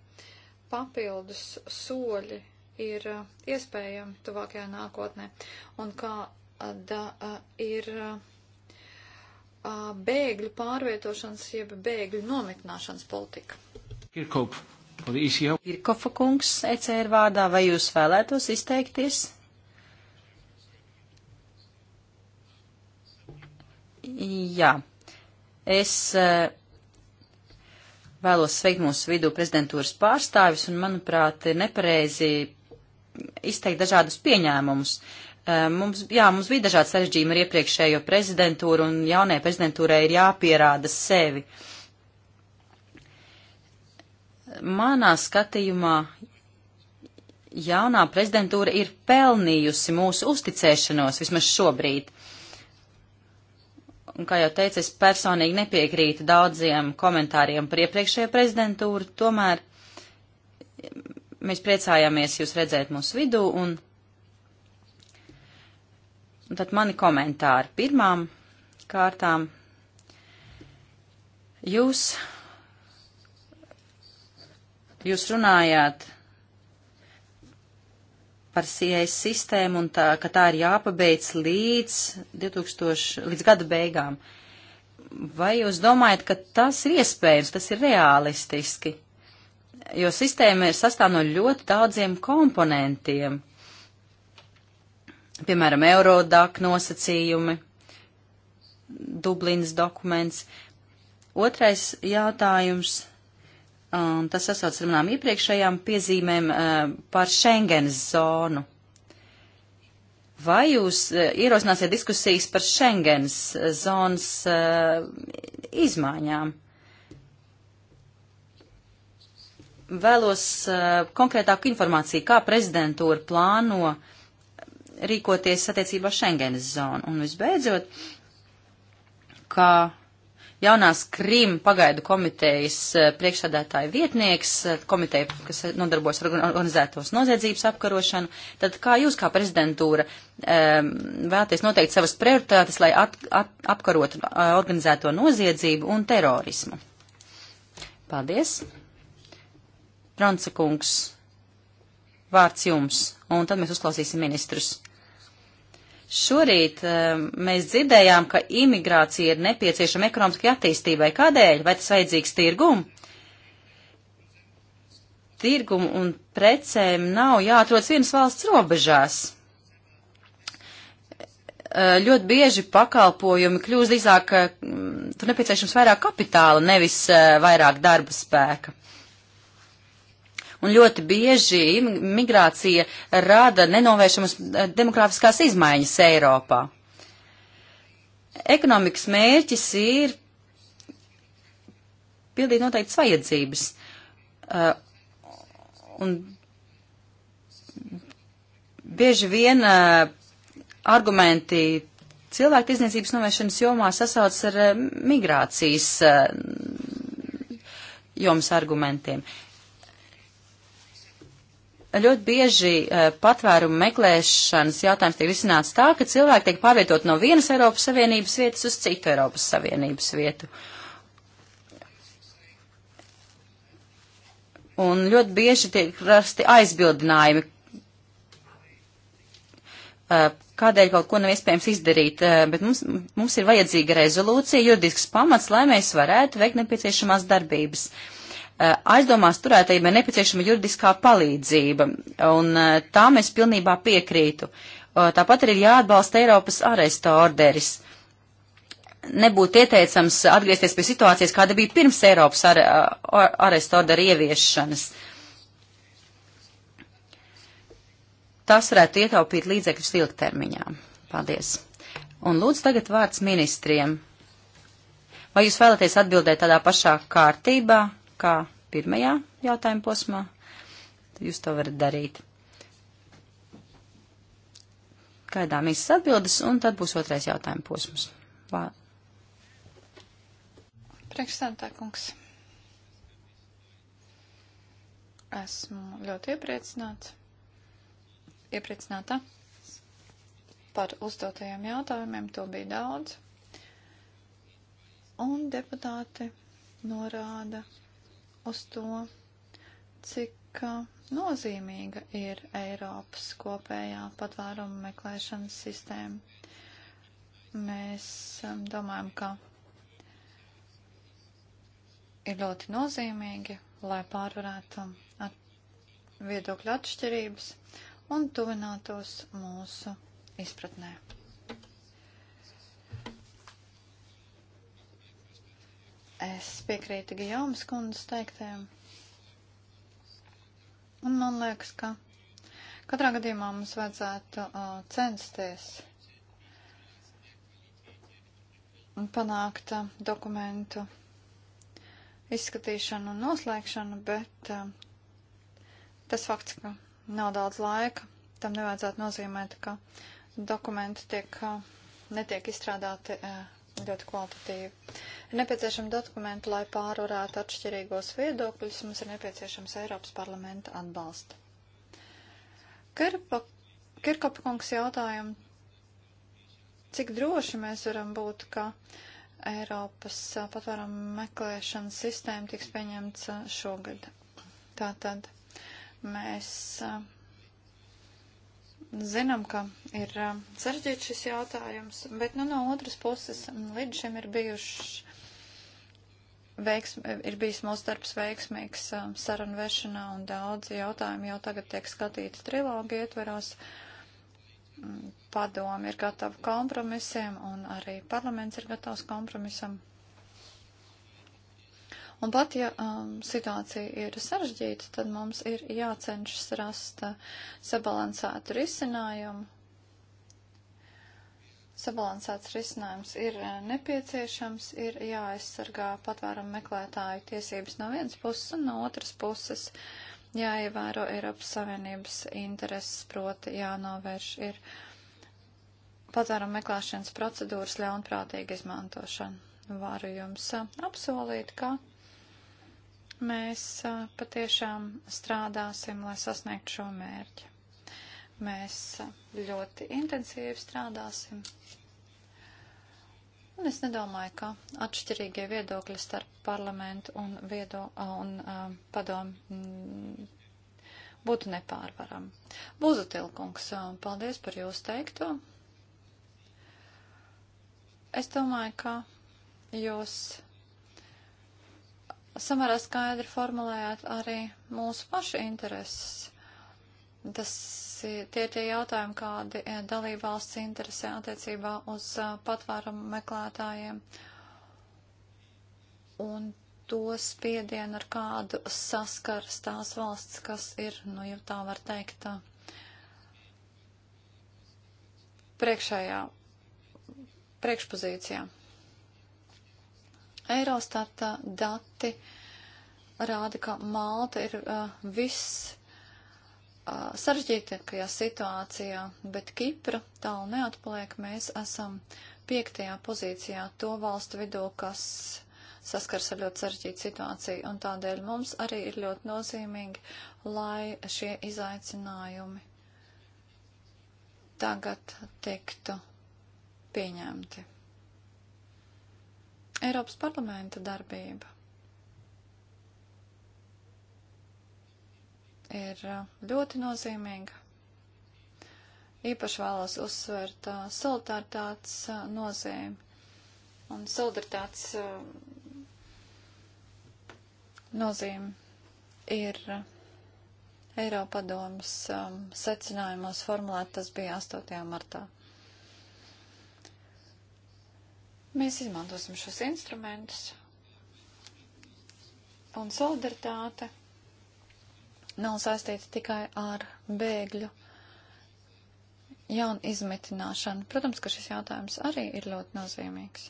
papildus soļi ir uh, iespējami tuvākajā nākotnē, un kāda uh, uh, ir. Uh, bēgļu pārvietošanas, jeb bēgļu nometnāšanas politika. Kirkop, polīsija. E Kirkofa kungs, ECR vārdā, vai jūs vēlētos izteikties? Jā, es vēlos sveikt mūsu vidū prezidentūras pārstāvis un, manuprāt, ir nepareizi izteikt dažādus pieņēmumus. Uh, Eh, mums, jā, mums bija dažādi sarežģījumi ar iepriekšējo prezidentūru, un jaunajai prezidentūrai ir jāpierāda sevi. Manā skatījumā jaunā prezidentūra ir pelnījusi mūsu uzticēšanos vismaz šobrīd. Un, kā jau teicu, es personīgi nepiekrītu daudziem komentāriem par iepriekšējo prezidentūru, tomēr mēs priecājāmies jūs redzēt mūsu vidū un Un tad mani komentāri pirmām kārtām. Jūs, jūs runājāt par CIS sistēmu un tā, ka tā ir jāpabeidz līdz 2000, līdz gada beigām. Vai jūs domājat, ka tas ir iespējams, tas ir realistiski? Jo sistēma ir sastāv no ļoti daudziem komponentiem, piemēram, Eurodak nosacījumi, Dublinas dokuments. Otrais jautājums, um, tas sasauc ar manām iepriekšējām piezīmēm uh, par Schengenas zonu. Vai jūs uh, ierosināsiet diskusijas par Schengenas zonas uh, izmaiņām? Vēlos uh, konkrētāku informāciju, kā prezidentūra plāno uh, rīkoties attiecībā Schengenes zonu. Un visbeidzot, kā jaunās Krim pagaidu komitejas eh, priekšsādātāja vietnieks, eh, komiteja, kas nodarbojas ar organizētos noziedzības apkarošanu, tad kā jūs kā prezidentūra eh, vēlaties noteikt savas prioritātes, lai at, at, apkarotu organizēto noziedzību un terorismu? Paldies. Franca kungs, vārds jums, un tad mēs uzklausīsim ministrus. Šorīt um, mēs dzirdējām, ka imigrācija ir nepieciešama ekonomiskai attīstībai. Kādēļ? Vai tas vajadzīgs tirgumu? Tirgumu un precēm nav jāatrodas vienas valsts robežās. Uh, ļoti bieži pakalpojumi kļūst drīzāk, uh, tur nepieciešams vairāk kapitāla, nevis uh, vairāk darba spēka. Un ļoti bieži migrācija rada nenovēršamas eh, demografiskās izmaiņas Eiropā. Ekonomikas mērķis ir pildīt noteikts vajadzības. Eh, un bieži vien eh, argumenti cilvēku tiesniecības novēršanas jomā sasauc ar migrācijas jomas argumentiem ļoti bieži eh, patvērumu meklēšanas jautājums tiek risināts tā, ka cilvēki tiek pārvietot no vienas Eiropas Savienības vietas uz citu Eiropas Savienības vietu. Un ļoti bieži tiek rasti aizbildinājumi, eh, kādēļ kaut ko nav iespējams izdarīt, eh, bet mums, mums ir vajadzīga rezolūcija, juridisks pamats, lai mēs varētu veikt nepieciešamās darbības. Uh, Eh, aizdomās turētājiem ir nepieciešama juridiskā palīdzība, un eh, tā mēs pilnībā piekrītu. Eh, tāpat arī ir jāatbalsta Eiropas aresta orderis. Nebūtu ieteicams atgriezties pie situācijas, kāda bija pirms Eiropas ar, ar, aresta ordera ieviešanas. Tas varētu ietaupīt līdzekļus ilgtermiņā. Paldies. Un lūdzu tagad vārds ministriem. Vai jūs vēlaties atbildēt tādā pašā kārtībā? kā pirmajā jautājuma posmā, jūs to varat darīt. Gaidām īsas atbildes, un tad būs otrais jautājuma posms. Vā. Priekšstādā kungs. Esmu ļoti iepriecināts. Iepriecināta par uzdotajiem jautājumiem. To bija daudz. Un deputāti norāda, uz to, cik uh, nozīmīga ir Eiropas kopējā patvērumu meklēšanas sistēma. Mēs um, domājam, ka ir ļoti nozīmīgi, lai pārvarētu at viedokļu atšķirības un tuvinātos mūsu izpratnē. Es piekrītu Gijomas kundas teiktēm. Un man liekas, ka katrā gadījumā mums vajadzētu uh, censties un panākt uh, dokumentu izskatīšanu un noslēgšanu, bet uh, tas fakts, ka nav daudz laika, tam nevajadzētu nozīmēt, ka dokumenti tiek, uh, netiek izstrādāti. Uh, ļoti kvalitatīvi. Ir nepieciešama dokumenta, lai pārvarētu atšķirīgos viedokļus, mums ir nepieciešams Eiropas parlamenta atbalsta. Kirpa, Kirkopa kungs jautājumu, cik droši mēs varam būt, ka Eiropas patvērumu meklēšanas sistēma tiks pieņemts šogad. Tātad mēs. Uh, zinām, ka ir sarežģīts šis jautājums, bet nu, no otras puses līdz šim ir bijuši. Veiksm, ir bijis mūsu darbs veiksmīgs sarunu vešanā un daudz jautājumu jau tagad tiek skatīti trilogu ietveros. Padomi ir gatavi kompromisiem un arī parlaments ir gatavs kompromisam. Un pat, ja um, situācija ir sarežģīta, tad mums ir jācenšas rast uh, sabalansētu risinājumu. Sabalansēts risinājums ir uh, nepieciešams, ir jāaizsargā patvērumu meklētāju tiesības no vienas puses un no otras puses jāievēro Eiropas Savienības intereses, proti jānovērš ir patvērumu meklēšanas procedūras ļaunprātīga izmantošana. Varu jums uh, apsolīt, ka Mēs patiešām strādāsim, lai sasniegtu šo mērķi. Mēs ļoti intensīvi strādāsim. Un es nedomāju, ka atšķirīgie viedokļi starp parlamentu un, viedo, un uh, padomu mm, būtu nepārvaram. Būzutilkungs, paldies par jūsu teikto. Es domāju, ka jūs samērā skaidri formulējāt arī mūsu pašu intereses. Tas tie tie jautājumi, kādi e, dalībvalsts interesē attiecībā uz e, patvērumu meklētājiem un to spiedienu, ar kādu saskaras tās valsts, kas ir, nu, jau tā var teikt, e, priekšējā, priekšpozīcijā. Eurostata dati rāda, ka Malta ir uh, viss uh, sarežģītākajā situācijā, bet Kipra tālu neatpaliek. Mēs esam piektajā pozīcijā to valstu vidū, kas saskars ar ļoti sarežģītu situāciju, un tādēļ mums arī ir ļoti nozīmīgi, lai šie izaicinājumi tagad tiktu pieņemti. Eiropas parlamenta darbība ir uh, ļoti nozīmīga. Īpaši vēlos uzsvērt uh, solidaritātes uh, nozīmi un solidaritātes uh, nozīme ir uh, Eiropadomas um, secinājumos formulēt, tas bija 8. martā. Mēs izmantosim šos instrumentus. Un solidaritāte nav saistīta tikai ar bēgļu jaunu izmetināšanu. Protams, ka šis jautājums arī ir ļoti nozīmīgs.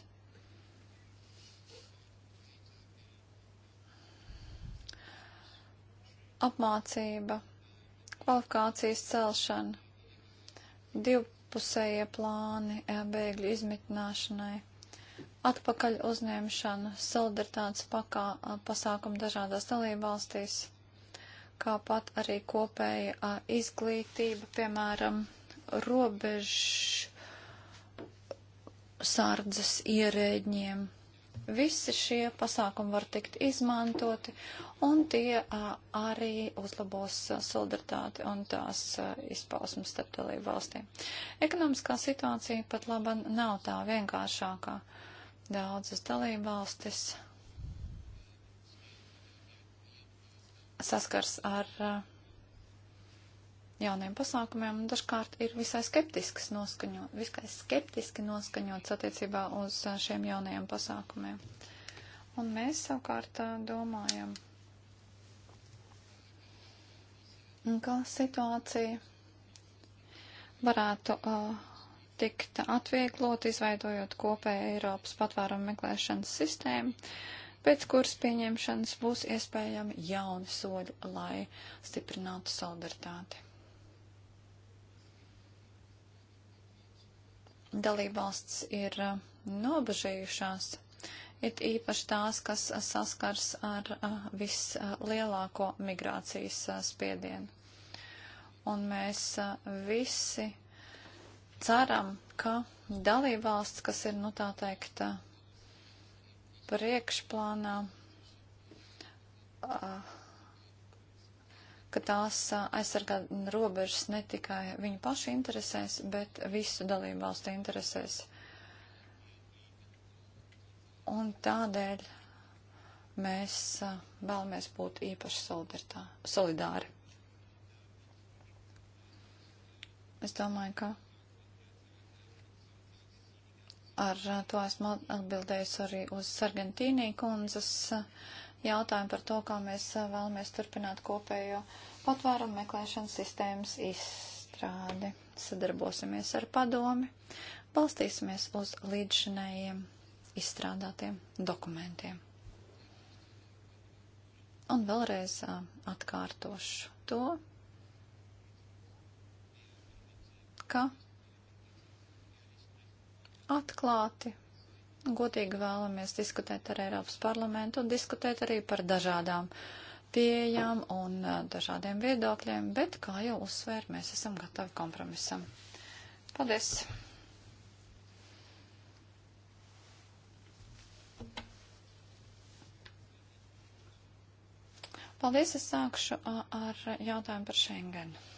Apmācība, kvalifikācijas celšana, divpusējie plāni bēgļu izmitināšanai atpakaļ uzņemšanu, solidaritātes pakā, pasākumu dažādās dalībvalstīs, kāpat arī kopēja a, izglītība, piemēram, robežu sārdzes ierēģiem. Visi šie pasākumi var tikt izmantoti, un tie a, arī uzlabos solidaritāti un tās izpausmes starp dalību valstīm. Ekonomiskā situācija pat laba nav tā vienkāršākā. Uh, Daudzas dalībvalstis saskars ar eh, jauniem pasākumiem un dažkārt ir visai skeptisks noskaņots, visai skeptiski noskaņots attiecībā uz eh, šiem jaunajiem pasākumiem. Un mēs savukārt eh, domājam, ka situācija varētu uh, tikt atvieglot, izveidojot kopēju Eiropas patvērumu meklēšanas sistēmu, pēc kuras pieņemšanas būs iespējami jauni soļi, lai stiprinātu solidaritāti. Dalībvalsts ir uh, nobežējušās, it īpaši tās, kas uh, saskars ar uh, vislielāko migrācijas spiedienu. Un mēs visi ceram, ka dalībvalsts, kas ir, nu tā teikt, priekšplānā, ka tās aizsargā robežas ne tikai viņu pašu interesēs, bet visu dalībvalstu interesēs. Un tādēļ mēs vēlamies būt īpaši solidāri. Es domāju, ka Ar eh, to esmu atbildējusi arī uz Sargentīnī kundzes eh, jautājumu par to, kā mēs eh, vēlamies turpināt kopējo patvērumu meklēšanas sistēmas izstrādi. Sadarbosimies ar padomi, balstīsimies uz līdzšinējiem izstrādātiem dokumentiem. Un vēlreiz atkārtošu to, ka atklāti godīgi vēlamies diskutēt ar Eiropas parlamentu un diskutēt arī par dažādām pieejām un eh, dažādiem viedokļiem, bet, kā jau uzsver, mēs esam gatavi kompromisam. Paldies! Paldies, es sākšu ar jautājumu par Schengenu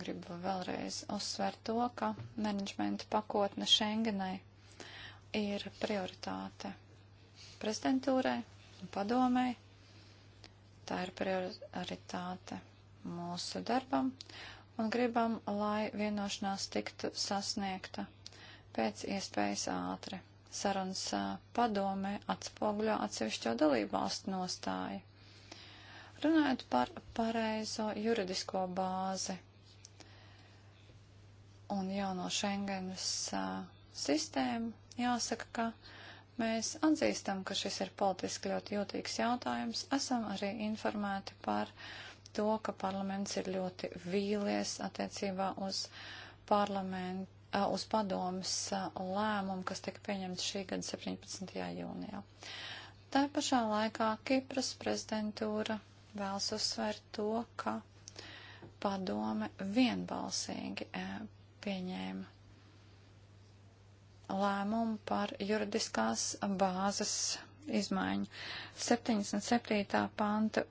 gribu vēlreiz uzsvērt to, ka menedžmenta pakotne Schengenai ir prioritāte prezidentūrai un padomēji. Tā ir prioritāte mūsu darbam un gribam, lai vienošanās tiktu sasniegta pēc iespējas ātri. Sarunas padome atspoguļo atsevišķo dalību valstu nostāju. Runājot par pareizo juridisko bāzi un jauno Schengenas sistēmu, jāsaka, ka mēs atzīstam, ka šis ir politiski ļoti jūtīgs jautājums. Esam arī informēti par to, ka parlaments ir ļoti vīlies attiecībā uz parlamentu uz padomas lēmumu, kas tika pieņemts šī gada 17. jūnijā. Tā pašā laikā Kipras prezidentūra vēlas uzsvērt to, ka padome vienbalsīgi pieņēma lēmumu par juridiskās bāzes izmaiņu. 77. panta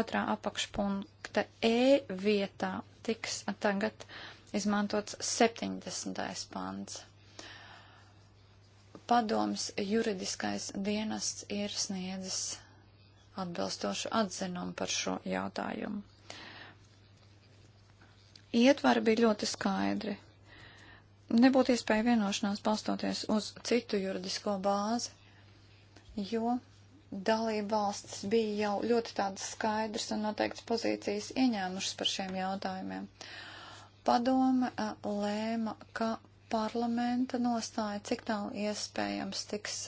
otrā apakšpunkta E vietā tiks tagad izmantots 70. pants. Padoms juridiskais dienests ir sniedzis atbilstošu atzinumu par šo jautājumu ietvari bija ļoti skaidri. Nebūtu iespēja vienošanās balstoties uz citu juridisko bāzi, jo dalība valsts bija jau ļoti tādas skaidras un noteikts pozīcijas ieņēmušas par šiem jautājumiem. Padome lēma, ka parlamenta nostāja, cik tālu iespējams tiks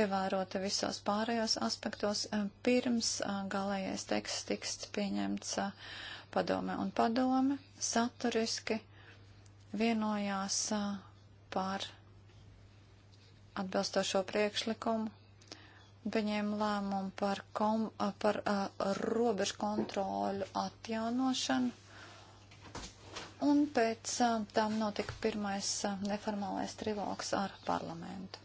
ievērota visos pārējos aspektos, pirms galējais teksts tiks pieņemts padomē. Un padome saturiski vienojās par atbilstošo priekšlikumu. Viņiem lēmumu par, kom, par uh, robežu kontroļu atjaunošanu. Un pēc uh, tam notika pirmais uh, neformālais trilogs ar parlamentu.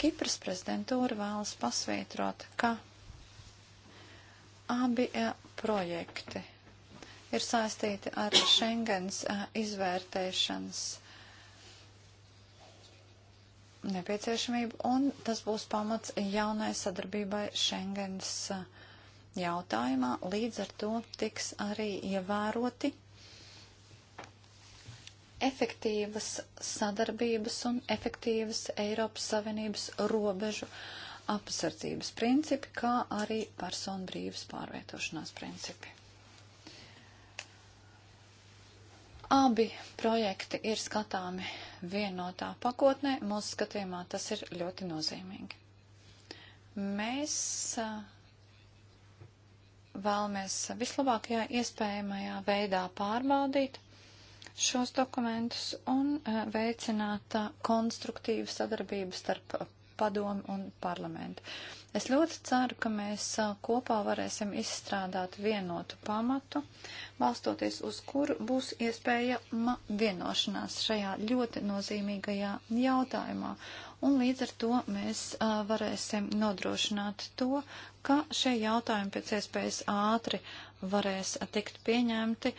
Kipras prezidentūra vēlas pasvītrot, ka abi projekti ir saistīti ar Schengens izvērtēšanas nepieciešamību, un tas būs pamats jaunai sadarbībai Schengens jautājumā. Līdz ar to tiks arī ievēroti efektīvas sadarbības un efektīvas Eiropas Savienības robežu uh, apsardzības principi, kā arī personu brīvas pārvietošanās principi. Abi projekti ir skatāmi vienotā pakotnē, mūsu skatījumā tas ir ļoti nozīmīgi. Mēs vēlamies vislabākajā iespējamajā veidā pārbaudīt šos dokumentus un veicināt konstruktīvu sadarbību starp padomu un parlamentu. Es ļoti ceru, ka mēs kopā varēsim izstrādāt vienotu pamatu, balstoties uz kuru būs iespējama vienošanās šajā ļoti nozīmīgajā jautājumā. Un līdz ar to mēs varēsim nodrošināt to, ka šie jautājumi pēc iespējas ātri varēs tikt pieņemti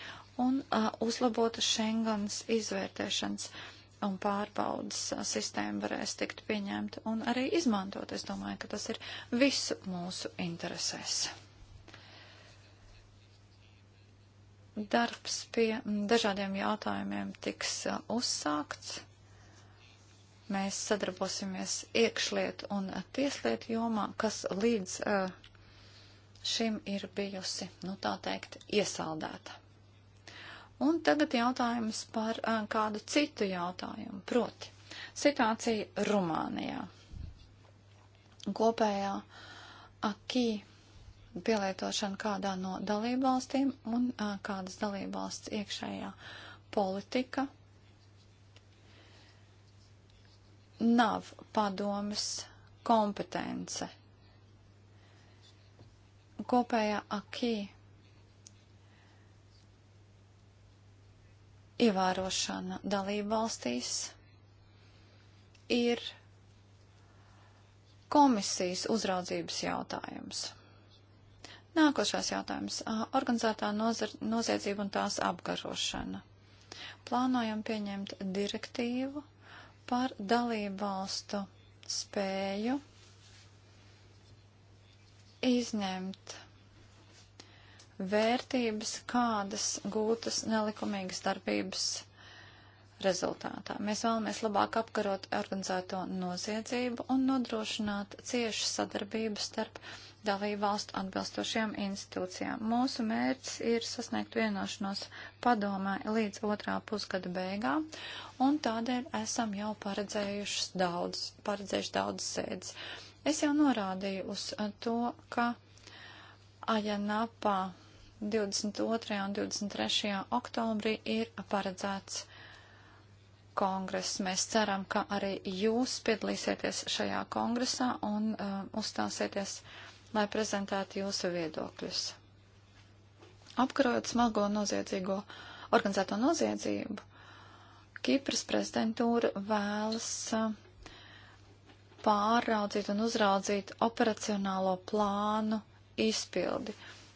un uzlabota Schengens izvērtēšanas. Uh, un pārbaudas sistēma varēs tikt pieņemta un arī izmantot. Es domāju, ka tas ir visu mūsu interesēs. Darbs pie dažādiem jautājumiem tiks uh, uzsākts. Mēs sadarbosimies iekšlietu un tieslietu jomā, kas līdz uh, šim ir bijusi, nu tā teikt, iesaldēta. Un tagad jautājums par uh, kādu citu jautājumu. Proti, situācija Rumānijā. Kopējā akī pielietošana kādā no dalībvalstīm un uh, kādas dalībvalsts iekšējā politika nav padomas kompetence. Kopējā akī ievērošana dalību valstīs ir komisijas uzraudzības jautājums. Nākošais jautājums - organizētā noziedzība un tās apgarošana. Plānojam pieņemt direktīvu par dalību valstu spēju izņemt vērtības, kādas gūtas nelikumīgas darbības rezultātā. Mēs vēlamies labāk apkarot organizēto noziedzību un nodrošināt ciešu sadarbību starp dalību valstu atbilstošajām institūcijām. Mūsu mērķis ir sasniegt vienošanos padomē līdz otrā pusgada beigām, un tādēļ esam jau paredzējuši daudz, paredzējuši daudz sēdes. Es jau norādīju uz to, ka Ajanapā 22. un 23. oktobrī ir paredzēts kongress. Mēs ceram, ka arī jūs piedalīsieties šajā kongresā un uh, uzstāsieties, lai prezentētu jūsu viedokļus. Apkarojot smago noziedzīgo organizēto noziedzību, Kipras prezidentūra vēlas uh, pāraudzīt un uzraudzīt operacionālo plānu izpildi,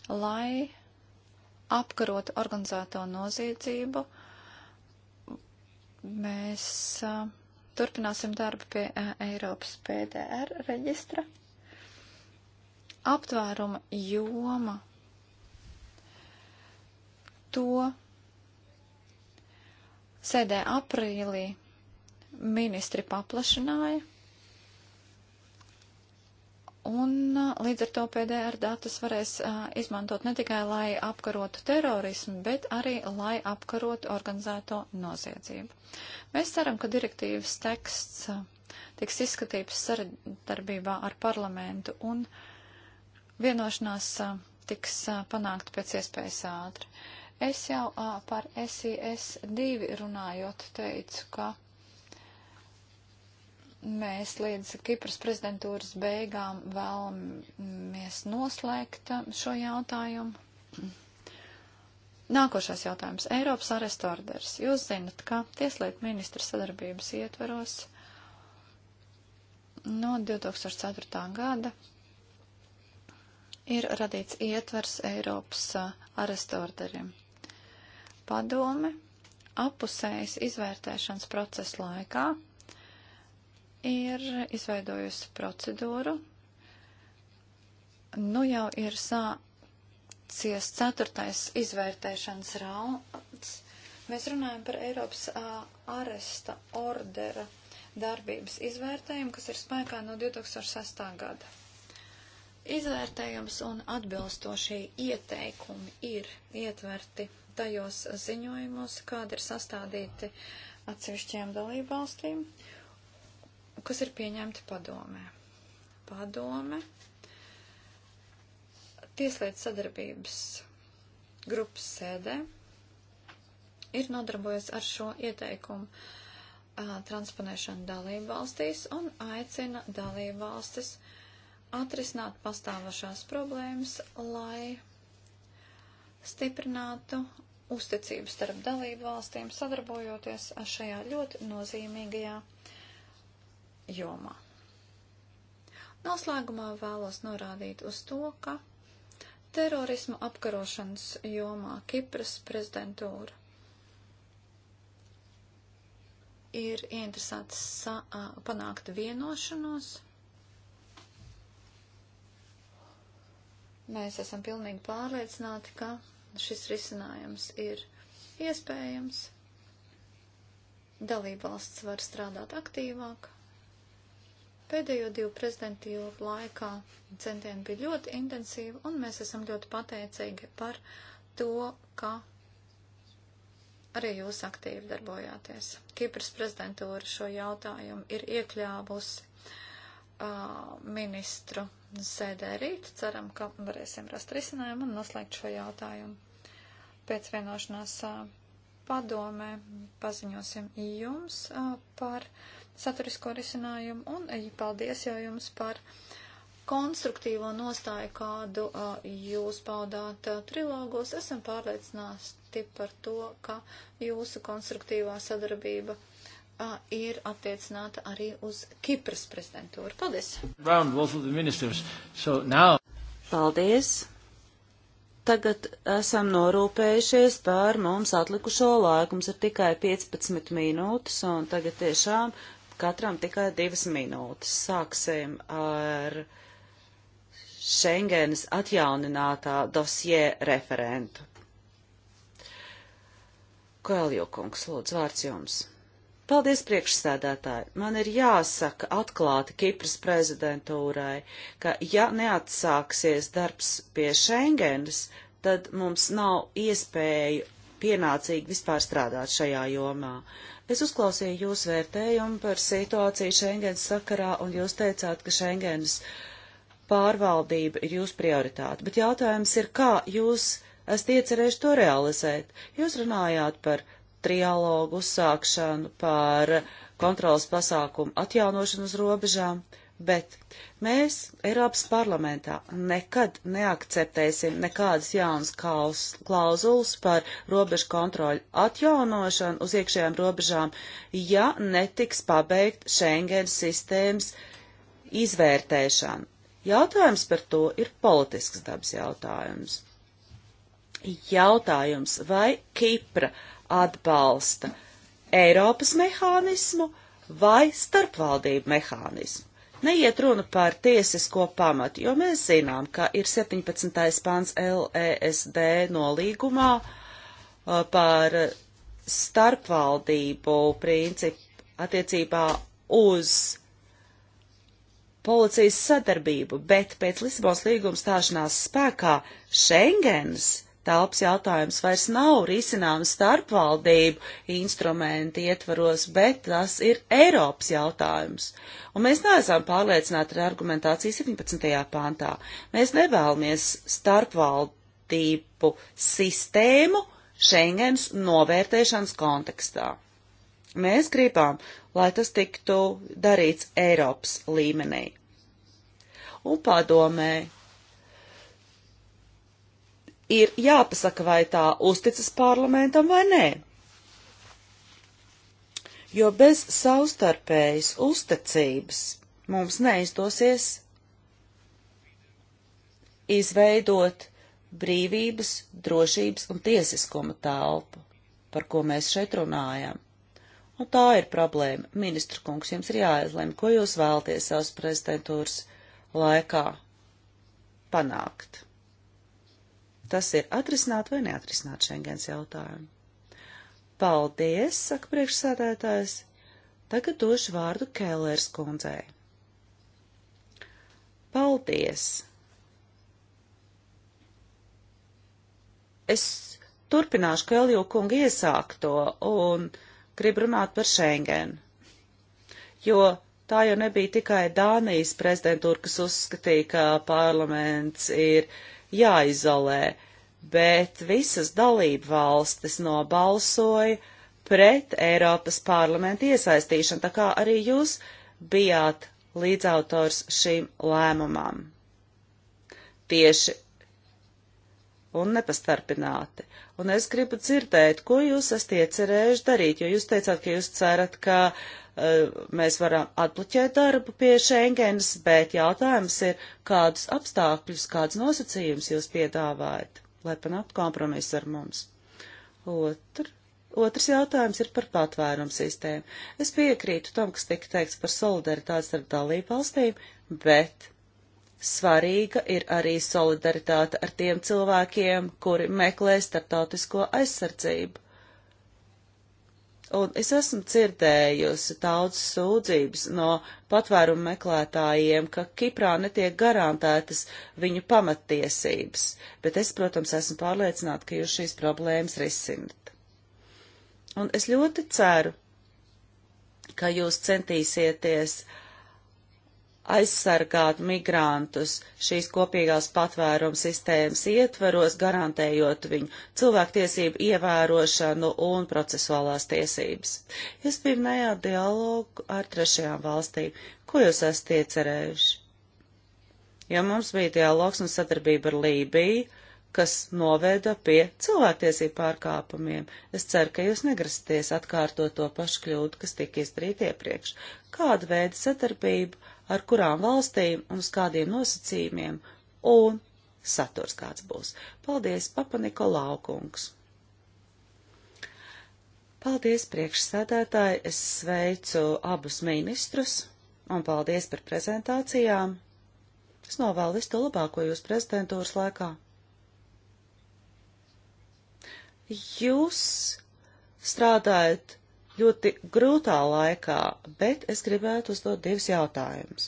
lai apkarot organizēto noziedzību. Mēs a, turpināsim darbu pie a, Eiropas PDR reģistra. Aptvēruma joma to sēdē aprīlī ministri paplašināja. Un uh, līdz ar to PDR datus varēs uh, izmantot ne tikai, lai apkarotu terorismu, bet arī, lai apkarotu organizēto noziedzību. Mēs ceram, ka direktīvas teksts uh, tiks izskatīts sadarbībā ar parlamentu un vienošanās uh, tiks uh, panākt pēc iespējas ātri. Es jau uh, par SIS 2 runājot teicu, ka mēs līdz Kipras prezidentūras beigām vēlamies noslēgt šo jautājumu. Nākošais jautājums - Eiropas arestorders. Jūs zinat, ka Tieslietu ministra sadarbības ietveros no 2004. gada ir radīts ietvers Eiropas arestorderim. Padome apusējas izvērtēšanas procesa laikā ir izveidojusi procedūru. Nu jau ir sācies ceturtais izvērtēšanas rauns. Mēs runājam par Eiropas uh, aresta ordera darbības izvērtējumu, kas ir spēkā no 2006. gada. Izvērtējums un atbilstošie ieteikumi ir ietverti tajos ziņojumos, kādi ir sastādīti atsevišķiem dalībvalstīm, kas ir pieņemti padomē. Padome, tieslietu sadarbības grupas sēdē, ir nodarbojies ar šo ieteikumu uh, transponēšanu dalību valstīs un aicina dalību valstis atrisināt pastāvošās problēmas, lai stiprinātu uzticību starp dalību valstīm, sadarbojoties šajā ļoti nozīmīgajā jomā. Noslēgumā vēlos norādīt uz to, ka terorismu apkarošanas jomā Kipras prezidentūra ir interesēta panākt vienošanos. Mēs esam pilnīgi pārliecināti, ka šis risinājums ir iespējams. Dalībvalsts var strādāt aktīvāk. Pēdējo divu prezidentīvu laikā centieni bija ļoti intensīvi, un mēs esam ļoti pateicīgi par to, ka arī jūs aktīvi darbojāties. Kipras prezidentūra šo jautājumu ir iekļāvusi uh, ministru sēdē rīt. Ceram, ka varēsim rast risinājumu un noslēgt šo jautājumu. Pēc vienošanās uh, padomē paziņosim jums uh, par saturisko risinājumu, un paldies jau jums par konstruktīvo nostāju, kādu jūs paudāt trilogos. Esam pārliecināti par to, ka jūsu konstruktīvā sadarbība ir attiecināta arī uz Kipras prezidentūru. Paldies! So now... Paldies! tagad esam norūpējušies par mums atlikušo laiku. Mums ir tikai 15 minūtes, un tagad tiešām katram tikai divas minūtes. Sāksim ar Schengenas atjauninātā dosie referentu. Koeljo kungs, lūdzu, vārds jums. Paldies, priekšsēdētāji. Man ir jāsaka atklāti Kipras prezidentūrai, ka ja neatsāksies darbs pie Schengenas, tad mums nav iespēju pienācīgi vispār strādāt šajā jomā. Es uzklausīju jūs vērtējumu par situāciju Schengens sakarā, un jūs teicāt, ka Schengens pārvaldība ir jūsu prioritāte. Bet jautājums ir, kā jūs esat iecerējuši to realizēt? Jūs runājāt par trialogu uzsākšanu, par kontrolas pasākumu atjaunošanu uz robežām. Uh, Bet mēs Eiropas parlamentā nekad neakceptēsim nekādas jaunas klauzulas par robežu kontroļu atjaunošanu uz iekšējām robežām, ja netiks pabeigt Schengen sistēmas izvērtēšana. Jautājums par to ir politisks dabas jautājums. Jautājums, vai Kipra atbalsta Eiropas mehānismu vai starpvaldību mehānismu? Neiet runa par tiesisko pamatu, jo mēs zinām, ka ir 17. pāns LESD nolīgumā par starpvaldību principu attiecībā uz policijas sadarbību, bet pēc Lisabons līguma stāšanās spēkā Schengens telpas jautājums vairs nav risināms starpvaldību instrumenti ietvaros, bet tas ir Eiropas jautājums. Un mēs neesam pārliecināti ar argumentāciju 17. pāntā. Mēs nevēlamies starpvaldību sistēmu Schengens novērtēšanas kontekstā. Mēs gribam, lai tas tiktu darīts Eiropas līmenī. Un padomē, ir jāpasaka, vai tā uzticas parlamentam vai nē. Jo bez savstarpējas uzticības mums neizdosies izveidot brīvības, drošības un tiesiskuma telpu, par ko mēs šeit runājam. Un tā ir problēma. Ministra kungs, jums ir jāizlem, ko jūs vēlties savas prezidentūras laikā panākt. Tas ir atrisināt vai neatrisināt Schengens jautājumu. Paldies, saka priekšsēdētājs. Tagad došu vārdu Kēlērs kundzei. Paldies! Es turpināšu Kēljo kungu iesākto un gribu runāt par Schengenu. Jo tā jau nebija tikai Dānijas prezidentūra, kas uzskatīja, ka parlaments ir jāizolē, bet visas dalību valstis nobalsoja pret Eiropas parlamentu iesaistīšanu, tā kā arī jūs bijāt līdzautors šīm lēmumam. Tieši un nepastarpināti. Un es gribu dzirdēt, ko jūs esat iecerējuši darīt, jo jūs teicāt, ka jūs cerat, ka Eh, mēs varam atbloķēt darbu pie Schengenas, bet jautājums ir, kādus apstākļus, kādus nosacījumus jūs piedāvājat, lai panāktu kompromisu ar mums. Otr, otrs jautājums ir par patvērumu sistēmu. Es piekrītu tam, kas tika teikts par solidaritāti starp dalību valstīm, bet svarīga ir arī solidaritāte ar tiem cilvēkiem, kuri meklē starptautisko aizsardzību. Un es esmu dzirdējusi daudz sūdzības no patvērumu meklētājiem, ka Kiprā netiek garantētas viņu pamatiesības, bet es, protams, esmu pārliecināta, ka jūs šīs problēmas risinat. Un es ļoti ceru, ka jūs centīsieties uh, aizsargāt migrantus šīs kopīgās patvērums sistēmas ietveros, garantējot viņu cilvēktiesību ievērošanu un procesuālās tiesības. Jūs pieminējāt dialogu ar trešajām valstīm. Ko jūs esat iecerējuši? Jo mums bija dialogs un sadarbība ar Lībiju, kas noveda pie cilvēktiesību pārkāpumiem. Es ceru, ka jūs negrasties atkārtot to pašu kļūdu, kas tika izdarīta iepriekš. Kāda veida sadarbība ar kurām valstīm un uz kādiem nosacījumiem un saturs kāds būs. Paldies, Papa Nikolau kungs! Paldies, priekšsēdētāji! Es sveicu abus ministrus un paldies par prezentācijām. Es novēlu visu to labāko jūsu prezidentūras laikā. Jūs strādājat ļoti grūtā laikā, bet es gribētu uzdot divus jautājumus.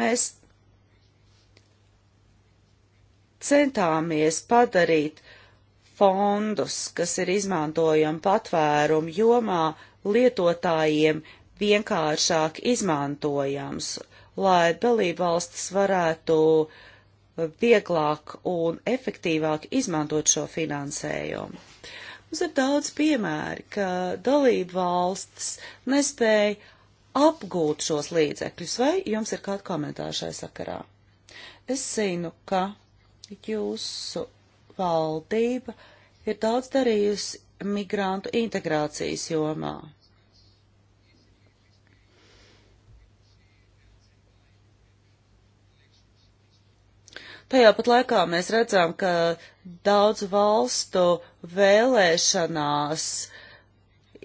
Mēs centāmies padarīt fondus, kas ir izmantojami patvērumu jomā, lietotājiem vienkāršāk izmantojams, lai dalībvalstis varētu vieglāk un efektīvāk izmantot šo finansējumu. Mums ir daudz piemēri, ka dalību valsts nespēja apgūt šos līdzekļus, vai jums ir kāda komentāra šai sakarā? Es zinu, ka jūsu valdība ir daudz darījusi migrantu integrācijas jomā. Tajā pat laikā mēs redzam, ka daudz valstu vēlēšanās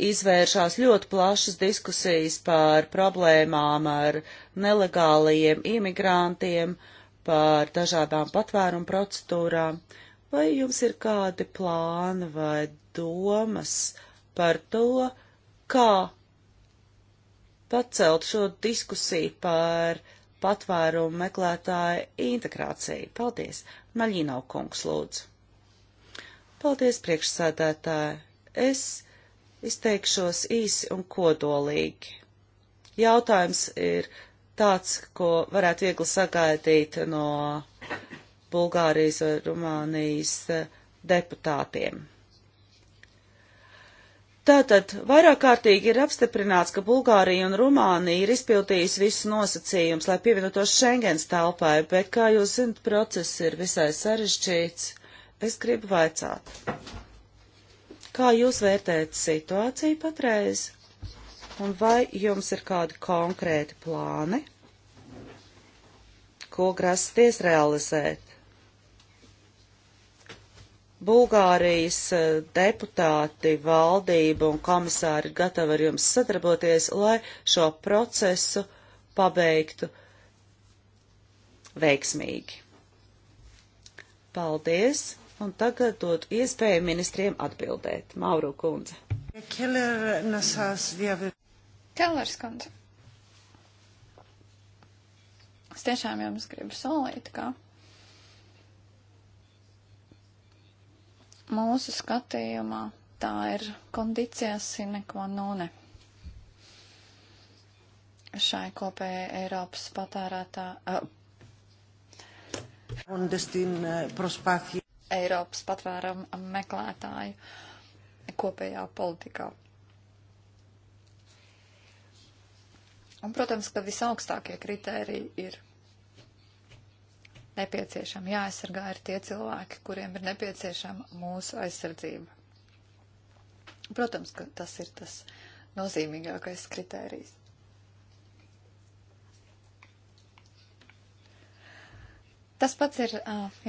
izvēršās ļoti plašas diskusijas par problēmām ar nelegālajiem imigrantiem, par dažādām patvērumu procedūrām. Vai jums ir kādi plāni vai domas par to, kā pacelt šo diskusiju par uh, patvērumu meklētāju integrāciju. Paldies! Maļīnau kungs lūdzu. Paldies, priekšsādātāji! Es izteikšos īsi un kodolīgi. Jautājums ir tāds, ko varētu viegli sagaidīt no Bulgārijas vai Rumānijas deputātiem. Tātad vairāk kārtīgi ir apstiprināts, ka Bulgārija un Rumānija ir izpildījusi visus nosacījumus, lai pievienotos Schengens telpai, bet, kā jūs zinat, process ir visai sarežģīts. Es gribu vaicāt. Kā jūs vērtējat situāciju patreiz? Un vai jums ir kādi konkrēti plāni? Ko grasties realizēt? Bulgārijas eh, deputāti, valdība un komisāri ir gatavi ar jums sadarboties, lai šo procesu pabeigtu veiksmīgi. Paldies! Un tagad dod iespēju ministriem atbildēt. Mauru kundze. Kellers kundze. Es tiešām jums gribu solīt, ka. Kā... Mūsu skatījumā tā ir kondicija sine qua none šai kopējai Eiropas patērētā. Uh, Eiropas patvērumu meklētāju kopējā politikā. Un, protams, ka visaugstākie kritēriji ir nepieciešami. Jāaizsargā ir tie cilvēki, kuriem ir nepieciešama mūsu aizsardzība. Protams, ka tas ir tas nozīmīgākais kritērijs. Tas pats ir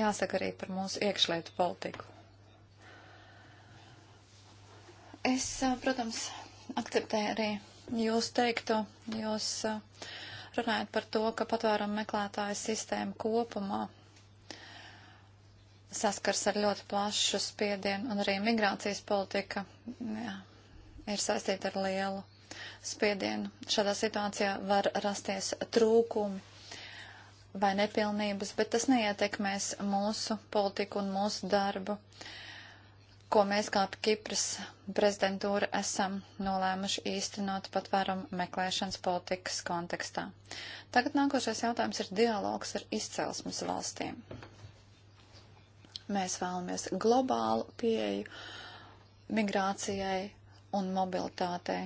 jāsaka arī par mūsu iekšlietu politiku. Es, protams, akceptēju arī jūs teikto, jūs uh, runājot par to, ka patvērumu meklētāju sistēma kopumā saskars ar ļoti plašu spiedienu, un arī migrācijas politika jā, ir saistīta ar lielu spiedienu. Šādā situācijā var rasties trūkumi vai nepilnības, bet tas neietekmēs mūsu politiku un mūsu darbu. Uh, ko mēs kā Kipras prezidentūra esam nolēmuši īstenot patvērumu meklēšanas politikas kontekstā. Tagad nākošais jautājums ir dialogs ar izcelsmes valstīm. Mēs vēlamies globālu pieeju migrācijai un mobilitātei.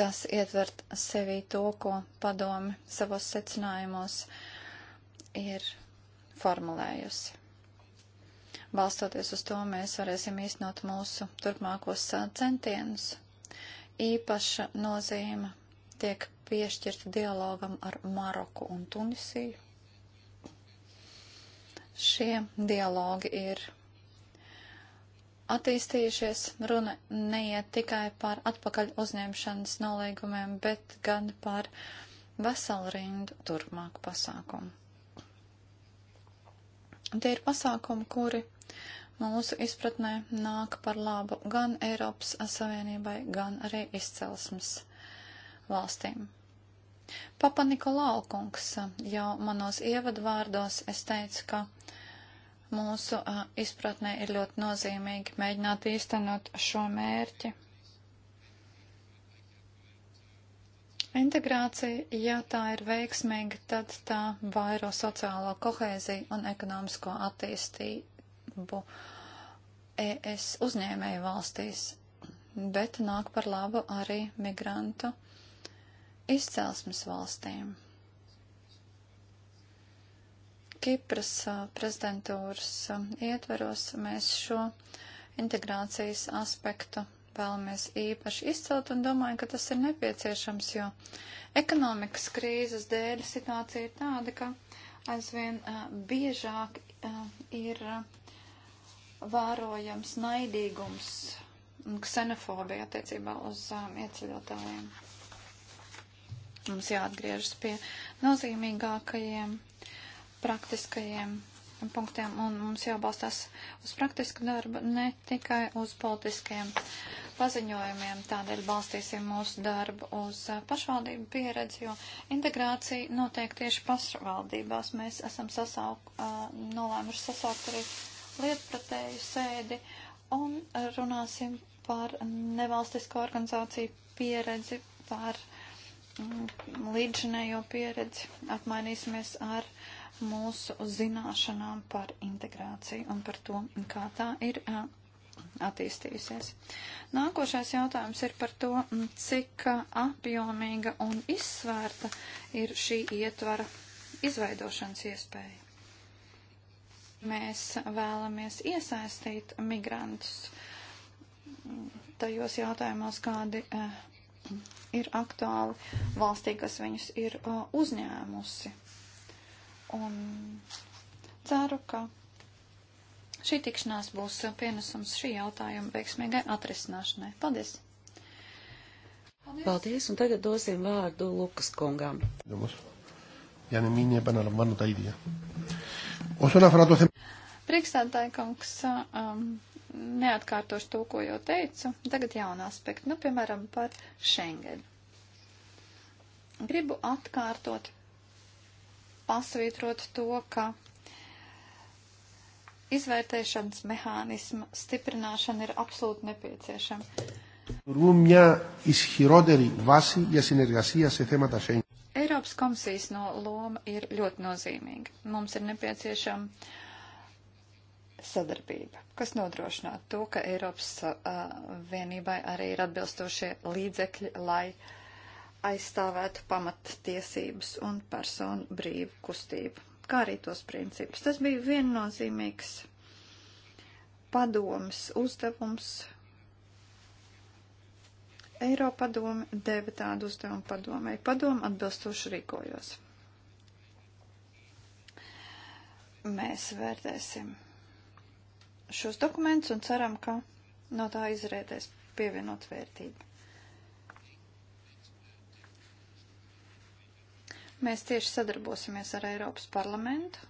Tas ietvert sevī to, ko padomi savos secinājumos ir formulējusi Balstoties uz to, mēs varēsim īstenot mūsu turpmākos centienus. Īpaša nozīme tiek piešķirta dialogam ar Maroku un Tunisiju. Šie dialogi ir attīstījušies, runa neiet tikai par atpakaļ uzņemšanas nolīgumiem, bet gan par veselu rindu turpmāku pasākumu. Un tie ir pasākumi, kuri mūsu izpratnē nāk par labu gan Eiropas Savienībai, gan arī izcelsmes valstīm. Papa Nikolau kungs jau manos ievadvārdos es teicu, ka mūsu uh, izpratnē ir ļoti nozīmīgi mēģināt īstenot šo mērķi. Integrācija, ja tā ir veiksmīga, tad tā vairo sociālo kohēziju un ekonomisko attīstību darbu ES uzņēmēju valstīs, bet nāk par labu arī migrantu izcelsmes valstīm. Kipras prezidentūras ietveros mēs šo integrācijas aspektu vēlamies īpaši izcelt un domāju, ka tas ir nepieciešams, jo ekonomikas krīzes dēļ situācija ir tāda, ka aizvien uh, biežāk uh, ir uh, vērojams naidīgums un ksenofobija attiecībā uz um, ieceļotājiem. Mums jāatgriežas pie nozīmīgākajiem, praktiskajiem punktiem, un mums jābalstās uz praktisku darbu, ne tikai uz politiskiem paziņojumiem. Tādēļ balstīsim mūsu darbu uz uh, pašvaldību pieredzi, jo integrācija notiek tieši pašvaldībās. Mēs esam sasauk, uh, nolēmuši sasaukt arī lietpratēju sēdi un runāsim par nevalstisko organizāciju pieredzi, par mm, līdzinējo pieredzi, apmainīsimies ar mūsu zināšanām par integrāciju un par to, kā tā ir attīstījusies. Nākošais jautājums ir par to, mm, cik apjomīga un izsvērta ir šī ietvara izveidošanas iespēja. Mēs vēlamies iesaistīt migrantus tajos jautājumos, kādi uh, ir aktuāli valstī, kas viņus ir uh, uzņēmusi. Un ceru, ka šī tikšanās būs pienesums šī jautājuma veiksmīgai atrisināšanai. Paldies! Paldies, Paldies un tagad dosim vārdu Lukas kungām. Jānis Mīņē, Banāla Manu nu Taidija. Osuna Fratosim. Priekšstādāja kungs, um, neatkārtošu to, ko jau teicu. Tagad jauna aspekta, nu, piemēram, par Schengen. Gribu atkārtot, pasvītrot to, ka izvērtēšanas mehānisma stiprināšana ir absolūti nepieciešama. Λειτουργούν μια ισχυρότερη βάση για συνεργασία σε θέματα Schengen. Eiropas komisijas no loma ir ļoti nozīmīga. Mums ir nepieciešama sadarbība, kas nodrošinātu to, ka Eiropas uh, vienībai arī ir atbilstošie līdzekļi, lai aizstāvētu pamattiesības un personu brīvu kustību, kā arī tos principus. Tas bija viennozīmīgs padoms, uzdevums Eiropadome deva tādu uzdevumu padomai. Padoma atbilstoši rīkojos. Mēs vērtēsim šos dokumentus un ceram, ka no tā izrēdēs pievienot vērtību. Mēs tieši sadarbosimies ar Eiropas parlamentu.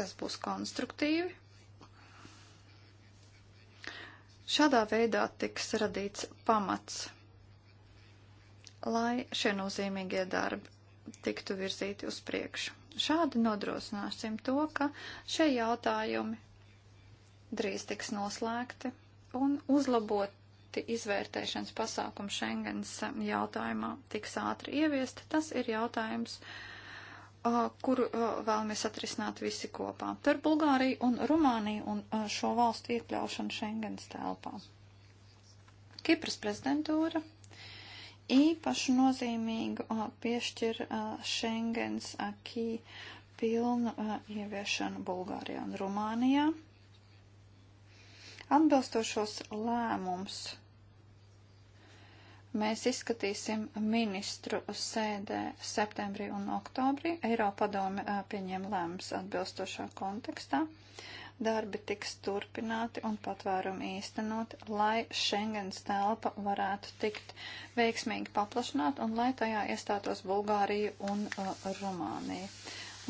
Tas būs konstruktīvi. Šādā veidā tiks radīts pamats, lai šie nozīmīgie darbi tiktu virzīti uz priekšu. Šādi nodrošināsim to, ka šie jautājumi drīz tiks noslēgti un uzlabot veikti izvērtēšanas pasākumi Schengens jautājumā tiks ātri ieviesti, tas ir jautājums, uh, kuru vēlamies atrisināt visi kopā. Par Bulgāriju un Rumāniju un šo valstu iekļaušanu Schengens telpā. Kipras prezidentūra īpašu nozīmīgu piešķir Schengens akī pilnu ieviešanu Bulgārijā un Rumānijā. Atbilstošos lēmums mēs izskatīsim ministru sēdē septembrī un oktobrī. Eiropadome pieņēma lēmums atbilstošā kontekstā. Darbi tiks turpināti un patvērumi īstenot, lai Schengens telpa varētu tikt veiksmīgi paplašināt un lai tajā iestātos Bulgārija un uh, Rumānija.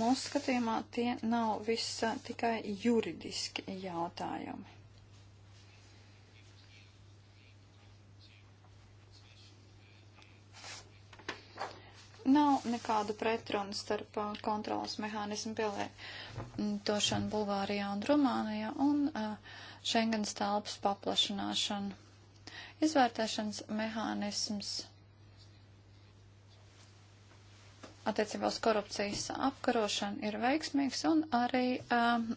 Mūsu skatījumā tie nav viss tikai juridiski jautājumi Nav nekādu pretrunu starp uh, kontrolas mehānismu pielietošanu Bulgārijā un Rumānijā un uh, Schengens telpas paplašanāšanu. Izvērtēšanas mehānisms attiecībā uz korupcijas apkarošanu ir veiksmīgs un arī um,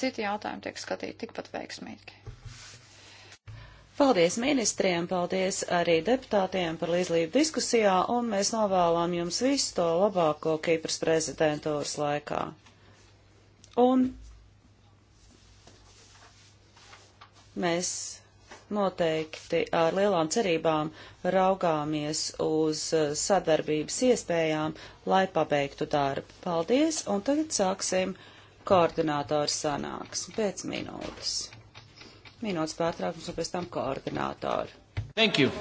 citi jautājumi tiek skatīti tikpat veiksmīgi. Paldies ministriem, paldies arī deputātiem par līdzlību diskusijā, un mēs novēlām jums visu to labāko Kīpras prezidentūras laikā. Un mēs noteikti ar lielām cerībām raugāmies uz sadarbības iespējām, lai pabeigtu darbu. Paldies, un tagad sāksim koordinātoru sanāksmi pēc minūtes minūtes pārtraukums un pēc tam koordinātori. Thank you!